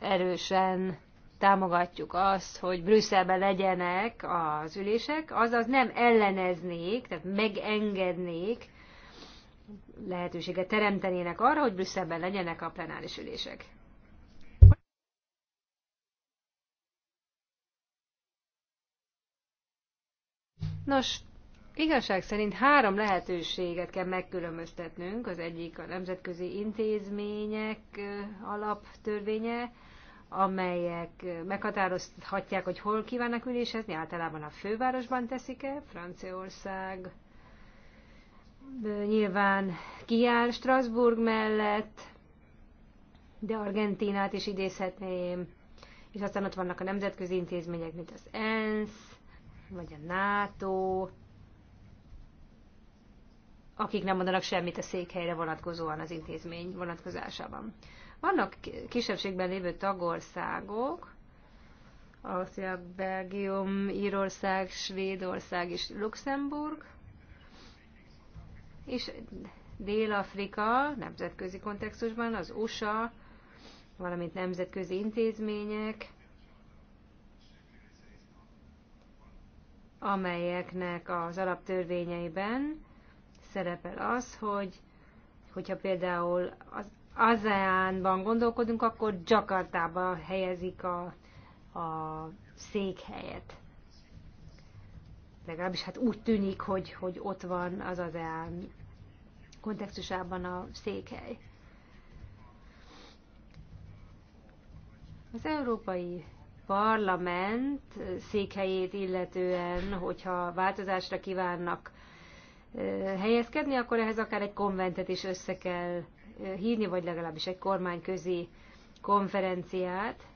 erősen támogatjuk azt, hogy Brüsszelben legyenek az ülések, azaz nem elleneznék, tehát megengednék lehetőséget teremtenének arra, hogy Brüsszelben legyenek a plenáris ülések. Nos, igazság szerint három lehetőséget kell megkülönböztetnünk. Az egyik a nemzetközi intézmények eh, alaptörvénye, amelyek eh, meghatározhatják, hogy hol kívánnak ülésezni, általában a fővárosban teszik-e, Franciaország, nyilván kiáll Strasbourg mellett, de Argentinát is idézhetném, és aztán ott vannak a nemzetközi intézmények, mint az ENSZ, vagy a NATO, akik nem mondanak semmit a székhelyre vonatkozóan az intézmény vonatkozásában. Vannak kisebbségben lévő tagországok, Ausztria, Belgium, Írország, Svédország és Luxemburg, és Dél-Afrika nemzetközi kontextusban az USA, valamint nemzetközi intézmények, amelyeknek az alaptörvényeiben szerepel az, hogy hogyha például az ASEAN-ban gondolkodunk, akkor Jakartába helyezik a, a székhelyet. Legalábbis hát úgy tűnik, hogy, hogy ott van az ASEAN kontextusában a székhely. Az Európai Parlament székhelyét illetően, hogyha változásra kívánnak helyezkedni, akkor ehhez akár egy konventet is össze kell hívni, vagy legalábbis egy kormányközi konferenciát,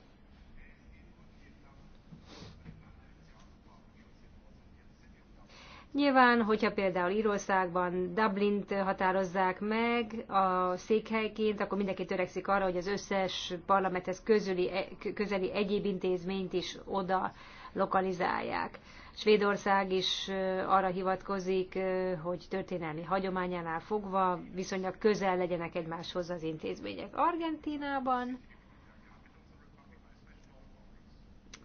Nyilván, hogyha például Írországban Dublint határozzák meg a székhelyként, akkor mindenki törekszik arra, hogy az összes parlamenthez közüli, e, közeli egyéb intézményt is oda lokalizálják. Svédország is arra hivatkozik, hogy történelmi hagyományánál fogva viszonylag közel legyenek egymáshoz az intézmények. Argentinában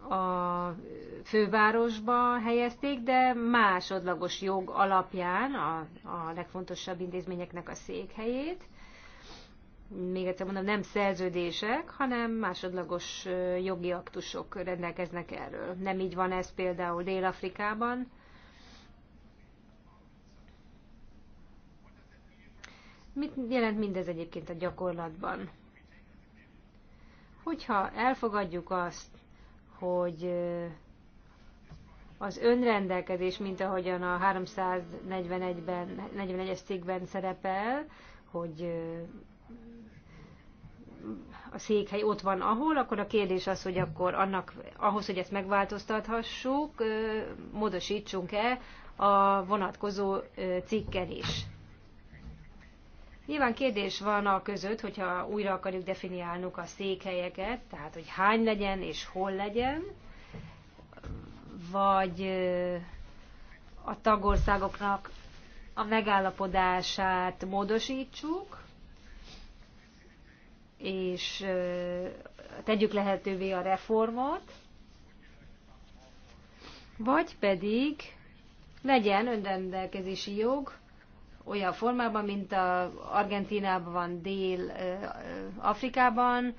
a fővárosba helyezték, de másodlagos jog alapján a, a legfontosabb intézményeknek a székhelyét. Még egyszer mondom, nem szerződések, hanem másodlagos jogi aktusok rendelkeznek erről. Nem így van ez például Dél-Afrikában. Mit jelent mindez egyébként a gyakorlatban? Hogyha elfogadjuk azt, hogy az önrendelkezés, mint ahogyan a 341-ben, 41-es cikkben szerepel, hogy a székhely ott van ahol, akkor a kérdés az, hogy akkor annak, ahhoz, hogy ezt megváltoztathassuk, módosítsunk-e a vonatkozó cikken is. Nyilván kérdés van a között, hogyha újra akarjuk definiálnunk a székhelyeket, tehát hogy hány legyen és hol legyen, vagy a tagországoknak a megállapodását módosítsuk, és tegyük lehetővé a reformot, vagy pedig legyen önrendelkezési jog olyan formában, mint a Argentinában, Dél-Afrikában,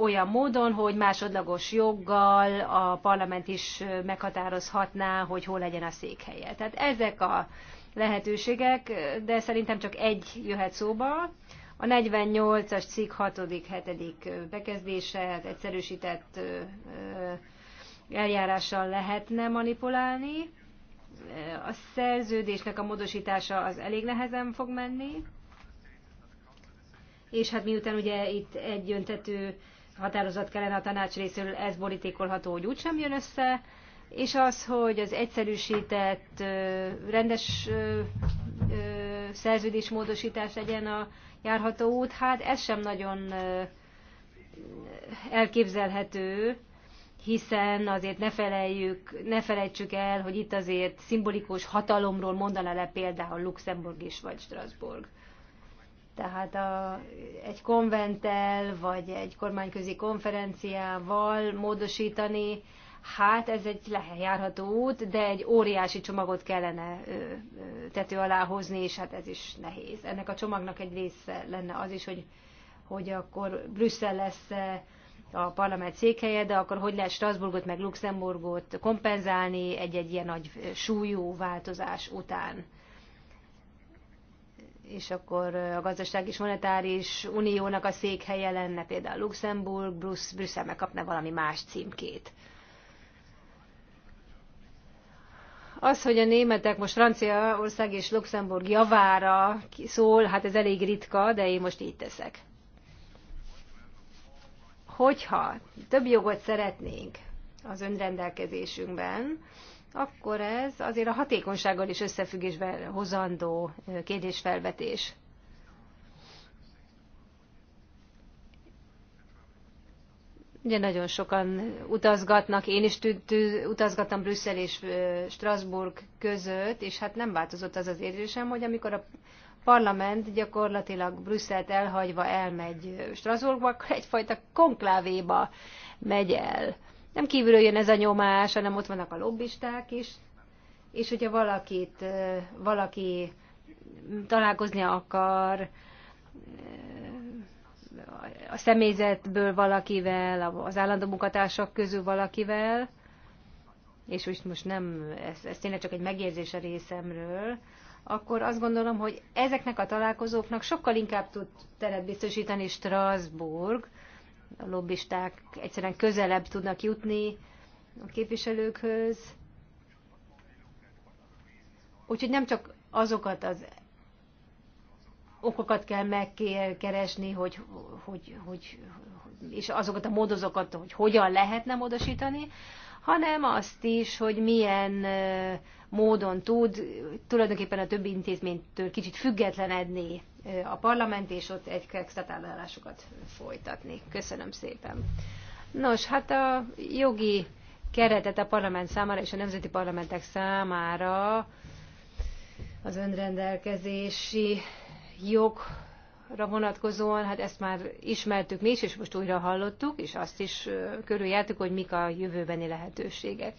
olyan módon, hogy másodlagos joggal a parlament is meghatározhatná, hogy hol legyen a székhelye. Tehát ezek a lehetőségek, de szerintem csak egy jöhet szóba. A 48-as cikk 6.-7. bekezdése hát egyszerűsített eljárással lehetne manipulálni, a szerződésnek a módosítása az elég nehezen fog menni, és hát miután ugye itt egy öntető határozat kellene a tanács részéről, ez borítékolható, hogy úgysem jön össze, és az, hogy az egyszerűsített rendes szerződésmódosítás legyen a járható út, hát ez sem nagyon elképzelhető, hiszen azért ne, feleljük, ne felejtsük el, hogy itt azért szimbolikus hatalomról mondaná le például Luxemburg is, vagy Strasbourg. Tehát a, egy konventel, vagy egy kormányközi konferenciával módosítani, hát ez egy lejárható út, de egy óriási csomagot kellene ö, ö, tető alá hozni, és hát ez is nehéz. Ennek a csomagnak egy része lenne az is, hogy, hogy akkor Brüsszel lesz a parlament székhelye, de akkor hogy lehet Strasbourgot meg Luxemburgot kompenzálni egy-egy ilyen nagy súlyú változás után? és akkor a gazdaság és monetáris uniónak a székhelye lenne például Luxemburg, Brüssz, Brüsszel megkapna valami más címkét. Az, hogy a németek most Franciaország és Luxemburg javára szól, hát ez elég ritka, de én most így teszek hogyha több jogot szeretnénk az önrendelkezésünkben, akkor ez azért a hatékonysággal is összefüggésben hozandó kérdésfelvetés. Ugye nagyon sokan utazgatnak, én is utazgattam Brüsszel és Strasbourg között, és hát nem változott az az érzésem, hogy amikor a, parlament gyakorlatilag Brüsszelt elhagyva elmegy Strasbourgba, akkor egyfajta konklávéba megy el. Nem kívülről jön ez a nyomás, hanem ott vannak a lobbisták is, és hogyha valakit, valaki találkozni akar, a személyzetből valakivel, az állandó munkatársak közül valakivel, és most, nem, ez, ez tényleg csak egy megérzés a részemről, akkor azt gondolom, hogy ezeknek a találkozóknak sokkal inkább tud teret biztosítani Strasbourg. A lobbisták egyszerűen közelebb tudnak jutni a képviselőkhöz. Úgyhogy nem csak azokat az okokat kell megkeresni, hogy, hogy, hogy, és azokat a módozokat, hogy hogyan lehetne módosítani, hanem azt is, hogy milyen módon tud tulajdonképpen a többi intézménytől kicsit függetlenedni a parlament, és ott egy krekstatállásokat folytatni. Köszönöm szépen. Nos, hát a jogi keretet a parlament számára és a nemzeti parlamentek számára az önrendelkezési jogra vonatkozóan, hát ezt már ismertük mi is, és most újra hallottuk, és azt is körüljártuk, hogy mik a jövőbeni lehetőségek.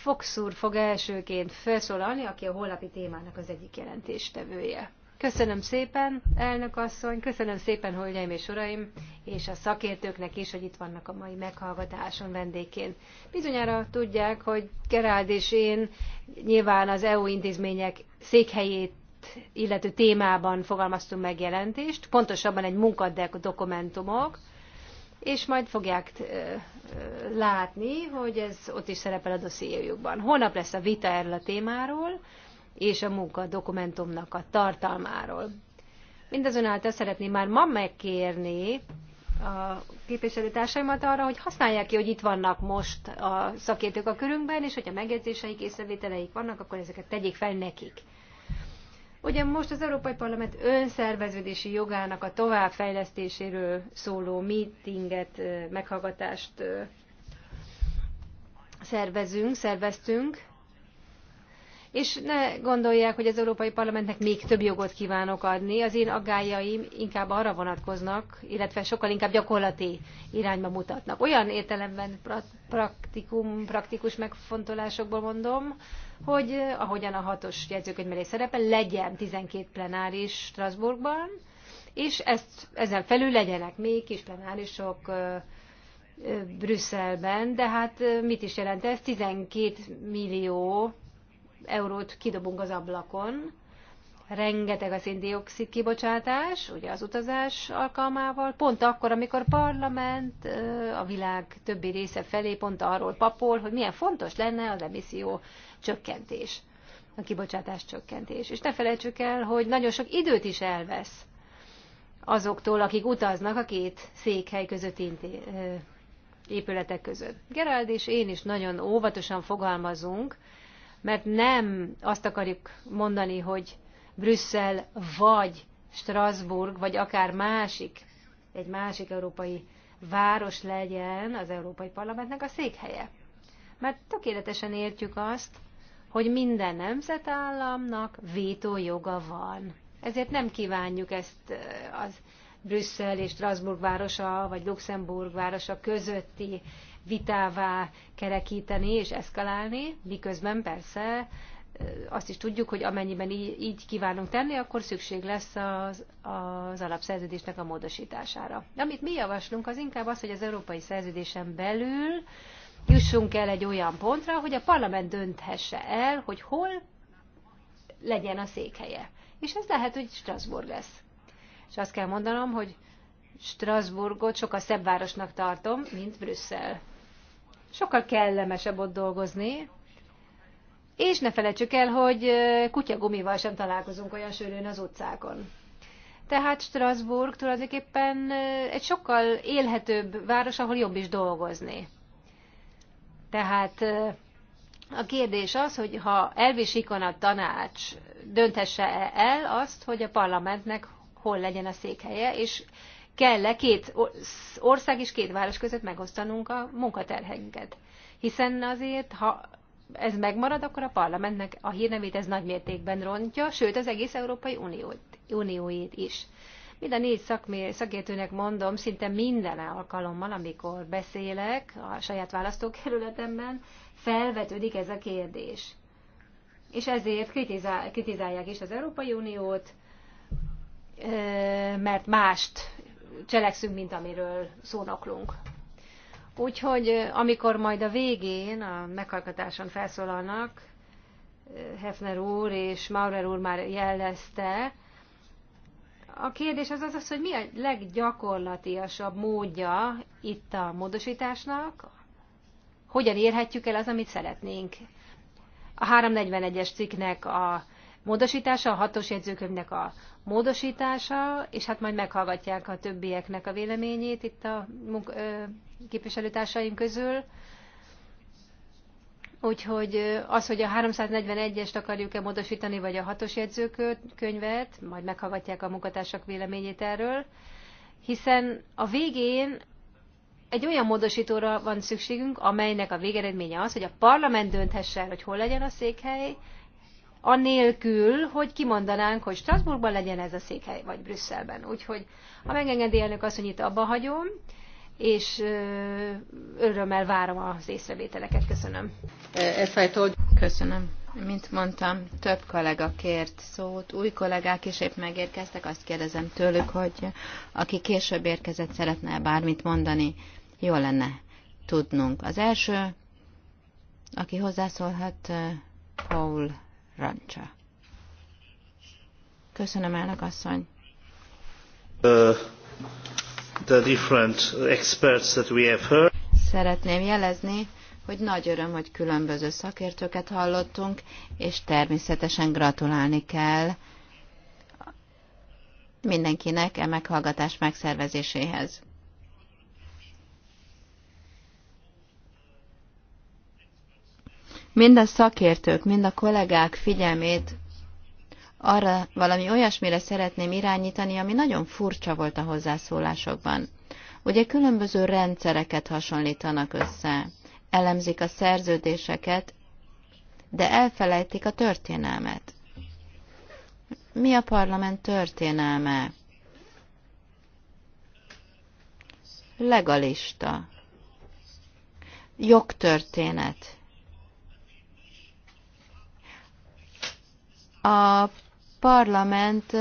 Fox úr fog elsőként felszólalni, aki a holnapi témának az egyik jelentéstevője. Köszönöm szépen, elnök asszony, köszönöm szépen, hölgyeim és uraim, és a szakértőknek is, hogy itt vannak a mai meghallgatáson vendégként. Bizonyára tudják, hogy Geráld és én nyilván az EU intézmények székhelyét illető témában fogalmaztunk meg jelentést, pontosabban egy dokumentumok és majd fogják látni, hogy ez ott is szerepel a dossziéjukban. Holnap lesz a vita erről a témáról, és a munka dokumentumnak a tartalmáról. Mindazonáltal szeretném már ma megkérni a képviselőtársaimat arra, hogy használják ki, hogy itt vannak most a szakértők a körünkben, és hogyha megjegyzéseik, észrevételeik vannak, akkor ezeket tegyék fel nekik. Ugye most az Európai Parlament önszerveződési jogának a továbbfejlesztéséről szóló meetinget, meghallgatást szervezünk, szerveztünk, és ne gondolják, hogy az Európai Parlamentnek még több jogot kívánok adni. Az én aggájaim inkább arra vonatkoznak, illetve sokkal inkább gyakorlati irányba mutatnak. Olyan értelemben praktikum, praktikus megfontolásokból mondom, hogy eh, ahogyan a hatos mellé szerepel, legyen 12 plenáris Strasbourgban, és ezt, ezen felül legyenek még kis plenárisok eh, eh, Brüsszelben, de hát mit is jelent ez? 12 millió eurót kidobunk az ablakon, rengeteg a széndiokszid kibocsátás, ugye az utazás alkalmával, pont akkor, amikor parlament a világ többi része felé pont arról papol, hogy milyen fontos lenne az emisszió csökkentés, a kibocsátás csökkentés. És ne felejtsük el, hogy nagyon sok időt is elvesz azoktól, akik utaznak a két székhely közötti épületek között. Gerald és én is nagyon óvatosan fogalmazunk, mert nem azt akarjuk mondani, hogy Brüsszel vagy Strasbourg, vagy akár másik, egy másik európai város legyen az Európai Parlamentnek a székhelye. Mert tökéletesen értjük azt, hogy minden nemzetállamnak vétójoga van. Ezért nem kívánjuk ezt az Brüsszel és Strasbourg városa, vagy Luxemburg városa közötti vitává kerekíteni és eszkalálni, miközben persze azt is tudjuk, hogy amennyiben így, így kívánunk tenni, akkor szükség lesz az, az alapszerződésnek a módosítására. Amit mi javaslunk, az inkább az, hogy az európai szerződésen belül jussunk el egy olyan pontra, hogy a parlament dönthesse el, hogy hol legyen a székhelye. És ez lehet, hogy Strasbourg lesz. És azt kell mondanom, hogy Strasbourgot sokkal szebb városnak tartom, mint Brüsszel. Sokkal kellemesebb ott dolgozni, és ne felejtsük el, hogy kutyagumival sem találkozunk olyan sűrűn az utcákon. Tehát Strasbourg tulajdonképpen egy sokkal élhetőbb város, ahol jobb is dolgozni. Tehát a kérdés az, hogy ha elvisikon a tanács döntesse -e el azt, hogy a parlamentnek hol legyen a székhelye, és kell-e két ország és két város között megosztanunk a munkaterheinket. Hiszen azért, ha ez megmarad, akkor a parlamentnek a hírnevét ez nagymértékben rontja, sőt az egész Európai Uniót, Unióét is. Mind a négy szakmé, szakértőnek mondom, szinte minden alkalommal, amikor beszélek a saját választókerületemben, felvetődik ez a kérdés. És ezért kritizál, kritizálják is az Európai Uniót, mert mást cselekszünk, mint amiről szónoklunk. Úgyhogy amikor majd a végén a meghallgatáson felszólalnak, Hefner úr és Maurer úr már jellezte, a kérdés az az, az hogy mi a leggyakorlatiasabb módja itt a módosításnak, hogyan érhetjük el az, amit szeretnénk. A 341-es cikknek a módosítása, a hatos jegyzőkönyvnek a módosítása, és hát majd meghallgatják a többieknek a véleményét itt a képviselőtársaim közül. Úgyhogy az, hogy a 341-est akarjuk-e módosítani, vagy a hatos jegyzőkönyvet, majd meghallgatják a munkatársak véleményét erről, hiszen a végén egy olyan módosítóra van szükségünk, amelynek a végeredménye az, hogy a parlament dönthesse el, hogy hol legyen a székhely, anélkül, hogy kimondanánk, hogy Strasbourgban legyen ez a székhely, vagy Brüsszelben. Úgyhogy, ha megengedi elnök azt, hogy itt abba hagyom, és örömmel várom az észrevételeket. Köszönöm. Köszönöm. Mint mondtam, több kollega kért szót, új kollégák is épp megérkeztek, azt kérdezem tőlük, hogy aki később érkezett, szeretne bármit mondani, jó lenne tudnunk. Az első, aki hozzászólhat, Paul Rancsa. Köszönöm, elnök asszony. Szeretném jelezni, hogy nagy öröm, hogy különböző szakértőket hallottunk, és természetesen gratulálni kell mindenkinek e meghallgatás megszervezéséhez. Mind a szakértők, mind a kollégák figyelmét arra valami olyasmire szeretném irányítani, ami nagyon furcsa volt a hozzászólásokban. Ugye különböző rendszereket hasonlítanak össze, elemzik a szerződéseket, de elfelejtik a történelmet. Mi a parlament történelme? Legalista. Jogtörténet. A parlament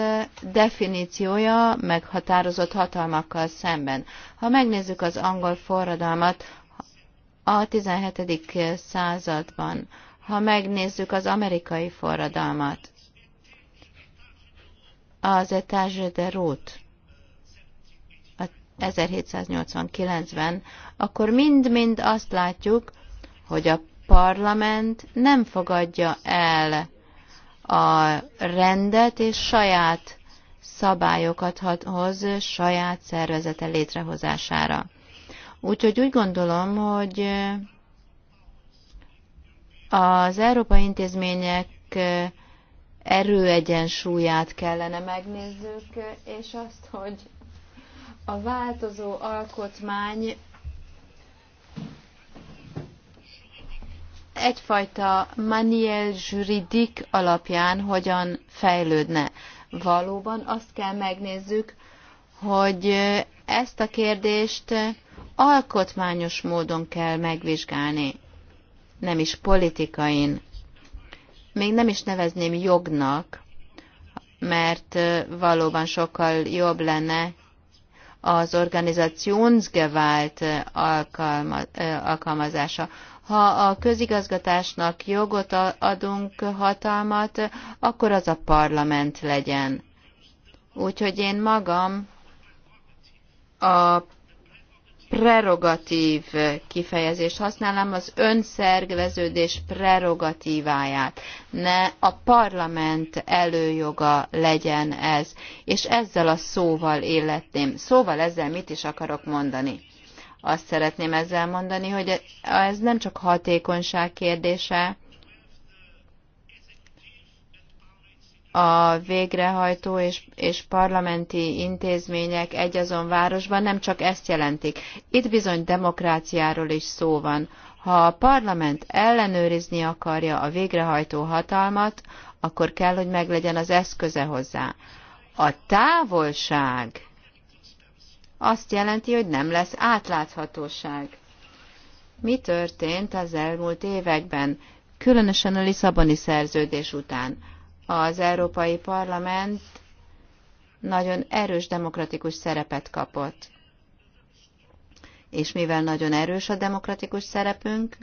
definíciója meghatározott hatalmakkal szemben. Ha megnézzük az angol forradalmat a 17. században, ha megnézzük az amerikai forradalmat, az Etage de Rout 1789-ben, akkor mind-mind azt látjuk, hogy a parlament nem fogadja el a rendet, és saját szabályokat hoz saját szervezete létrehozására. Úgyhogy úgy gondolom, hogy eh, az európai intézmények eh, erőegyensúlyát kellene megnézzük, eh, és azt, hogy a változó alkotmány egyfajta manier juridik alapján hogyan fejlődne. Valóban azt kell megnézzük, hogy ezt a kérdést alkotmányos módon kell megvizsgálni, nem is politikain. Még nem is nevezném jognak, mert valóban sokkal jobb lenne az organizációnsgevált alkalmazása. Ha a közigazgatásnak jogot adunk, hatalmat, akkor az a parlament legyen. Úgyhogy én magam a prerogatív kifejezést használom, az önszergveződés prerogatíváját. Ne a parlament előjoga legyen ez, és ezzel a szóval életném. Szóval ezzel mit is akarok mondani? Azt szeretném ezzel mondani, hogy ez nem csak hatékonyság kérdése, a végrehajtó és, és parlamenti intézmények egy azon városban nem csak ezt jelentik. Itt bizony demokráciáról is szó van. Ha a parlament ellenőrizni akarja a végrehajtó hatalmat, akkor kell, hogy meglegyen az eszköze hozzá. A távolság azt jelenti, hogy nem lesz átláthatóság. Mi történt az elmúlt években, különösen a Lisszaboni szerződés után? Az Európai Parlament nagyon erős demokratikus szerepet kapott. És mivel nagyon erős a demokratikus szerepünk,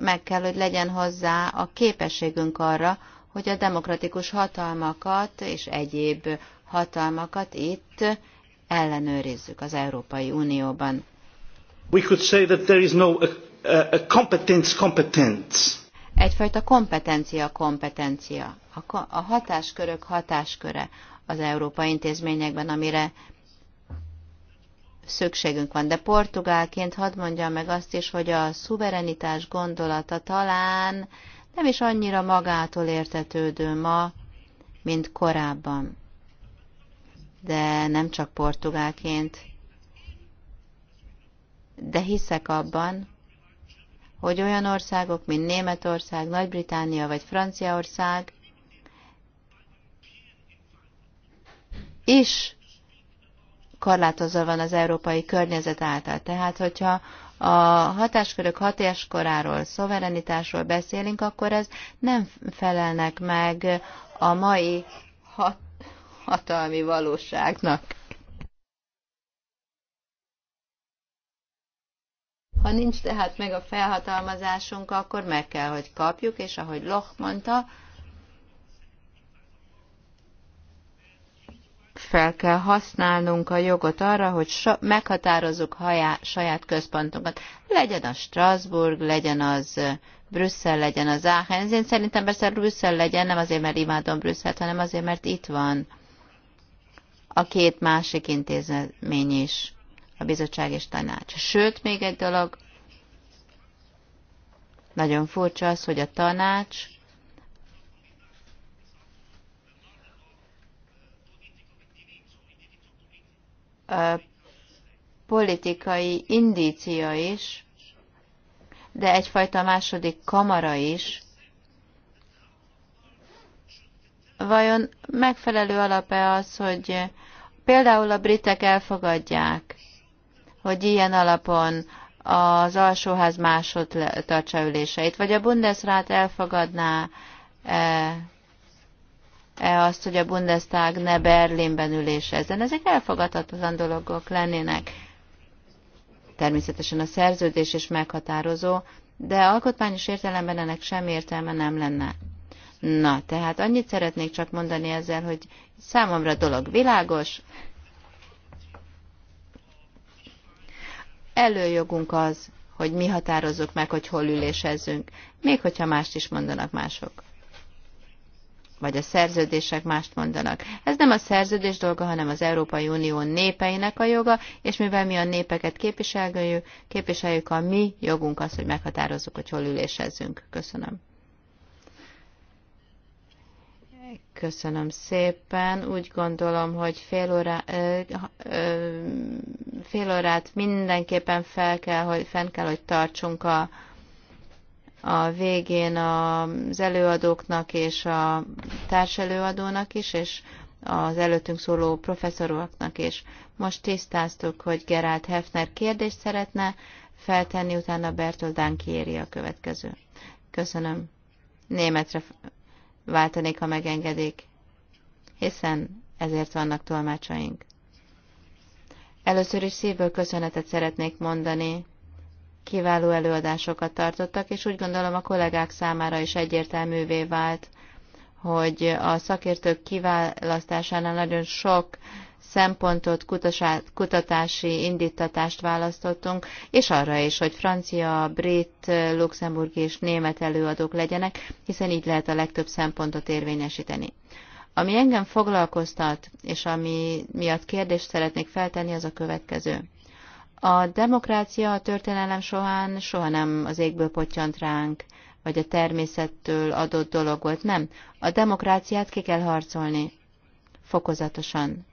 meg kell, hogy legyen hozzá a képességünk arra, hogy a demokratikus hatalmakat és egyéb hatalmakat itt ellenőrizzük az Európai Unióban. We could say that there is no a, uh, uh, a competence competence. Egyfajta kompetencia kompetencia. A, a hatáskörök hatásköre az Európai intézményekben, amire szükségünk van. De portugálként hadd mondjam meg azt is, hogy a szuverenitás gondolata talán nem is annyira magától értetődő ma, mint korábban nem csak portugálként, de hiszek abban, hogy olyan országok, mint Németország, Nagy-Británia vagy Franciaország is korlátozva van az európai környezet által. Tehát, hogyha a hatáskörök hatáskoráról, szoverenitásról beszélünk, akkor ez nem felelnek meg a mai hat hatalmi valóságnak. Ha nincs tehát meg a felhatalmazásunk, akkor meg kell, hogy kapjuk, és ahogy Loch mondta, fel kell használnunk a jogot arra, hogy so- meghatározzuk hajá- saját központunkat. Legyen az Strasbourg, legyen az Brüsszel, legyen az Aachen. Én szerintem persze Brüsszel legyen, nem azért, mert imádom Brüsszelt, hanem azért, mert itt van a két másik intézmény is, a bizottság és tanács. Sőt, még egy dolog, nagyon furcsa az, hogy a tanács a politikai indícia is, de egyfajta második kamara is, vajon megfelelő alape az, hogy Például a britek elfogadják, hogy ilyen alapon az alsóház másod tartsa üléseit, vagy a Bundesrat elfogadná e, e azt, hogy a Bundestag ne Berlinben ülésezzen. Ezek elfogadhatatlan dologok lennének. Természetesen a szerződés is meghatározó, de alkotmányos értelemben ennek semmi értelme nem lenne. Na, tehát annyit szeretnék csak mondani ezzel, hogy számomra dolog világos. Előjogunk az, hogy mi határozzuk meg, hogy hol ülésezzünk, még hogyha mást is mondanak mások. Vagy a szerződések mást mondanak. Ez nem a szerződés dolga, hanem az Európai Unió népeinek a joga, és mivel mi a népeket képviseljük, képviseljük a mi jogunk az, hogy meghatározzuk, hogy hol ülésezzünk. Köszönöm. Köszönöm szépen. Úgy gondolom, hogy fél, órá, ö, ö, fél órát mindenképpen fel kell, hogy, fenn kell, hogy tartsunk a, a végén az előadóknak és a társelőadónak is, és az előttünk szóló professzoroknak is. Most tisztáztuk, hogy Gerált Hefner kérdést szeretne feltenni, utána Bertoldán kéri a következő. Köszönöm. Németre váltanék, ha megengedik, hiszen ezért vannak tolmácsaink. Először is szívből köszönetet szeretnék mondani. Kiváló előadásokat tartottak, és úgy gondolom a kollégák számára is egyértelművé vált, hogy a szakértők kiválasztásánál nagyon sok szempontot, kutatási indítatást választottunk, és arra is, hogy francia, brit, luxemburgi és német előadók legyenek, hiszen így lehet a legtöbb szempontot érvényesíteni. Ami engem foglalkoztat, és ami miatt kérdést szeretnék feltenni, az a következő. A demokrácia, a történelem sohán, soha nem az égből potyant ránk, vagy a természettől adott dolog volt, nem. A demokráciát ki kell harcolni. Fokozatosan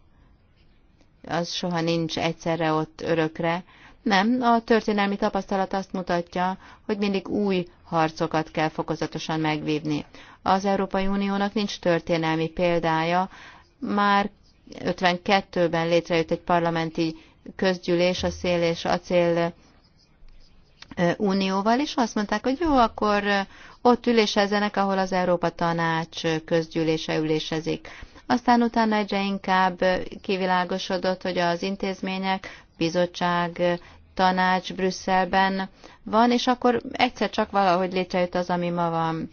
az soha nincs egyszerre ott örökre. Nem, a történelmi tapasztalat azt mutatja, hogy mindig új harcokat kell fokozatosan megvívni. Az Európai Uniónak nincs történelmi példája, már 52-ben létrejött egy parlamenti közgyűlés a szél és acél unióval, és azt mondták, hogy jó, akkor ott ülésezzenek, ahol az Európa Tanács közgyűlése ülésezik. Aztán utána egyre inkább kivilágosodott, hogy az intézmények, bizottság, tanács Brüsszelben van, és akkor egyszer csak valahogy létrejött az, ami ma van.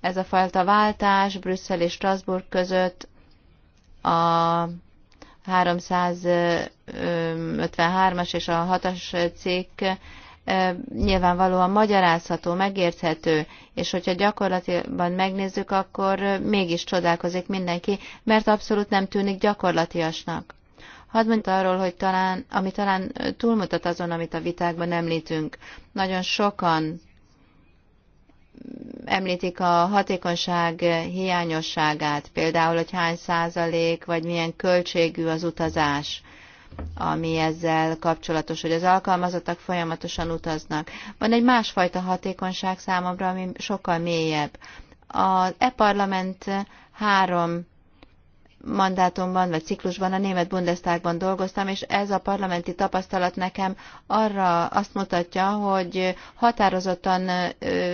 Ez a fajta váltás Brüsszel és Strasbourg között a 353-as és a 6-as cikk nyilvánvalóan magyarázható, megérthető, és hogyha gyakorlatilag megnézzük, akkor mégis csodálkozik mindenki, mert abszolút nem tűnik gyakorlatiasnak. Hadd mondta arról, hogy talán, ami talán túlmutat azon, amit a vitákban említünk. Nagyon sokan említik a hatékonyság hiányosságát, például, hogy hány százalék, vagy milyen költségű az utazás ami ezzel kapcsolatos, hogy az alkalmazottak folyamatosan utaznak. Van egy másfajta hatékonyság számomra, ami sokkal mélyebb. Az e-parlament három mandátumban vagy ciklusban a német Bundestagban dolgoztam, és ez a parlamenti tapasztalat nekem arra azt mutatja, hogy határozottan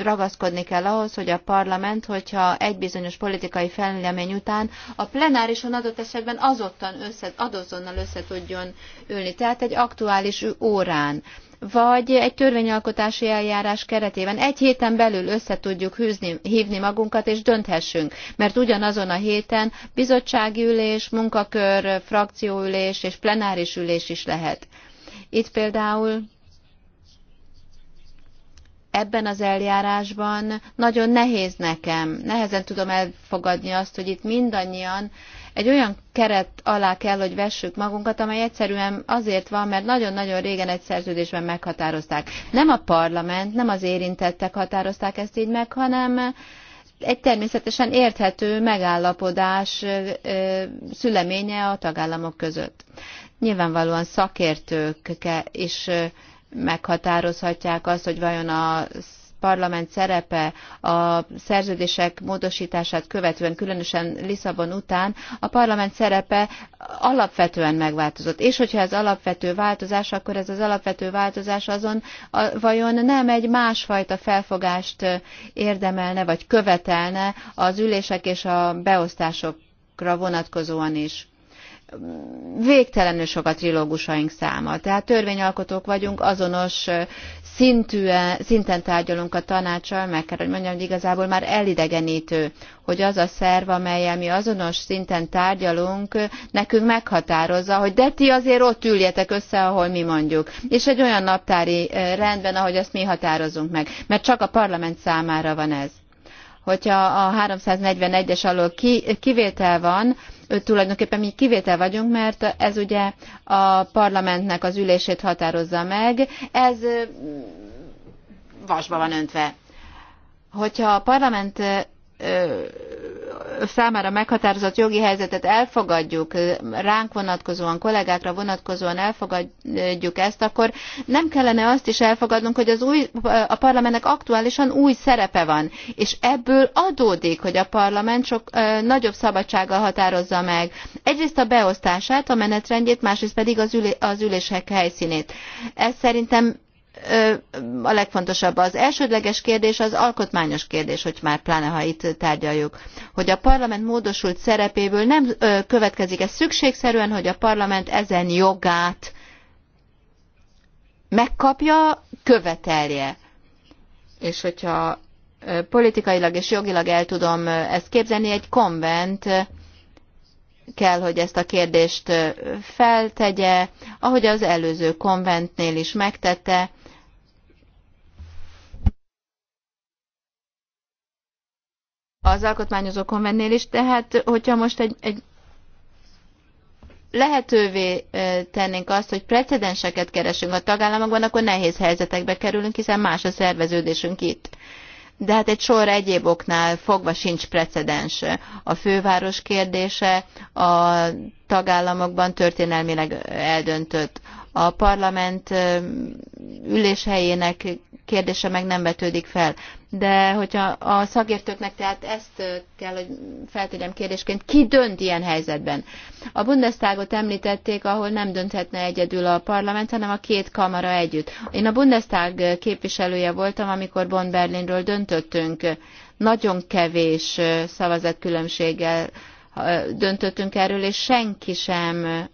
ragaszkodni kell ahhoz, hogy a parlament, hogyha egy bizonyos politikai felmélemény után a plenárison adott esetben azottan össze, adozzonnal össze tudjon ülni. Tehát egy aktuális órán vagy egy törvényalkotási eljárás keretében egy héten belül össze tudjuk hűzni, hívni magunkat, és dönthessünk. Mert ugyanazon a héten bizottsági ülés, munkakör, frakcióülés és plenáris ülés is lehet. Itt például ebben az eljárásban nagyon nehéz nekem, nehezen tudom elfogadni azt, hogy itt mindannyian egy olyan keret alá kell, hogy vessük magunkat, amely egyszerűen azért van, mert nagyon-nagyon régen egy szerződésben meghatározták. Nem a parlament, nem az érintettek határozták ezt így meg, hanem egy természetesen érthető megállapodás szüleménye a tagállamok között. Nyilvánvalóan szakértők is meghatározhatják azt, hogy vajon a parlament szerepe a szerződések módosítását követően, különösen Lisszabon után, a parlament szerepe alapvetően megváltozott. És hogyha ez alapvető változás, akkor ez az alapvető változás azon a, vajon nem egy másfajta felfogást érdemelne, vagy követelne az ülések és a beosztásokra vonatkozóan is végtelenül sok a trilógusaink száma. Tehát törvényalkotók vagyunk, azonos szintűen, szinten tárgyalunk a tanácssal, meg kell, hogy mondjam, hogy igazából már elidegenítő, hogy az a szerv, amelyel mi azonos szinten tárgyalunk, nekünk meghatározza, hogy de ti azért ott üljetek össze, ahol mi mondjuk. És egy olyan naptári rendben, ahogy azt mi határozunk meg. Mert csak a parlament számára van ez. Hogyha a 341-es alól ki, kivétel van, tulajdonképpen mi kivétel vagyunk, mert ez ugye a parlamentnek az ülését határozza meg, ez vasba van öntve. Hogyha a parlament számára meghatározott jogi helyzetet elfogadjuk, ránk vonatkozóan, kollégákra vonatkozóan elfogadjuk ezt, akkor nem kellene azt is elfogadnunk, hogy az új, a parlamentnek aktuálisan új szerepe van, és ebből adódik, hogy a parlament sok ö, nagyobb szabadsággal határozza meg egyrészt a beosztását, a menetrendjét, másrészt pedig az, ülé, az ülések helyszínét. Ez szerintem a legfontosabb. Az elsődleges kérdés az alkotmányos kérdés, hogy már pláne ha itt tárgyaljuk, hogy a parlament módosult szerepéből nem következik ez szükségszerűen, hogy a parlament ezen jogát megkapja, követelje. És hogyha politikailag és jogilag el tudom ezt képzelni, egy konvent kell, hogy ezt a kérdést feltegye, ahogy az előző konventnél is megtette, az alkotmányozó konvennél is, tehát hogyha most egy, egy lehetővé tennénk azt, hogy precedenseket keresünk a tagállamokban, akkor nehéz helyzetekbe kerülünk, hiszen más a szerveződésünk itt. De hát egy sor egyéb oknál fogva sincs precedens. A főváros kérdése, a tagállamokban történelmileg eldöntött. A parlament üléshelyének kérdése meg nem vetődik fel. De hogyha a szakértőknek tehát ezt kell, hogy feltegyem kérdésként, ki dönt ilyen helyzetben? A Bundestagot említették, ahol nem dönthetne egyedül a parlament, hanem a két kamara együtt. Én a Bundestag képviselője voltam, amikor Bonn Berlinről döntöttünk. Nagyon kevés szavazatkülönbséggel döntöttünk erről, és senki sem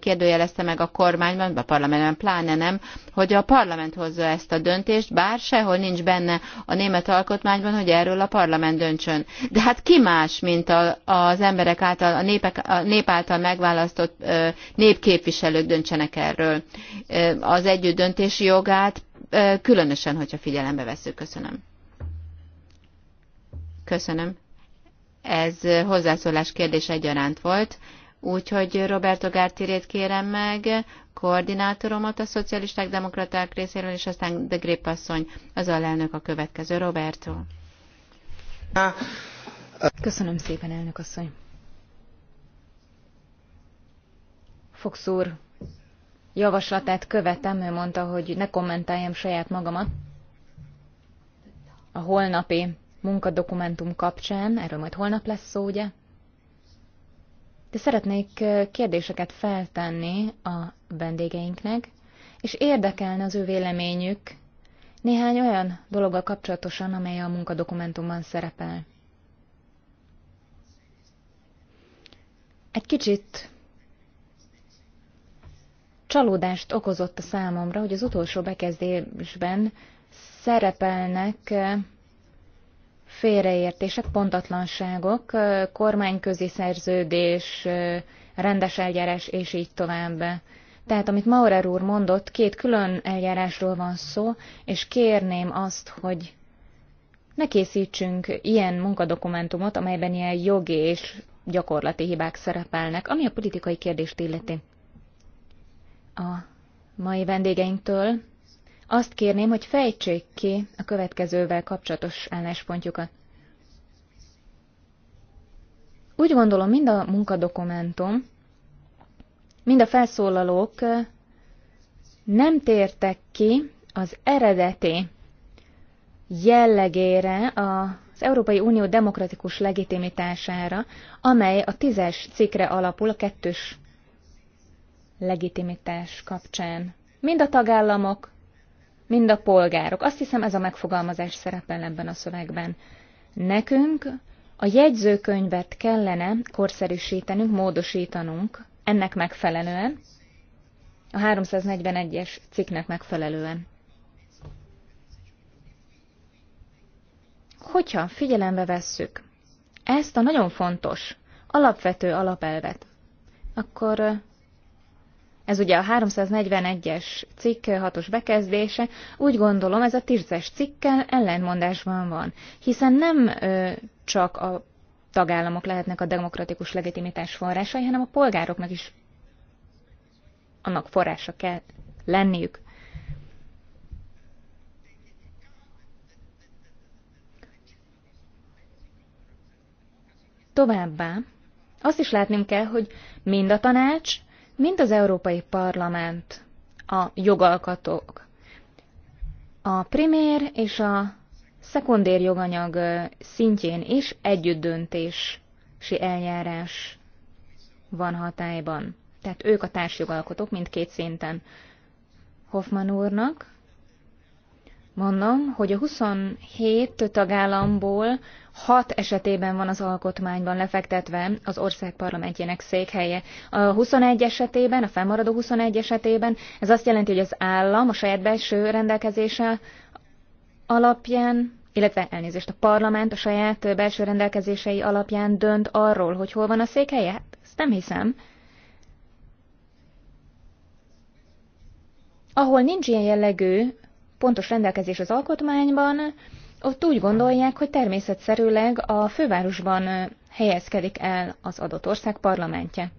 kérdőjelezte meg a kormányban, a parlamentben pláne nem, hogy a parlament hozza ezt a döntést, bár sehol nincs benne a német alkotmányban, hogy erről a parlament döntsön. De hát ki más, mint a, az emberek által, a, népek, a nép által megválasztott ö, népképviselők döntsenek erről. Ö, az együtt döntési jogát, ö, különösen, hogyha figyelembe veszük. Köszönöm. Köszönöm. Ez hozzászólás kérdés egyaránt volt, úgyhogy Roberto Gártirét kérem meg, koordinátoromat a szocialisták demokraták részéről, és aztán de Grip asszony, az alelnök a következő. Roberto. Köszönöm szépen, elnök asszony. Fox úr javaslatát követem, ő mondta, hogy ne kommentáljam saját magamat. A holnapi munkadokumentum kapcsán, erről majd holnap lesz szó, ugye? De szeretnék kérdéseket feltenni a vendégeinknek, és érdekelne az ő véleményük néhány olyan dologgal kapcsolatosan, amely a munkadokumentumban szerepel. Egy kicsit csalódást okozott a számomra, hogy az utolsó bekezdésben szerepelnek félreértések, pontatlanságok, kormányközi szerződés, rendes eljárás, és így tovább. Tehát, amit Maurer úr mondott, két külön eljárásról van szó, és kérném azt, hogy ne készítsünk ilyen munkadokumentumot, amelyben ilyen jogi és gyakorlati hibák szerepelnek, ami a politikai kérdést illeti. A mai vendégeinktől azt kérném, hogy fejtsék ki a következővel kapcsolatos álláspontjukat. Úgy gondolom, mind a munkadokumentum, mind a felszólalók nem tértek ki az eredeti jellegére, az Európai Unió demokratikus legitimitására, amely a tízes cikre alapul a kettős legitimitás kapcsán. Mind a tagállamok, mind a polgárok. Azt hiszem ez a megfogalmazás szerepel ebben a szövegben. Nekünk a jegyzőkönyvet kellene korszerűsítenünk, módosítanunk ennek megfelelően, a 341-es cikknek megfelelően. Hogyha figyelembe vesszük ezt a nagyon fontos, alapvető alapelvet, akkor ez ugye a 341-es cikk hatos bekezdése. Úgy gondolom, ez a tízes cikkel ellentmondásban van, hiszen nem ö, csak a tagállamok lehetnek a demokratikus legitimitás forrásai, hanem a polgároknak is annak forrása kell lenniük. Továbbá azt is látnunk kell, hogy mind a tanács, mind az Európai Parlament, a jogalkatók, a primér és a szekundér joganyag szintjén is együttdöntési eljárás van hatályban. Tehát ők a társjogalkotók mindkét szinten. Hoffman úrnak mondanom, hogy a 27 tagállamból 6 esetében van az alkotmányban lefektetve az ország parlamentjének székhelye. A 21 esetében, a fennmaradó 21 esetében ez azt jelenti, hogy az állam a saját belső rendelkezése alapján illetve elnézést, a parlament a saját belső rendelkezései alapján dönt arról, hogy hol van a székhelye? Hát, ezt nem hiszem. Ahol nincs ilyen jellegű pontos rendelkezés az alkotmányban, ott úgy gondolják, hogy természetszerűleg a fővárosban helyezkedik el az adott ország parlamentje.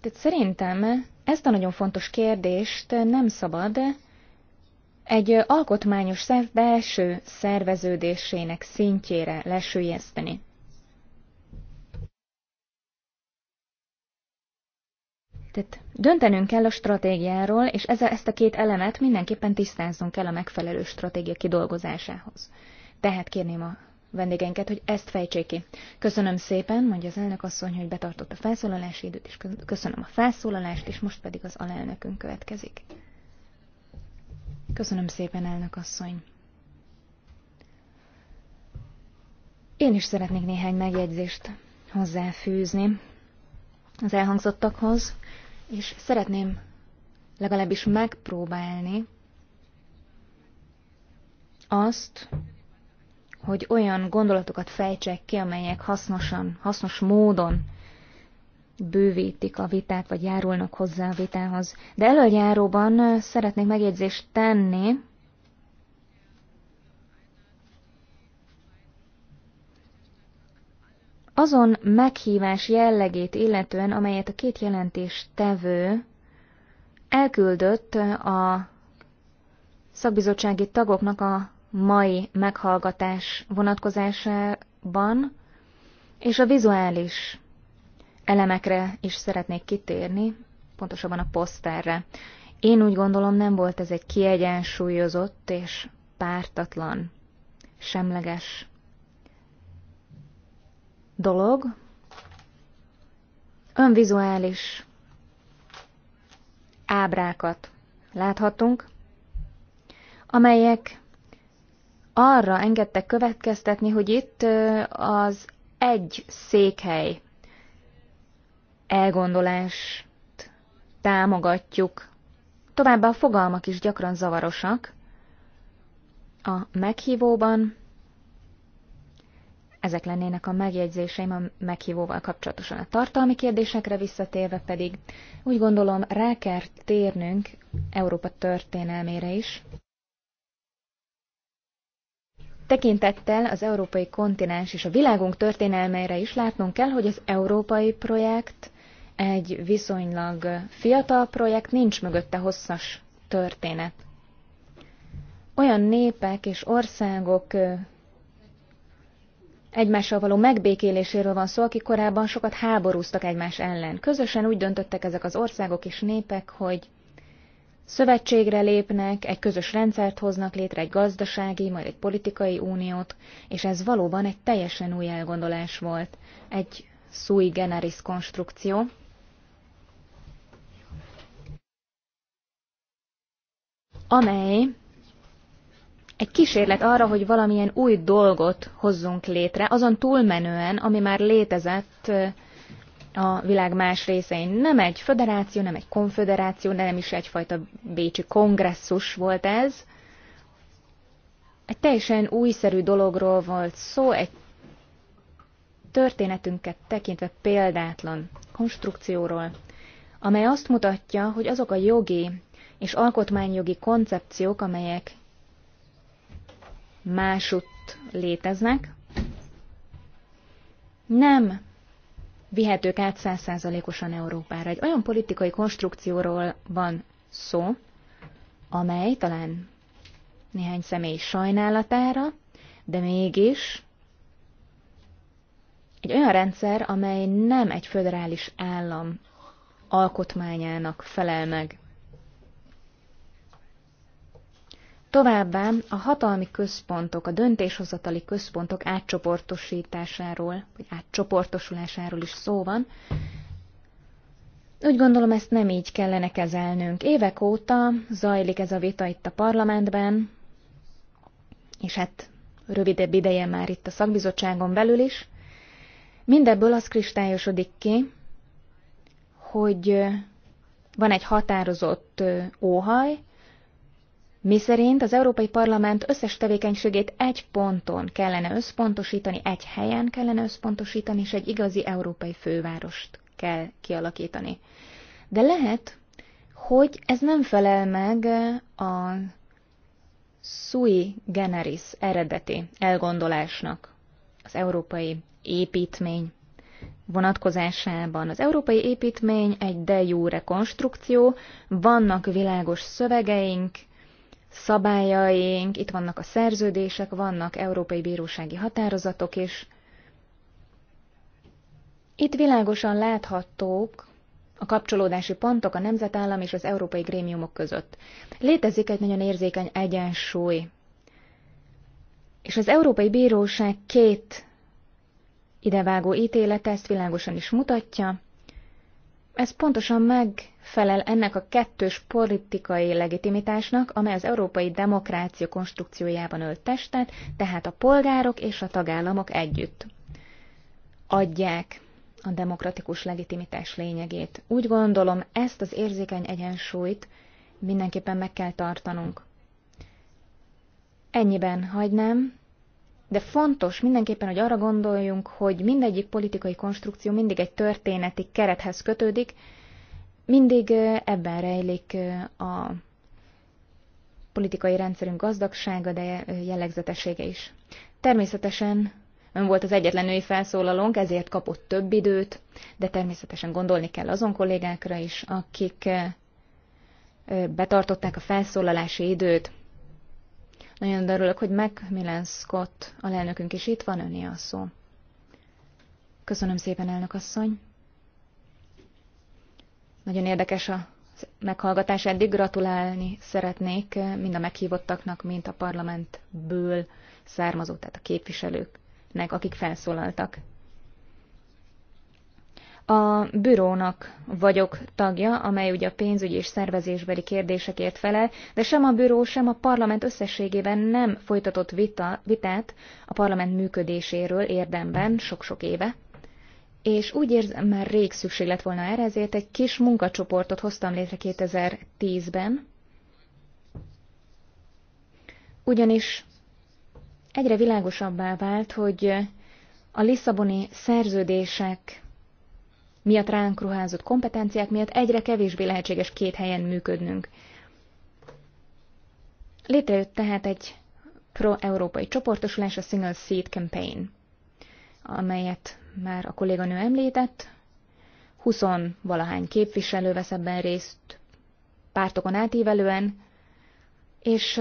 Tehát szerintem ezt a nagyon fontos kérdést nem szabad egy alkotmányos szerv belső szerveződésének szintjére lesülyezteni. Tehát döntenünk kell a stratégiáról, és ez, a ezt a két elemet mindenképpen tisztáznunk kell a megfelelő stratégia kidolgozásához. Tehát kérném a vendégeinket, hogy ezt fejtsék ki. Köszönöm szépen, mondja az elnök asszony, hogy betartott a felszólalási időt, és köszönöm a felszólalást, és most pedig az alelnökünk következik. Köszönöm szépen, elnök asszony. Én is szeretnék néhány megjegyzést hozzáfűzni az elhangzottakhoz, és szeretném legalábbis megpróbálni azt, hogy olyan gondolatokat fejtsek ki, amelyek hasznosan, hasznos módon bővítik a vitát, vagy járulnak hozzá a vitához. De előjáróban szeretnék megjegyzést tenni azon meghívás jellegét illetően, amelyet a két jelentés tevő elküldött a szakbizottsági tagoknak a mai meghallgatás vonatkozásában, és a vizuális elemekre is szeretnék kitérni, pontosabban a poszterre. Én úgy gondolom, nem volt ez egy kiegyensúlyozott és pártatlan, semleges dolog, önvizuális ábrákat láthatunk, amelyek arra engedtek következtetni, hogy itt az egy székhely elgondolást támogatjuk. Továbbá a fogalmak is gyakran zavarosak. A meghívóban ezek lennének a megjegyzéseim a meghívóval kapcsolatosan. A tartalmi kérdésekre visszatérve pedig úgy gondolom rá kell térnünk Európa történelmére is. Tekintettel az európai kontinens és a világunk történelmére is látnunk kell, hogy az európai projekt egy viszonylag fiatal projekt, nincs mögötte hosszas történet. Olyan népek és országok egymással való megbékéléséről van szó, akik korábban sokat háborúztak egymás ellen. Közösen úgy döntöttek ezek az országok és népek, hogy szövetségre lépnek, egy közös rendszert hoznak létre, egy gazdasági, majd egy politikai uniót, és ez valóban egy teljesen új elgondolás volt, egy sui generis konstrukció. amely egy kísérlet arra, hogy valamilyen új dolgot hozzunk létre, azon túlmenően, ami már létezett a világ más részein. Nem egy föderáció, nem egy konfederáció, nem is egyfajta bécsi kongresszus volt ez. Egy teljesen újszerű dologról volt szó, egy történetünket tekintve példátlan konstrukcióról, amely azt mutatja, hogy azok a jogi és alkotmányjogi koncepciók, amelyek másutt léteznek, nem vihetők át százszázalékosan Európára. Egy olyan politikai konstrukcióról van szó, amely talán néhány személy sajnálatára, de mégis egy olyan rendszer, amely nem egy föderális állam alkotmányának felel meg. Továbbá a hatalmi központok, a döntéshozatali központok átcsoportosításáról, vagy átcsoportosulásáról is szó van. Úgy gondolom, ezt nem így kellene kezelnünk. Évek óta zajlik ez a vita itt a parlamentben, és hát rövidebb ideje már itt a szakbizottságon belül is. Mindebből az kristályosodik ki, hogy van egy határozott óhaj, miszerint az Európai Parlament összes tevékenységét egy ponton kellene összpontosítani, egy helyen kellene összpontosítani, és egy igazi európai fővárost kell kialakítani. De lehet, hogy ez nem felel meg a sui generis eredeti elgondolásnak az európai építmény vonatkozásában. Az európai építmény egy de jure konstrukció, vannak világos szövegeink, szabályaink, itt vannak a szerződések, vannak európai bírósági határozatok is. Itt világosan láthatók a kapcsolódási pontok a nemzetállam és az európai grémiumok között. Létezik egy nagyon érzékeny egyensúly. És az Európai Bíróság két idevágó ítélete ezt világosan is mutatja, ez pontosan megfelel ennek a kettős politikai legitimitásnak, amely az európai demokrácia konstrukciójában ölt testet, tehát a polgárok és a tagállamok együtt adják a demokratikus legitimitás lényegét. Úgy gondolom, ezt az érzékeny egyensúlyt mindenképpen meg kell tartanunk. Ennyiben hagynám, de fontos mindenképpen, hogy arra gondoljunk, hogy mindegyik politikai konstrukció mindig egy történeti kerethez kötődik, mindig ebben rejlik a politikai rendszerünk gazdagsága, de jellegzetessége is. Természetesen ön volt az egyetlen női felszólalónk, ezért kapott több időt, de természetesen gondolni kell azon kollégákra is, akik betartották a felszólalási időt, nagyon örülök, hogy Macmillan Scott, a lelnökünk is itt van, öné a szó. Köszönöm szépen, elnök asszony. Nagyon érdekes a meghallgatás. Eddig gratulálni szeretnék mind a meghívottaknak, mint a parlamentből származó, tehát a képviselőknek, akik felszólaltak. A bürónak vagyok tagja, amely ugye a pénzügyi és szervezésbeli kérdésekért felel, de sem a büró, sem a parlament összességében nem folytatott vita, vitát a parlament működéséről érdemben sok-sok éve. És úgy érzem, már rég szükség lett volna erre, ezért egy kis munkacsoportot hoztam létre 2010-ben, ugyanis egyre világosabbá vált, hogy a Lisszaboni szerződések miatt ránk ruházott kompetenciák miatt egyre kevésbé lehetséges két helyen működnünk. Létrejött tehát egy pro-európai csoportosulás, a Single Seat Campaign, amelyet már a kolléganő említett. 20 valahány képviselő vesz ebben részt, pártokon átívelően, és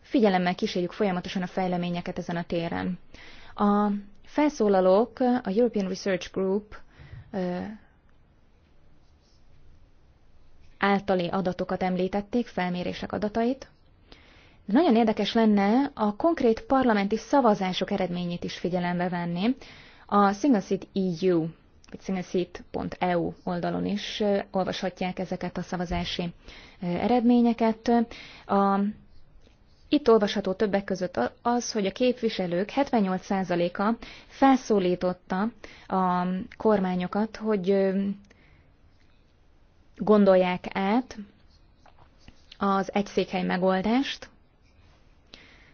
figyelemmel kísérjük folyamatosan a fejleményeket ezen a téren. A felszólalók a European Research Group általi adatokat említették, felmérések adatait. De nagyon érdekes lenne a konkrét parlamenti szavazások eredményét is figyelembe venni. A Single Seat EU, vagy singleseat.eu oldalon is olvashatják ezeket a szavazási eredményeket. A itt olvasható többek között az, hogy a képviselők 78%-a felszólította a kormányokat, hogy gondolják át az egyszékhely megoldást,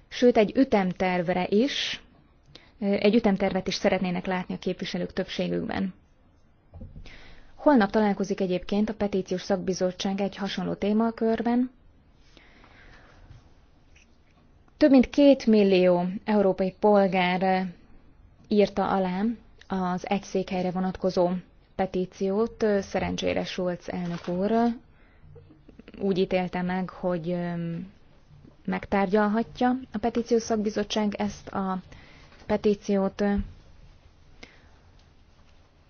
sőt egy ütemtervre is, egy ütemtervet is szeretnének látni a képviselők többségükben. Holnap találkozik egyébként a petíciós szakbizottság egy hasonló témakörben, több mint két millió európai polgár írta alá az egy székhelyre vonatkozó petíciót. Szerencsére Schulz elnök úr úgy ítélte meg, hogy um, megtárgyalhatja a petíciós szakbizottság ezt a petíciót.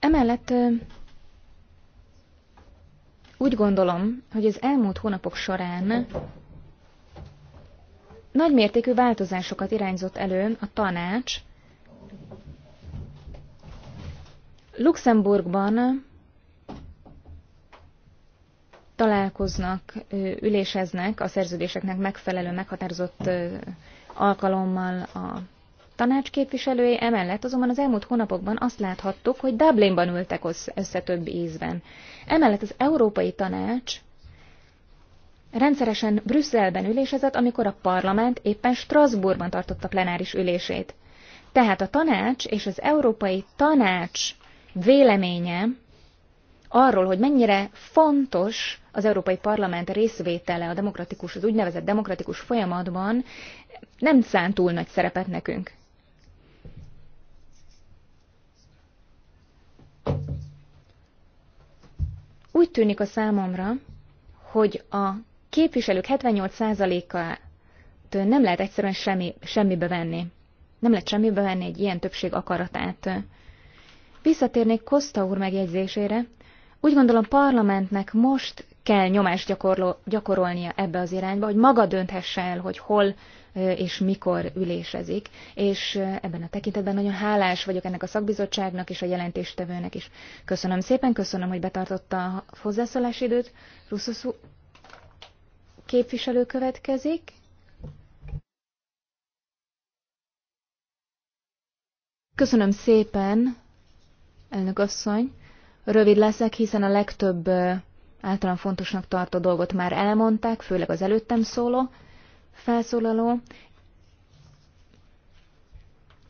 Emellett um, úgy gondolom, hogy az elmúlt hónapok során nagymértékű változásokat irányzott elő a tanács. Luxemburgban találkoznak, üléseznek a szerződéseknek megfelelő meghatározott alkalommal a tanács képviselői, emellett azonban az elmúlt hónapokban azt láthattuk, hogy Dublinban ültek össze több ízben. Emellett az Európai Tanács rendszeresen Brüsszelben ülésezett, amikor a parlament éppen Strasbourgban tartotta plenáris ülését. Tehát a tanács és az Európai Tanács véleménye arról, hogy mennyire fontos az Európai Parlament részvétele a demokratikus, az úgynevezett demokratikus folyamatban, nem szánt túl nagy szerepet nekünk. Úgy tűnik a számomra, hogy a képviselők 78%-át nem lehet egyszerűen semmi, semmibe venni. Nem lehet semmibe venni egy ilyen többség akaratát. Visszatérnék Kosta úr megjegyzésére. Úgy gondolom parlamentnek most kell nyomást gyakorló, gyakorolnia ebbe az irányba, hogy maga dönthesse el, hogy hol és mikor ülésezik, és ebben a tekintetben nagyon hálás vagyok ennek a szakbizottságnak és a jelentéstevőnek is. Köszönöm szépen, köszönöm, hogy betartotta a hozzászólási időt. Russzusz képviselő következik. Köszönöm szépen, elnök asszony. Rövid leszek, hiszen a legtöbb általán fontosnak tartó dolgot már elmondták, főleg az előttem szóló felszólaló.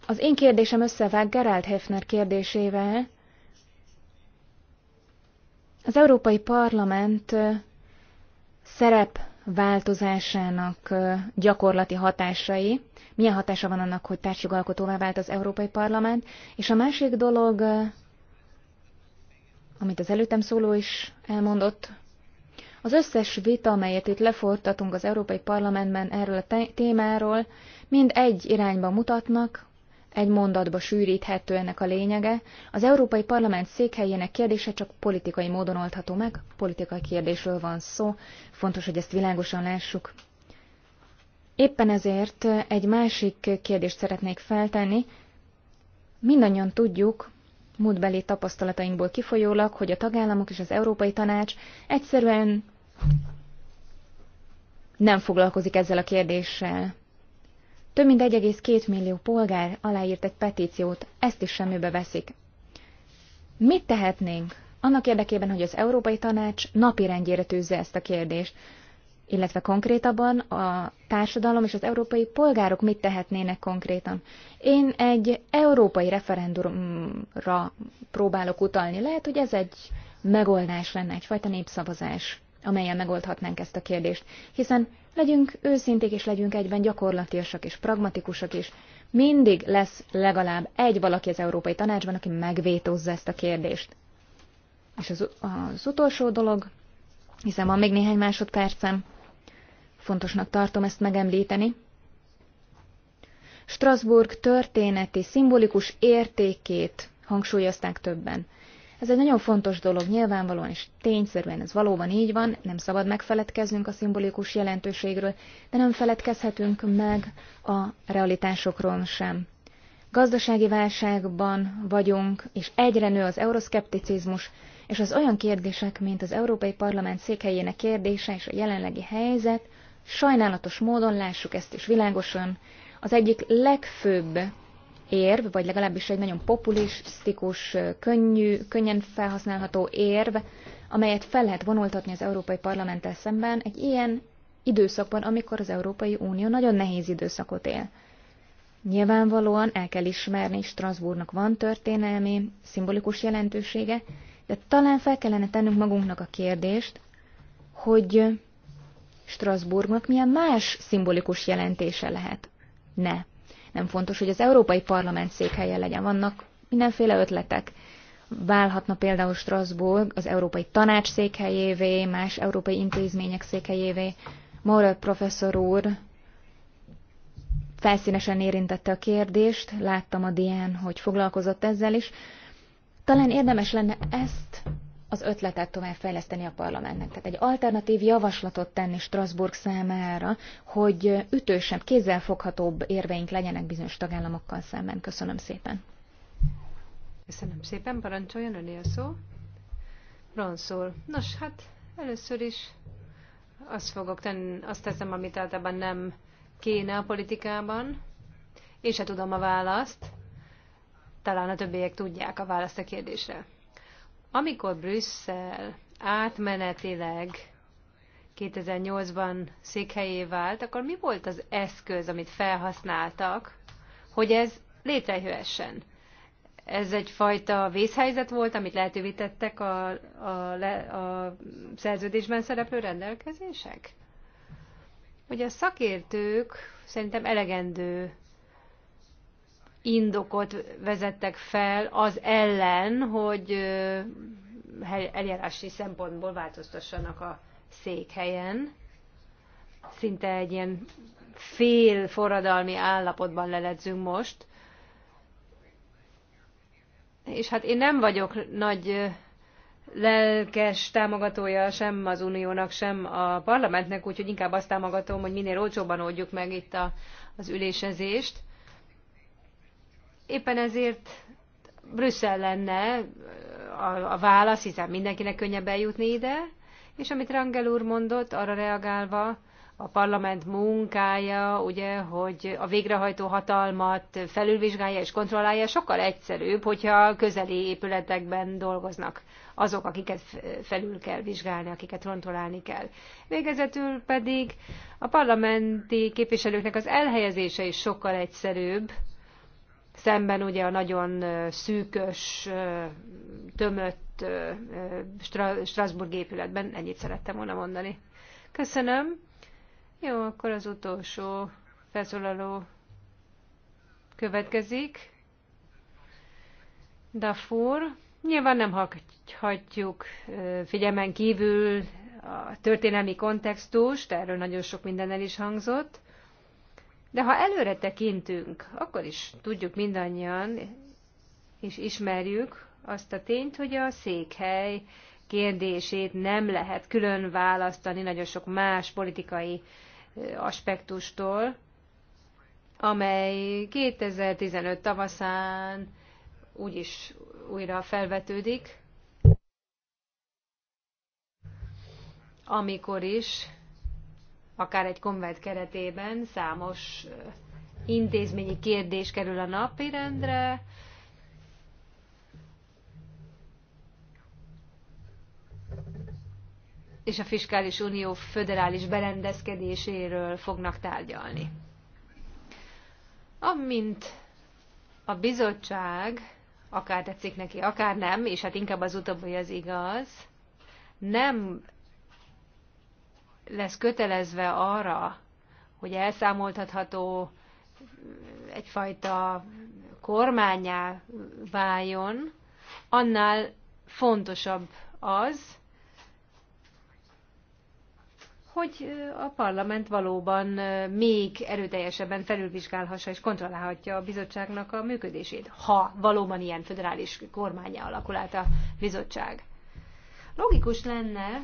Az én kérdésem összevág Gerald Hefner kérdésével. Az Európai Parlament szerep változásának gyakorlati hatásai, milyen hatása van annak, hogy társjogalkotóvá vált az Európai Parlament, és a másik dolog, amit az előttem szóló is elmondott, az összes vita, amelyet itt lefordtatunk az Európai Parlamentben erről a témáról, mind egy irányba mutatnak, egy mondatba sűríthető ennek a lényege. Az Európai Parlament székhelyének kérdése csak politikai módon oldható meg, politikai kérdésről van szó, fontos, hogy ezt világosan lássuk. Éppen ezért egy másik kérdést szeretnék feltenni. Mindannyian tudjuk, múltbeli tapasztalatainkból kifolyólag, hogy a tagállamok és az Európai Tanács egyszerűen nem foglalkozik ezzel a kérdéssel. Több mint 1,2 millió polgár aláírt egy petíciót, ezt is semmibe veszik. Mit tehetnénk annak érdekében, hogy az Európai Tanács napi rendjére tűzze ezt a kérdést, illetve konkrétabban a társadalom és az európai polgárok mit tehetnének konkrétan. Én egy európai referendumra próbálok utalni. Lehet, hogy ez egy megoldás lenne, egyfajta népszavazás amelyen megoldhatnánk ezt a kérdést. Hiszen legyünk őszinték és legyünk egyben gyakorlatiasak és pragmatikusak is. Mindig lesz legalább egy valaki az Európai Tanácsban, aki megvétózza ezt a kérdést. És az, az utolsó dolog, hiszen van még néhány másodpercem, fontosnak tartom ezt megemlíteni. Strasbourg történeti, szimbolikus értékét hangsúlyozták többen. Ez egy nagyon fontos dolog, nyilvánvalóan és tényszerűen ez valóban így van, nem szabad megfeledkeznünk a szimbolikus jelentőségről, de nem feledkezhetünk meg a realitásokról sem. Gazdasági válságban vagyunk, és egyre nő az euroszkepticizmus, és az olyan kérdések, mint az Európai Parlament székhelyének kérdése és a jelenlegi helyzet, sajnálatos módon, lássuk ezt is világosan, az egyik legfőbb érv, vagy legalábbis egy nagyon populisztikus, könnyű, könnyen felhasználható érv, amelyet fel lehet vonultatni az Európai Parlamenttel szemben egy ilyen időszakban, amikor az Európai Unió nagyon nehéz időszakot él. Nyilvánvalóan el kell ismerni, Strasbourgnak van történelmi, szimbolikus jelentősége, de talán fel kellene tennünk magunknak a kérdést, hogy Strasbourgnak milyen más szimbolikus jelentése lehet. Ne nem fontos, hogy az Európai Parlament székhelye legyen. Vannak mindenféle ötletek. Válhatna például Strasbourg az Európai Tanács székhelyévé, más európai intézmények székhelyévé. Maurer professzor úr felszínesen érintette a kérdést, láttam a dián, hogy foglalkozott ezzel is. Talán érdemes lenne ezt az ötletet továbbfejleszteni a parlamentnek. Tehát egy alternatív javaslatot tenni Strasbourg számára, hogy ütősebb, kézzelfoghatóbb érveink legyenek bizonyos tagállamokkal szemben. Köszönöm szépen. Köszönöm szépen, parancsoljon öné a szó. Bronszul. Nos, hát először is azt fogok tenni, azt teszem, amit általában nem kéne a politikában. Én se tudom a választ. Talán a többiek tudják a választ a kérdésre. Amikor Brüsszel átmenetileg 2008-ban székhelyé vált, akkor mi volt az eszköz, amit felhasználtak, hogy ez létrejöhessen? Ez egyfajta vészhelyzet volt, amit lehetővé tettek a, a, a szerződésben szereplő rendelkezések? Hogy a szakértők szerintem elegendő indokot vezettek fel az ellen, hogy eljárási szempontból változtassanak a székhelyen. Szinte egy ilyen fél forradalmi állapotban leledzünk most. És hát én nem vagyok nagy lelkes támogatója sem az uniónak, sem a parlamentnek, úgyhogy inkább azt támogatom, hogy minél olcsóban oldjuk meg itt a, az ülésezést. Éppen ezért Brüsszel lenne a, a válasz, hiszen mindenkinek könnyebb eljutni ide, és amit Rangel úr mondott, arra reagálva, a parlament munkája, ugye, hogy a végrehajtó hatalmat felülvizsgálja és kontrollálja, sokkal egyszerűbb, hogyha közeli épületekben dolgoznak azok, akiket felül kell vizsgálni, akiket kontrollálni kell. Végezetül pedig a parlamenti képviselőknek az elhelyezése is sokkal egyszerűbb, szemben ugye a nagyon szűkös, tömött Strasbourg épületben. Ennyit szerettem volna mondani. Köszönöm. Jó, akkor az utolsó felszólaló következik. Dafur. Nyilván nem hagyhatjuk figyelmen kívül a történelmi kontextust, erről nagyon sok minden el is hangzott. De ha előre tekintünk, akkor is tudjuk mindannyian, és ismerjük azt a tényt, hogy a székhely kérdését nem lehet külön választani nagyon sok más politikai aspektustól, amely 2015 tavaszán úgyis újra felvetődik, amikor is akár egy konvent keretében számos intézményi kérdés kerül a napirendre, és a Fiskális Unió föderális berendezkedéséről fognak tárgyalni. Amint a bizottság, akár tetszik neki, akár nem, és hát inkább az utóbbi az igaz, nem lesz kötelezve arra, hogy elszámoltatható mm, egyfajta kormányá váljon, annál fontosabb az, hogy a parlament valóban még erőteljesebben felülvizsgálhassa és kontrollálhatja a bizottságnak a működését, ha valóban ilyen föderális kormánya alakul át a bizottság. Logikus lenne,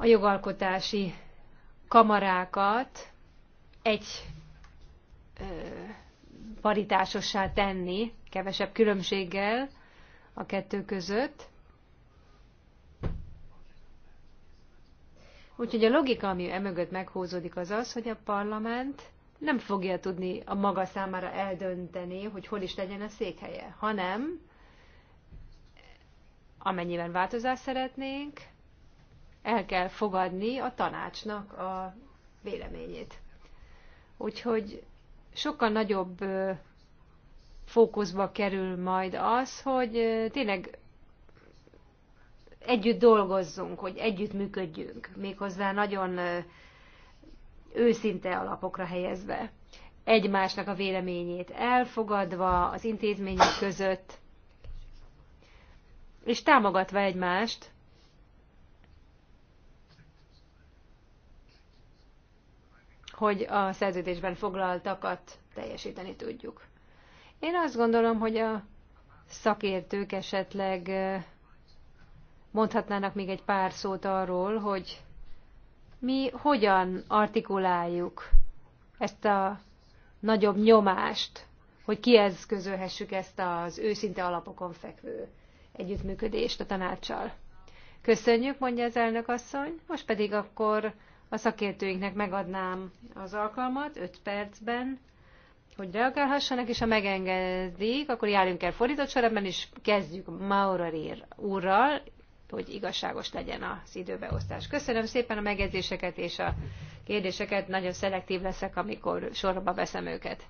a jogalkotási kamarákat egy ö, paritásossá tenni, kevesebb különbséggel a kettő között. Úgyhogy a logika, ami emögött meghúzódik, az az, hogy a parlament nem fogja tudni a maga számára eldönteni, hogy hol is legyen a székhelye, hanem amennyiben változást szeretnénk, el kell fogadni a tanácsnak a véleményét. Úgyhogy sokkal nagyobb fókuszba kerül majd az, hogy tényleg együtt dolgozzunk, hogy együtt működjünk, méghozzá nagyon őszinte alapokra helyezve. Egymásnak a véleményét elfogadva az intézmények között, és támogatva egymást hogy a szerződésben foglaltakat teljesíteni tudjuk. Én azt gondolom, hogy a szakértők esetleg mondhatnának még egy pár szót arról, hogy mi hogyan artikuláljuk ezt a nagyobb nyomást, hogy kieszközölhessük ezt az őszinte alapokon fekvő együttműködést a tanácssal. Köszönjük, mondja az elnök asszony, most pedig akkor a szakértőinknek megadnám az alkalmat 5 percben, hogy reagálhassanak, és ha megengedik, akkor járjunk el fordított sorabban, és kezdjük Maurarir úrral, hogy igazságos legyen az időbeosztás. Köszönöm szépen a megjegyzéseket és a kérdéseket, nagyon szelektív leszek, amikor sorba veszem őket.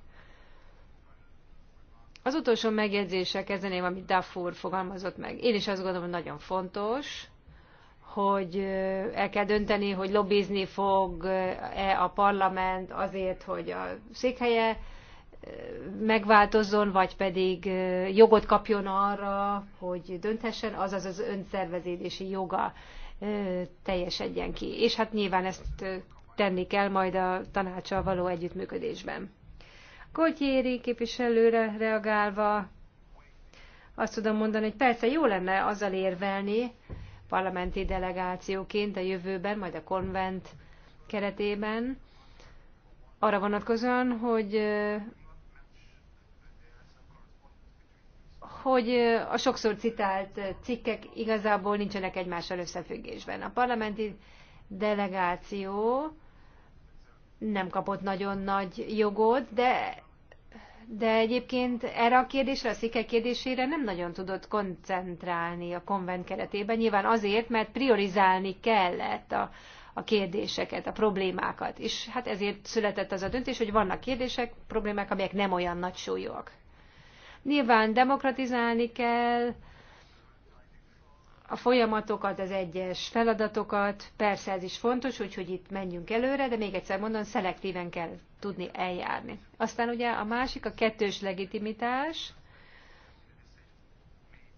Az utolsó megjegyzése kezdeném, amit Duffur fogalmazott meg. Én is azt gondolom, hogy nagyon fontos, hogy el kell dönteni, hogy lobbizni fog-e a parlament azért, hogy a székhelye megváltozzon, vagy pedig jogot kapjon arra, hogy dönthessen, azaz az önszervezési joga teljesedjen ki. És hát nyilván ezt tenni kell majd a tanácssal való együttműködésben. Koltyéri képviselőre reagálva azt tudom mondani, hogy persze jó lenne azzal érvelni, parlamenti delegációként a jövőben, majd a konvent keretében, arra vonatkozóan, hogy hogy a sokszor citált cikkek igazából nincsenek egymással összefüggésben. A parlamenti delegáció nem kapott nagyon nagy jogot, de de egyébként erre a kérdésre, a székely kérdésére nem nagyon tudott koncentrálni a konvent keretében, nyilván azért, mert priorizálni kellett a, a kérdéseket, a problémákat. És hát ezért született az a döntés, hogy vannak kérdések, problémák, amelyek nem olyan nagy súlyúak. Nyilván demokratizálni kell, a folyamatokat, az egyes feladatokat. Persze ez is fontos, hogy, hogy itt menjünk előre, de még egyszer mondom, szelektíven kell tudni eljárni. Aztán ugye a másik a kettős legitimitás,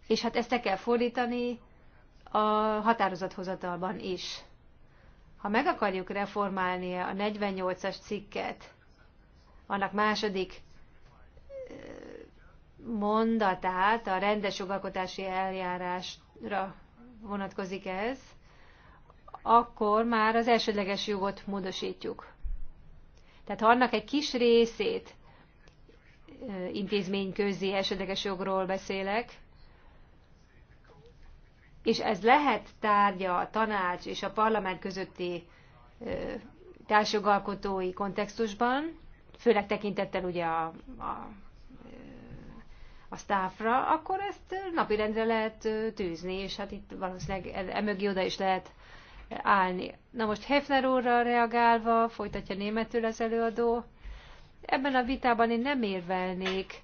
és hát ezt le kell fordítani a határozathozatalban is. Ha meg akarjuk reformálni a 48-as cikket, annak második mondatát a rendes jogalkotási eljárásra vonatkozik ez, akkor már az elsődleges jogot módosítjuk. Tehát ha annak egy kis részét intézmény közé elsődleges jogról beszélek, és ez lehet tárgya a tanács és a parlament közötti társjogalkotói kontextusban, főleg tekintettel ugye a, a a sztáfra, akkor ezt napirendre lehet tűzni, és hát itt valószínűleg emögi e oda is lehet állni. Na most Hefner úrra reagálva, folytatja németül az előadó, ebben a vitában én nem érvelnék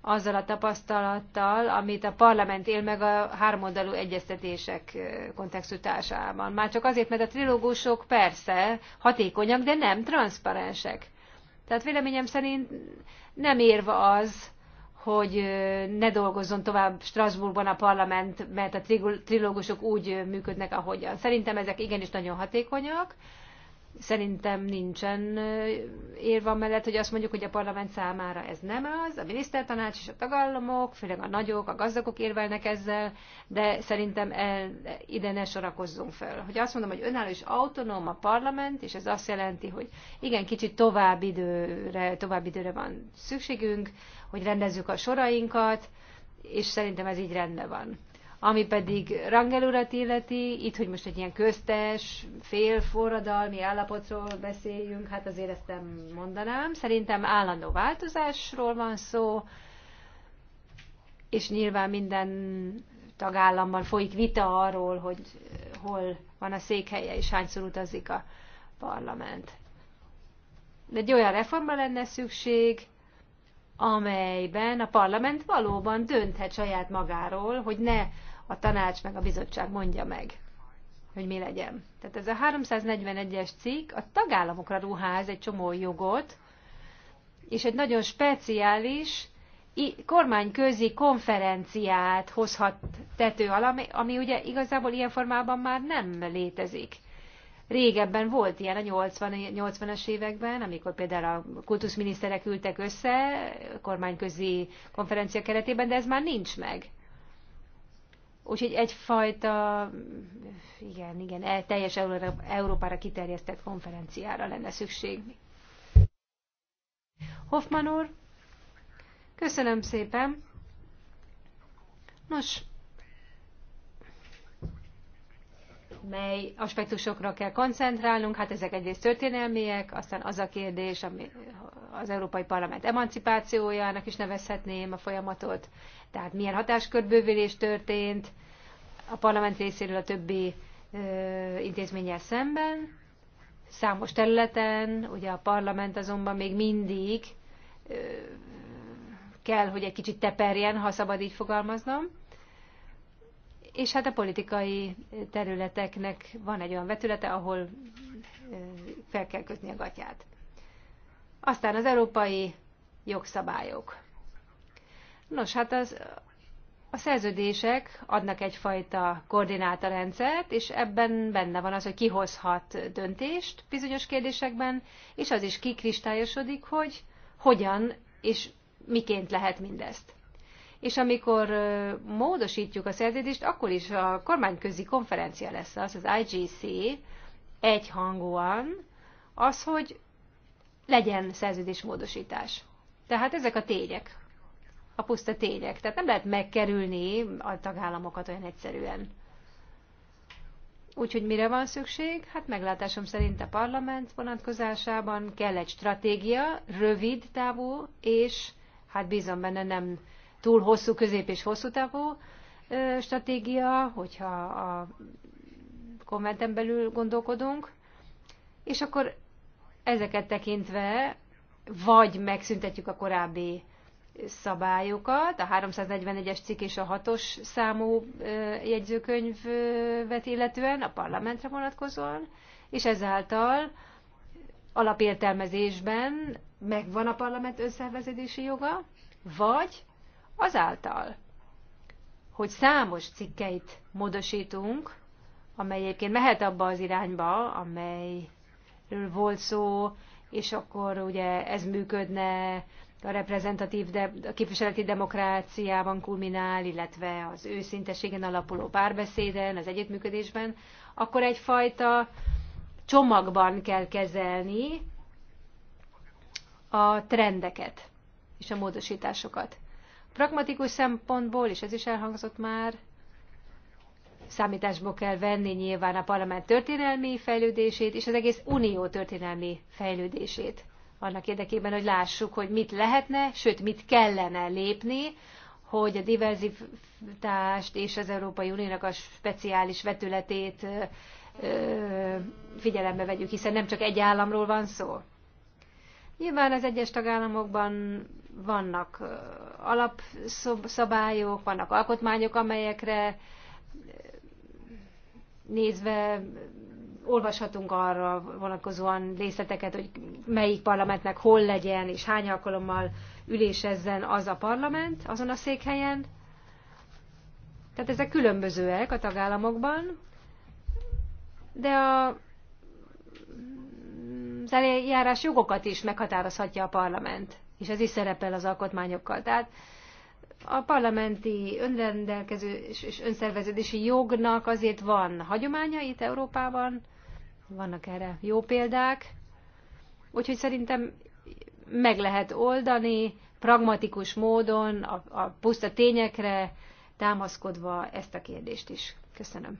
azzal a tapasztalattal, amit a parlament él meg a háromoldalú egyeztetések kontextutásában. Már csak azért, mert a trilógusok persze hatékonyak, de nem transzparensek. Tehát véleményem szerint nem érve az, hogy ne dolgozzon tovább Strasbourgban a parlament, mert a trilógusok úgy működnek, ahogyan. Szerintem ezek igenis nagyon hatékonyak. Szerintem nincsen érva mellett, hogy azt mondjuk, hogy a parlament számára ez nem az, a minisztertanács és a tagállamok, főleg a nagyok, a gazdagok érvelnek ezzel, de szerintem el, ide ne sorakozzunk fel. Hogy azt mondom, hogy önálló és autonóm a parlament, és ez azt jelenti, hogy igen, kicsit tovább időre, tovább időre van szükségünk, hogy rendezzük a sorainkat, és szerintem ez így rendben van. Ami pedig Rangel urat illeti, itt, hogy most egy ilyen köztes, félforradalmi állapotról beszéljünk, hát azért ezt nem mondanám. Szerintem állandó változásról van szó, és nyilván minden tagállamban folyik vita arról, hogy hol van a székhelye, és hányszor utazik a parlament. De egy olyan reformra lenne szükség, amelyben a parlament valóban dönthet saját magáról, hogy ne a tanács meg a bizottság mondja meg, hogy mi legyen. Tehát ez a 341-es cikk a tagállamokra ruház egy csomó jogot, és egy nagyon speciális kormányközi konferenciát hozhat tető alá, ami, ami ugye igazából ilyen formában már nem létezik. Régebben volt ilyen a 80-as években, amikor például a kultuszminiszterek ültek össze kormányközi konferencia keretében, de ez már nincs meg. Úgyhogy egyfajta, igen, igen, e- teljes Európára kiterjesztett konferenciára lenne szükség. Hoffman úr, köszönöm szépen. Nos, mely aspektusokra kell koncentrálnunk, hát ezek egyrészt történelmiek, aztán az a kérdés, ami az Európai Parlament emancipációjának is nevezhetném a folyamatot, tehát milyen hatáskörbővülés történt a parlament részéről a többi ö, intézménnyel szemben. Számos területen, ugye a parlament azonban még mindig ö, kell, hogy egy kicsit teperjen, ha szabad így fogalmaznom és hát a politikai területeknek van egy olyan vetülete, ahol fel kell kötni a gatyát. Aztán az európai jogszabályok. Nos, hát az, a szerződések adnak egyfajta koordinátorrendszert, és ebben benne van az, hogy ki hozhat döntést bizonyos kérdésekben, és az is kikristályosodik, hogy hogyan és miként lehet mindezt és amikor módosítjuk a szerződést, akkor is a kormányközi konferencia lesz az, az IGC egyhangúan az, hogy legyen szerződésmódosítás. Tehát ezek a tények, a puszta tények. Tehát nem lehet megkerülni a tagállamokat olyan egyszerűen. Úgyhogy mire van szükség? Hát meglátásom szerint a parlament vonatkozásában kell egy stratégia, rövid távú, és hát bízom benne nem túl hosszú, közép és hosszú távú stratégia, hogyha a konventen belül gondolkodunk, és akkor ezeket tekintve vagy megszüntetjük a korábbi szabályokat, a 341-es cikk és a 6-os számú jegyzőkönyvet illetően, a parlamentre vonatkozóan, és ezáltal alapértelmezésben megvan a parlament önszerveződési joga, vagy Azáltal, hogy számos cikkeit módosítunk, amely egyébként mehet abba az irányba, amelyről volt szó, és akkor ugye ez működne, a reprezentatív de, a képviseleti demokráciában kulminál, illetve az őszinteségen alapuló párbeszéden, az együttműködésben, akkor egyfajta csomagban kell kezelni a trendeket és a módosításokat. Pragmatikus szempontból, és ez is elhangzott már, számításba kell venni nyilván a parlament történelmi fejlődését és az egész unió történelmi fejlődését. Annak érdekében, hogy lássuk, hogy mit lehetne, sőt, mit kellene lépni, hogy a diverzitást és az Európai Uniónak a speciális vetületét figyelembe vegyük, hiszen nem csak egy államról van szó. Nyilván az egyes tagállamokban vannak alapszabályok, vannak alkotmányok, amelyekre nézve olvashatunk arra vonatkozóan részleteket, hogy melyik parlamentnek hol legyen és hány alkalommal ülésezzen az a parlament azon a székhelyen. Tehát ezek különbözőek a tagállamokban, de a, az eljárás jogokat is meghatározhatja a parlament és ez is szerepel az alkotmányokkal. Tehát a parlamenti önrendelkező és önszerveződési jognak azért van hagyománya itt Európában, vannak erre jó példák, úgyhogy szerintem meg lehet oldani pragmatikus módon, a, a puszta tényekre támaszkodva ezt a kérdést is. Köszönöm.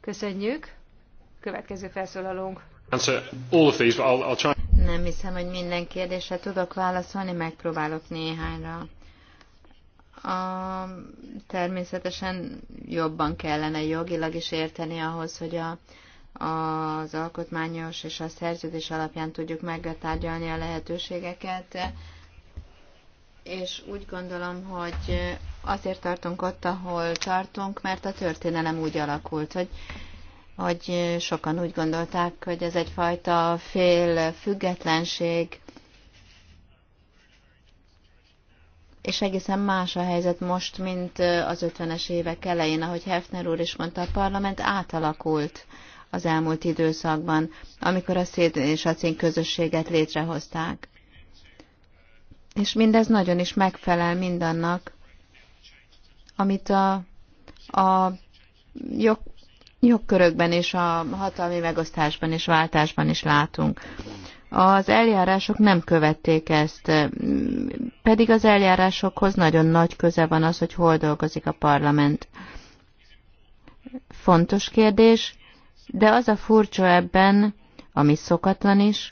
Köszönjük. Következő felszólalónk. Nem hiszem, hogy minden kérdésre tudok válaszolni, megpróbálok néhányra. A, természetesen jobban kellene jogilag is érteni ahhoz, hogy a, az alkotmányos és a szerződés alapján tudjuk megtárgyalni a lehetőségeket, és úgy gondolom, hogy azért tartunk ott, ahol tartunk, mert a történelem úgy alakult, hogy hogy sokan úgy gondolták, hogy ez egyfajta fél függetlenség, és egészen más a helyzet most, mint az 50-es évek elején, ahogy Hefner úr is mondta, a parlament átalakult az elmúlt időszakban, amikor a széd és a cén közösséget létrehozták. És mindez nagyon is megfelel mindannak, amit a, a jog, jogkörökben és a hatalmi megosztásban és váltásban is látunk. Az eljárások nem követték ezt, pedig az eljárásokhoz nagyon nagy köze van az, hogy hol dolgozik a parlament. Fontos kérdés, de az a furcsa ebben, ami szokatlan is,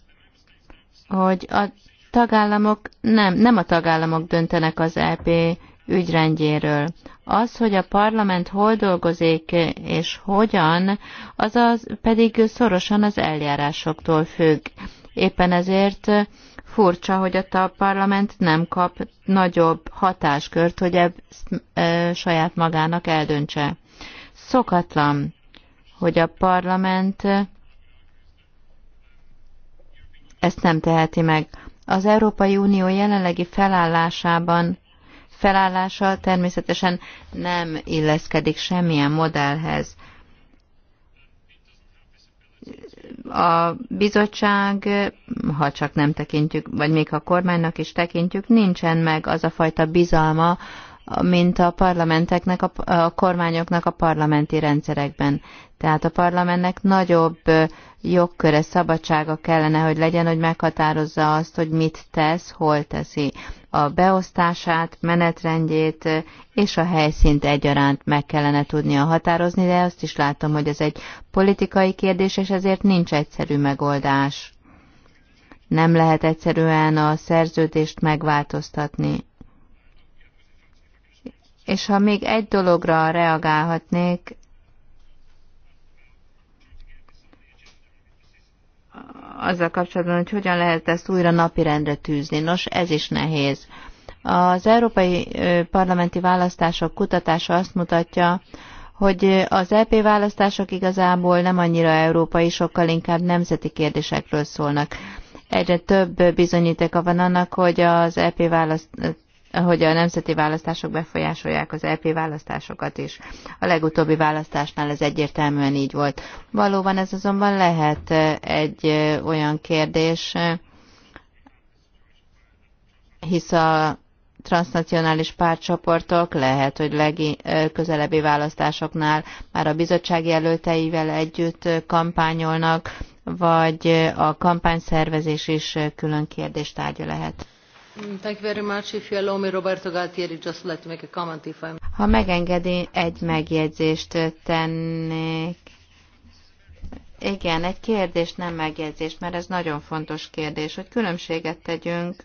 hogy a tagállamok nem, nem a tagállamok döntenek az EP ügyrendjéről. Az, hogy a parlament hol dolgozik és hogyan, az pedig szorosan az eljárásoktól függ. Éppen ezért furcsa, hogy a parlament nem kap nagyobb hatáskört, hogy ezt e, saját magának eldöntse. Szokatlan, hogy a parlament ezt nem teheti meg. Az Európai Unió jelenlegi felállásában felállása természetesen nem illeszkedik semmilyen modellhez. A bizottság, ha csak nem tekintjük, vagy még a kormánynak is tekintjük, nincsen meg az a fajta bizalma, mint a parlamenteknek, a, a kormányoknak a parlamenti rendszerekben. Tehát a parlamentnek nagyobb jogköre, szabadsága kellene, hogy legyen, hogy meghatározza azt, hogy mit tesz, hol teszi. A beosztását, menetrendjét és a helyszínt egyaránt meg kellene tudnia határozni, de azt is látom, hogy ez egy politikai kérdés, és ezért nincs egyszerű megoldás. Nem lehet egyszerűen a szerződést megváltoztatni. És ha még egy dologra reagálhatnék, azzal kapcsolatban, hogy hogyan lehet ezt újra napirendre tűzni. Nos, ez is nehéz. Az európai parlamenti választások kutatása azt mutatja, hogy az EP választások igazából nem annyira európai, sokkal inkább nemzeti kérdésekről szólnak. Egyre több bizonyítéka van annak, hogy az EP választ, hogy a nemzeti választások befolyásolják az LP e választásokat is. A legutóbbi választásnál ez egyértelműen így volt. Valóban ez azonban lehet egy olyan kérdés, hisz a transnacionális pártcsoportok lehet, hogy legközelebbi választásoknál már a bizottság jelölteivel együtt kampányolnak, vagy a kampányszervezés is külön kérdéstárgya lehet. Ha megengedi, egy megjegyzést tennék. Igen, egy kérdés, nem megjegyzés, mert ez nagyon fontos kérdés, hogy különbséget tegyünk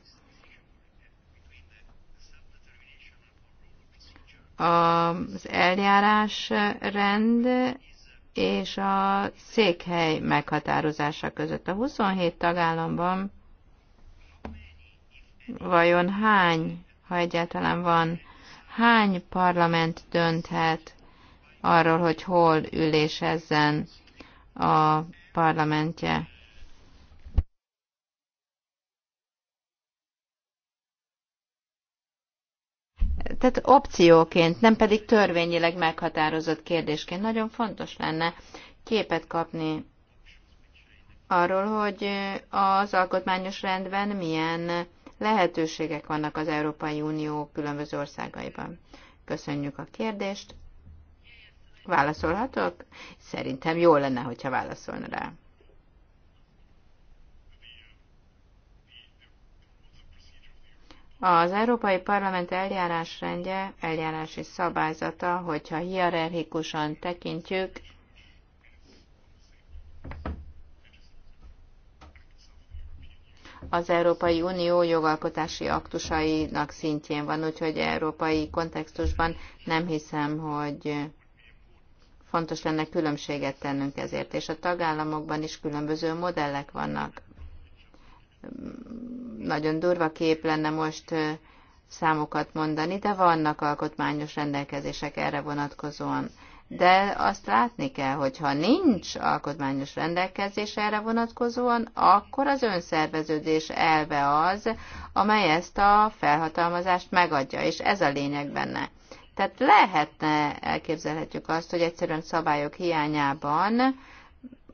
az eljárás rend és a székhely meghatározása között. A 27 tagállamban vajon hány, ha egyáltalán van, hány parlament dönthet arról, hogy hol ülésezzen a parlamentje. Tehát opcióként, nem pedig törvényileg meghatározott kérdésként. Nagyon fontos lenne képet kapni arról, hogy az alkotmányos rendben milyen lehetőségek vannak az Európai Unió különböző országaiban. Köszönjük a kérdést. Válaszolhatok? Szerintem jó lenne, hogyha válaszolna rá. Az Európai Parlament eljárásrendje, eljárási szabályzata, hogyha hierarchikusan tekintjük, az Európai Unió jogalkotási aktusainak szintjén van, úgyhogy európai kontextusban nem hiszem, hogy fontos lenne különbséget tennünk ezért, és a tagállamokban is különböző modellek vannak. Nagyon durva kép lenne most számokat mondani, de vannak alkotmányos rendelkezések erre vonatkozóan de azt látni kell, hogy ha nincs alkotmányos rendelkezés erre vonatkozóan, akkor az önszerveződés elve az, amely ezt a felhatalmazást megadja, és ez a lényeg benne. Tehát lehetne, elképzelhetjük azt, hogy egyszerűen szabályok hiányában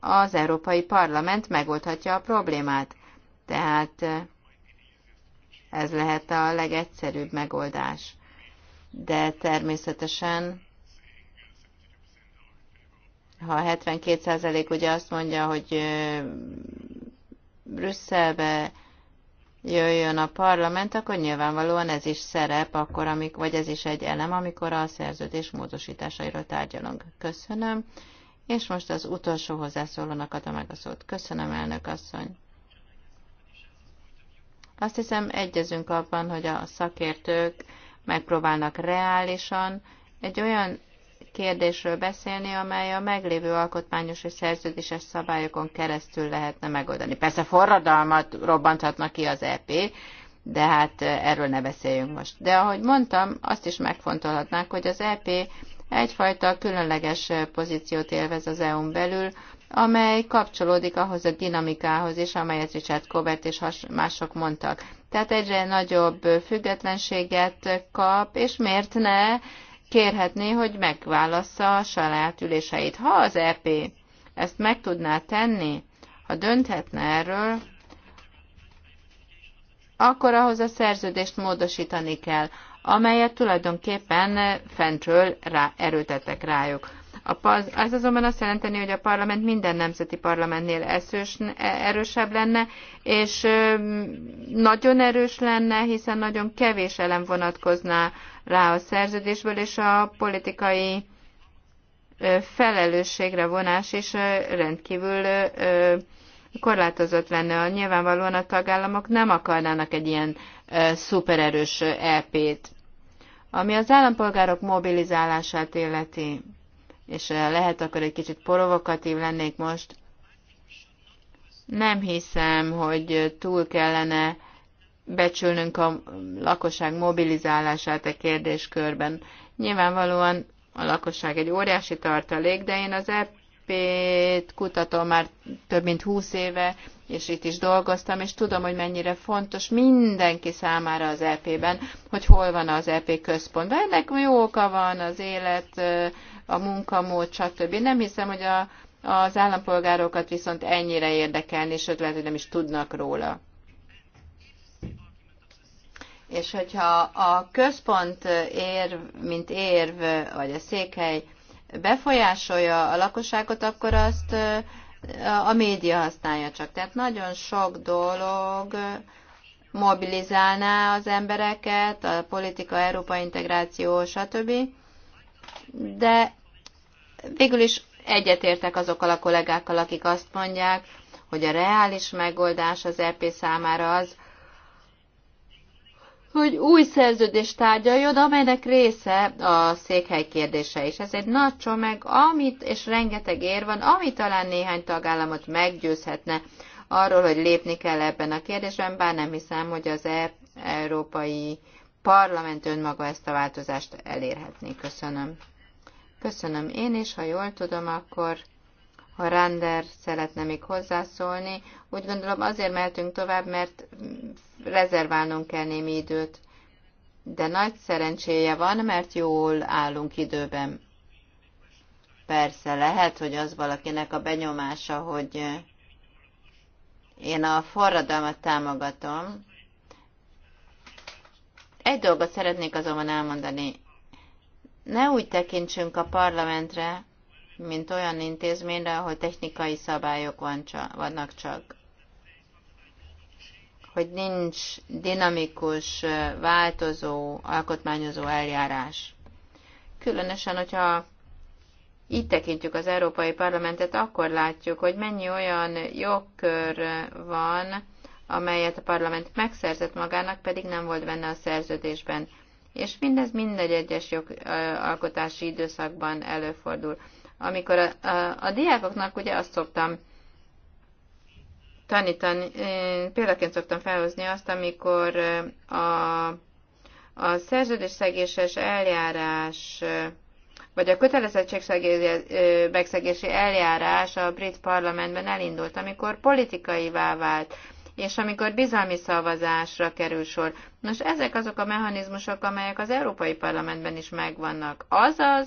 az Európai Parlament megoldhatja a problémát. Tehát ez lehet a legegyszerűbb megoldás. De természetesen ha 72% ugye azt mondja, hogy Brüsszelbe jöjjön a parlament, akkor nyilvánvalóan ez is szerep, akkor, amik, vagy ez is egy elem, amikor a szerződés módosításairól tárgyalunk. Köszönöm. És most az utolsó hozzászólónak adom meg a szót. Köszönöm, elnök asszony. Azt hiszem, egyezünk abban, hogy a szakértők megpróbálnak reálisan egy olyan kérdésről beszélni, amely a meglévő alkotmányos és szerződéses szabályokon keresztül lehetne megoldani. Persze forradalmat robbanthatna ki az EP, de hát eh, erről ne beszéljünk most. De ahogy mondtam, azt is megfontolhatnánk, hogy az EP egyfajta különleges eh, pozíciót élvez az EU-n belül, amely kapcsolódik ahhoz a dinamikához is, amelyet Richard Cobert és mások mondtak. Tehát egyre nagyobb eh, függetlenséget kap, és miért ne kérhetné, hogy megválassza a saját üléseit. Ha az EP ezt meg tudná tenni, ha dönthetne erről, akkor ahhoz a szerződést módosítani kell, amelyet tulajdonképpen fentről rá, erőtettek rájuk. A, ez azonban azt jelenteni, hogy a parlament minden nemzeti parlamentnél eszős, e, erősebb lenne, és nagyon erős lenne, hiszen nagyon kevés elem vonatkozná rá a szerződésből, és a politikai felelősségre vonás is rendkívül korlátozott lenne. A nyilvánvalóan a tagállamok nem akarnának egy ilyen szupererős EP-t. Ami az állampolgárok mobilizálását illeti, és lehet akkor egy kicsit provokatív lennék most, nem hiszem, hogy túl kellene becsülnünk a lakosság mobilizálását a e kérdéskörben. Nyilvánvalóan a lakosság egy óriási tartalék, de én az EP-t kutatom már több mint húsz éve, és itt is dolgoztam, és tudom, hogy mennyire fontos mindenki számára az EP-ben, hogy hol van az EP központ. De ennek jó oka van, az élet, a munkamód, stb. Nem hiszem, hogy a, az állampolgárokat viszont ennyire érdekelni, sőt lehet, hogy nem is tudnak róla. És hogyha a központ érv, mint érv, vagy a székhely befolyásolja a lakosságot, akkor azt a média használja csak. Tehát nagyon sok dolog mobilizálná az embereket, a politika, Európa integráció, stb. De végül is egyetértek azokkal a kollégákkal, akik azt mondják, hogy a reális megoldás az EP számára az, hogy új szerződést tárgyaljon, amelynek része a székhely kérdése is. Ez egy nagy csomag, amit, és rengeteg ér van, ami talán néhány tagállamot meggyőzhetne arról, hogy lépni kell ebben a kérdésben, bár nem hiszem, hogy az e Európai Parlament önmaga ezt a változást elérhetné. Köszönöm. Köszönöm én is, ha jól tudom, akkor ha Rander szeretne még hozzászólni, úgy gondolom azért mehetünk tovább, mert rezerválnunk kell némi időt. De nagy szerencséje van, mert jól állunk időben. Persze, lehet, hogy az valakinek a benyomása, hogy én a forradalmat támogatom. Egy dolgot szeretnék azonban elmondani. Ne úgy tekintsünk a parlamentre, mint olyan intézményre, ahol technikai szabályok van csak, vannak csak. Hogy nincs dinamikus, változó, alkotmányozó eljárás. Különösen, hogyha így tekintjük az Európai Parlamentet, akkor látjuk, hogy mennyi olyan jogkör van, amelyet a parlament megszerzett magának, pedig nem volt benne a szerződésben. És mindez mindegy egyes jogalkotási időszakban előfordul. Amikor a, a, a diákoknak ugye azt szoktam tanítani, eh, példaként szoktam felhozni azt, amikor eh, a, a szerződésszegéses eljárás eh, vagy a kötelezettség megszegési eljárás a brit parlamentben elindult, amikor politikaivá vált, és amikor bizalmi szavazásra kerül sor. Nos, ezek azok a mechanizmusok, amelyek az Európai Parlamentben is megvannak. Azaz,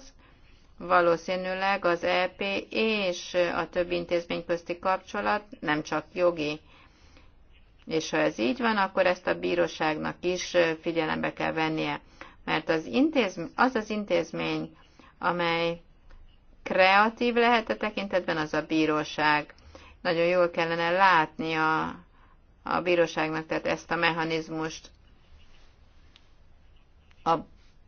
Valószínűleg az EP és a több intézmény közti kapcsolat nem csak jogi. És ha ez így van, akkor ezt a bíróságnak is figyelembe kell vennie. Mert az, intézmény, az az intézmény, amely kreatív lehet a tekintetben, az a bíróság. Nagyon jól kellene látni a, a bíróságnak tehát ezt a mechanizmust. A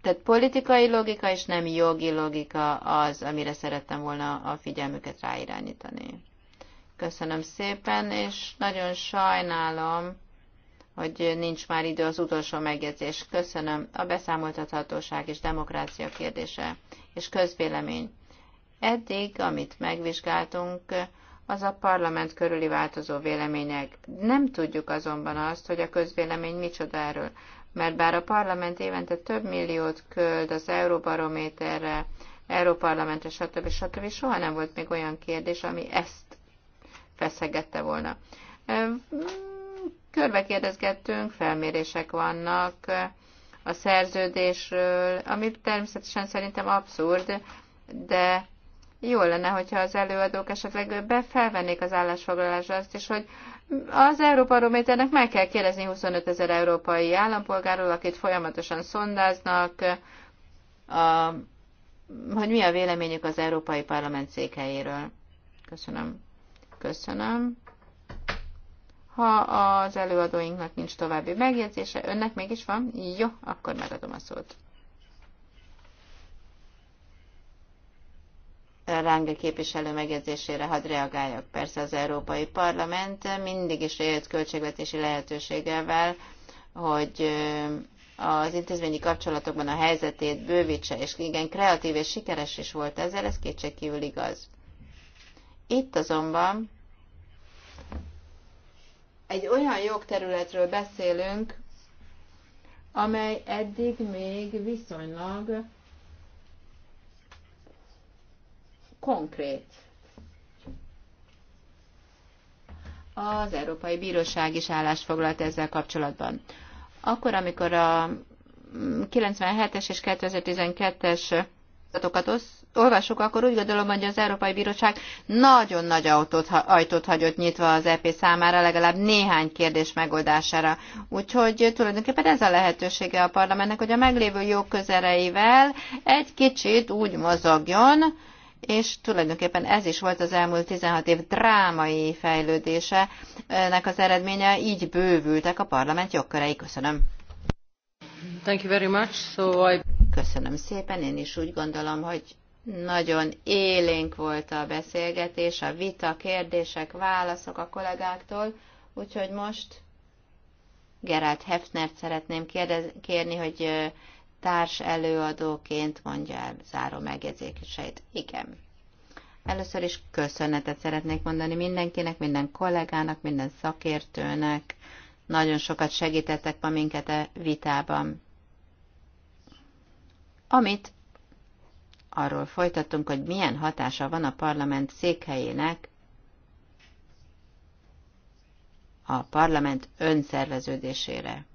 tehát politikai logika és nem jogi logika az, amire szerettem volna a figyelmüket ráirányítani. Köszönöm szépen, és nagyon sajnálom, hogy nincs már idő az utolsó megjegyzés. Köszönöm a beszámoltathatóság és demokrácia kérdése, és közvélemény. Eddig, amit megvizsgáltunk, az a parlament körüli változó vélemények. Nem tudjuk azonban azt, hogy a közvélemény micsoda erről mert bár a parlament évente több milliót köld az Euróbarométerre, Európarlamentre, stb. stb. soha nem volt még olyan kérdés, ami ezt feszegette volna. Mm, Körbe kérdezgettünk, felmérések vannak a szerződésről, ami természetesen szerintem abszurd, de jó lenne, hogyha az előadók esetleg felvennék az állásfoglalásra azt is, hogy az Európarométernek meg kell kérdezni 25 ezer európai állampolgáról, akit folyamatosan szondáznak, a, hogy mi a véleményük az Európai Parlament székhelyéről. Köszönöm. Köszönöm. Ha az előadóinknak nincs további megjegyzése, önnek mégis van? Jó, akkor megadom a szót. Lange képviselő megjegyzésére hadd reagáljak. Persze az Európai Parlament mindig is élt költségvetési lehetőségevel, hogy az intézményi kapcsolatokban a helyzetét bővítse, és igen, kreatív és sikeres is volt ezzel, ez kétségkívül igaz. Itt azonban egy olyan jogterületről beszélünk, amely eddig még viszonylag konkrét. Az Európai Bíróság is állást foglalt ezzel kapcsolatban. Akkor, amikor a 97-es és 2012-es adatokat olvasok, akkor úgy gondolom, hogy az Európai Bíróság nagyon nagy autót, ajtót hagyott nyitva az EP számára, legalább néhány kérdés megoldására. Úgyhogy tulajdonképpen ez a lehetősége a parlamentnek, hogy a meglévő jogközereivel egy kicsit úgy mozogjon, és tulajdonképpen ez is volt az elmúlt 16 év drámai fejlődése, ennek az eredménye, így bővültek a parlament jogkörei. Köszönöm. Thank you very much. So I... Köszönöm szépen, én is úgy gondolom, hogy nagyon élénk volt a beszélgetés, a vita, kérdések, válaszok a kollégáktól, úgyhogy most Gerált Heftnert szeretném kérdez, kérni, hogy társ előadóként mondja el záró megjegyzéseit. Igen. Először is köszönetet szeretnék mondani mindenkinek, minden kollégának, minden szakértőnek. Nagyon sokat segítettek ma minket a vitában. Amit arról folytattunk, hogy milyen hatása van a parlament székhelyének a parlament önszerveződésére.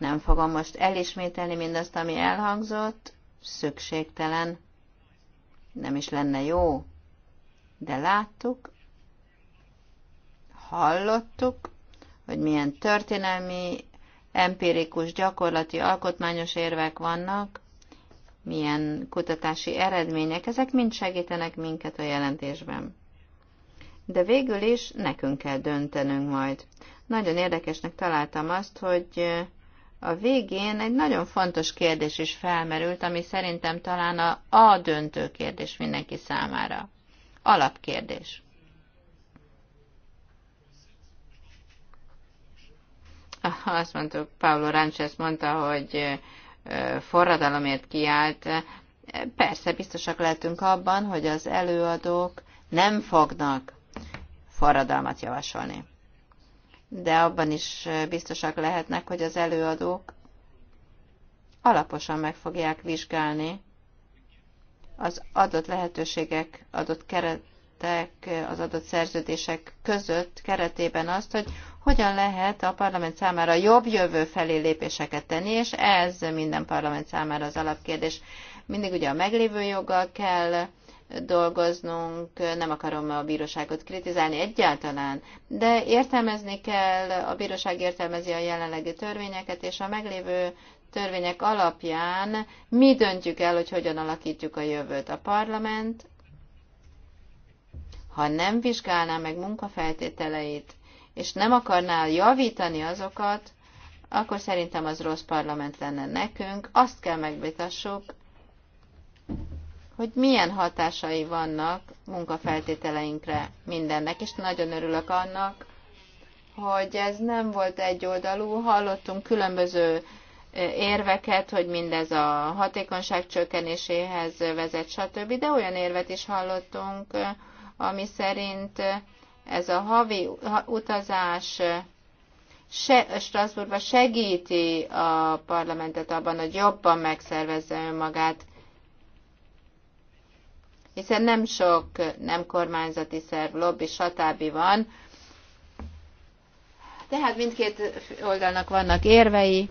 Nem fogom most elismételni mindazt, ami elhangzott, szükségtelen, nem is lenne jó, de láttuk, hallottuk, hogy milyen történelmi, empirikus, gyakorlati, alkotmányos érvek vannak, milyen kutatási eredmények, ezek mind segítenek minket a jelentésben. De végül is nekünk kell döntenünk majd. Nagyon érdekesnek találtam azt, hogy a végén egy nagyon fontos kérdés is felmerült, ami szerintem talán a, a döntő kérdés mindenki számára. Alapkérdés. Azt mondtuk, Paulo Ránchez mondta, hogy forradalomért kiállt. Persze, biztosak lehetünk abban, hogy az előadók nem fognak forradalmat javasolni de abban is biztosak lehetnek, hogy az előadók alaposan meg fogják vizsgálni az adott lehetőségek, adott keretek, az adott szerződések között keretében azt, hogy hogyan lehet a parlament számára jobb jövő felé lépéseket tenni, és ez minden parlament számára az alapkérdés. Mindig ugye a meglévő joggal kell dolgoznunk, nem akarom a bíróságot kritizálni egyáltalán, de értelmezni kell, a bíróság értelmezi a jelenlegi törvényeket, és a meglévő törvények alapján mi döntjük el, hogy hogyan alakítjuk a jövőt. A parlament, ha nem vizsgálná meg munkafeltételeit, és nem akarná javítani azokat, akkor szerintem az rossz parlament lenne nekünk. Azt kell megvitassuk, hogy milyen hatásai vannak munkafeltételeinkre mindennek, és nagyon örülök annak, hogy ez nem volt egyoldalú, hallottunk különböző érveket, hogy mindez a hatékonyság csökkenéséhez vezet, stb. De olyan érvet is hallottunk, ami szerint ez a havi utazás Strasbourgba segíti a parlamentet abban, hogy jobban megszervezze önmagát, hiszen nem sok nem kormányzati szerv, lobby, stb. van. Tehát mindkét oldalnak vannak érvei,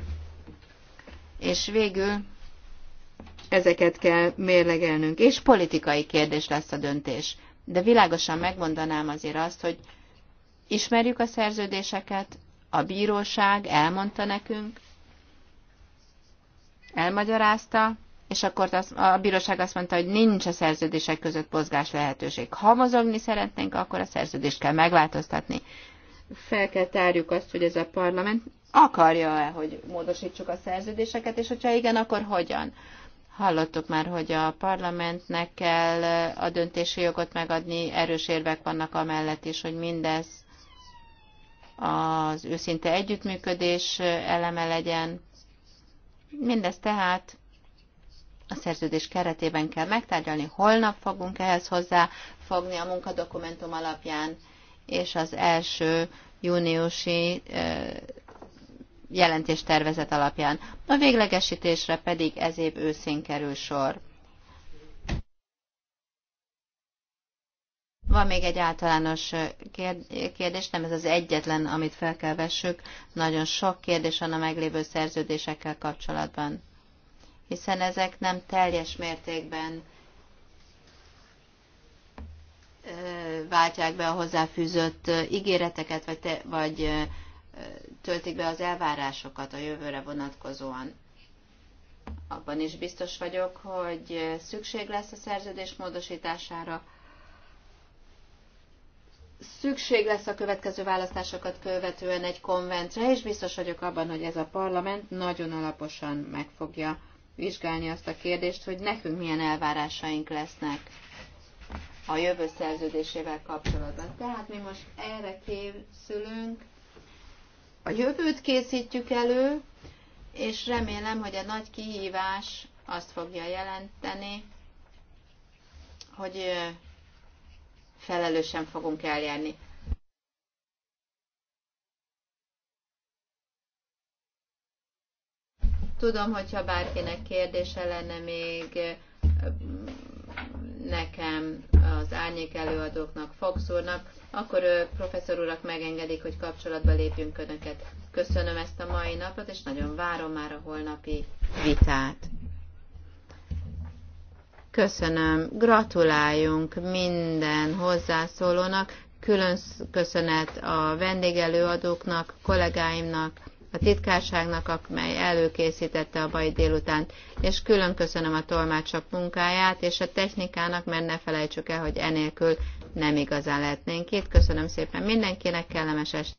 és végül ezeket kell mérlegelnünk, és politikai kérdés lesz a döntés. De világosan megmondanám azért azt, hogy ismerjük a szerződéseket, a bíróság elmondta nekünk, elmagyarázta, és akkor az, a bíróság azt mondta, hogy nincs a szerződések között mozgás lehetőség. Ha mozogni szeretnénk, akkor a szerződést kell megváltoztatni. Fel kell tárjuk azt, hogy ez a parlament akarja-e, hogy módosítsuk a szerződéseket, és hogyha igen, akkor hogyan? Hallottuk már, hogy a parlamentnek kell a döntési jogot megadni, erős érvek vannak amellett is, hogy mindez az őszinte együttműködés eleme legyen. Mindez tehát a szerződés keretében kell megtárgyalni. Holnap fogunk ehhez hozzá fogni a munkadokumentum alapján, és az első júniusi jelentéstervezet alapján. A véglegesítésre pedig ez év őszén kerül sor. Van még egy általános kérdés, nem ez az egyetlen, amit fel kell vessük. Nagyon sok kérdés van a meglévő szerződésekkel kapcsolatban hiszen ezek nem teljes mértékben váltják be a hozzáfűzött ígéreteket, vagy, te, vagy töltik be az elvárásokat a jövőre vonatkozóan. Abban is biztos vagyok, hogy szükség lesz a szerződés módosítására, szükség lesz a következő választásokat követően egy konventre, és biztos vagyok abban, hogy ez a parlament nagyon alaposan meg fogja vizsgálni azt a kérdést, hogy nekünk milyen elvárásaink lesznek a jövő szerződésével kapcsolatban. Tehát mi most erre készülünk, a jövőt készítjük elő, és remélem, hogy a nagy kihívás azt fogja jelenteni, hogy felelősen fogunk eljárni. Tudom, hogyha bárkinek kérdése lenne még nekem, az árnyék előadóknak, Fox úrnak, akkor ő, professzor urak megengedik, hogy kapcsolatba lépjünk önöket. Köszönöm ezt a mai napot, és nagyon várom már a holnapi vitát. Köszönöm, gratuláljunk minden hozzászólónak, külön köszönet a vendégelőadóknak, kollégáimnak, a titkárságnak, amely előkészítette a mai délután, és külön köszönöm a tolmácsok munkáját, és a technikának, mert ne felejtsük el, hogy enélkül nem igazán lehetnénk itt. Köszönöm szépen mindenkinek, kellemes estét!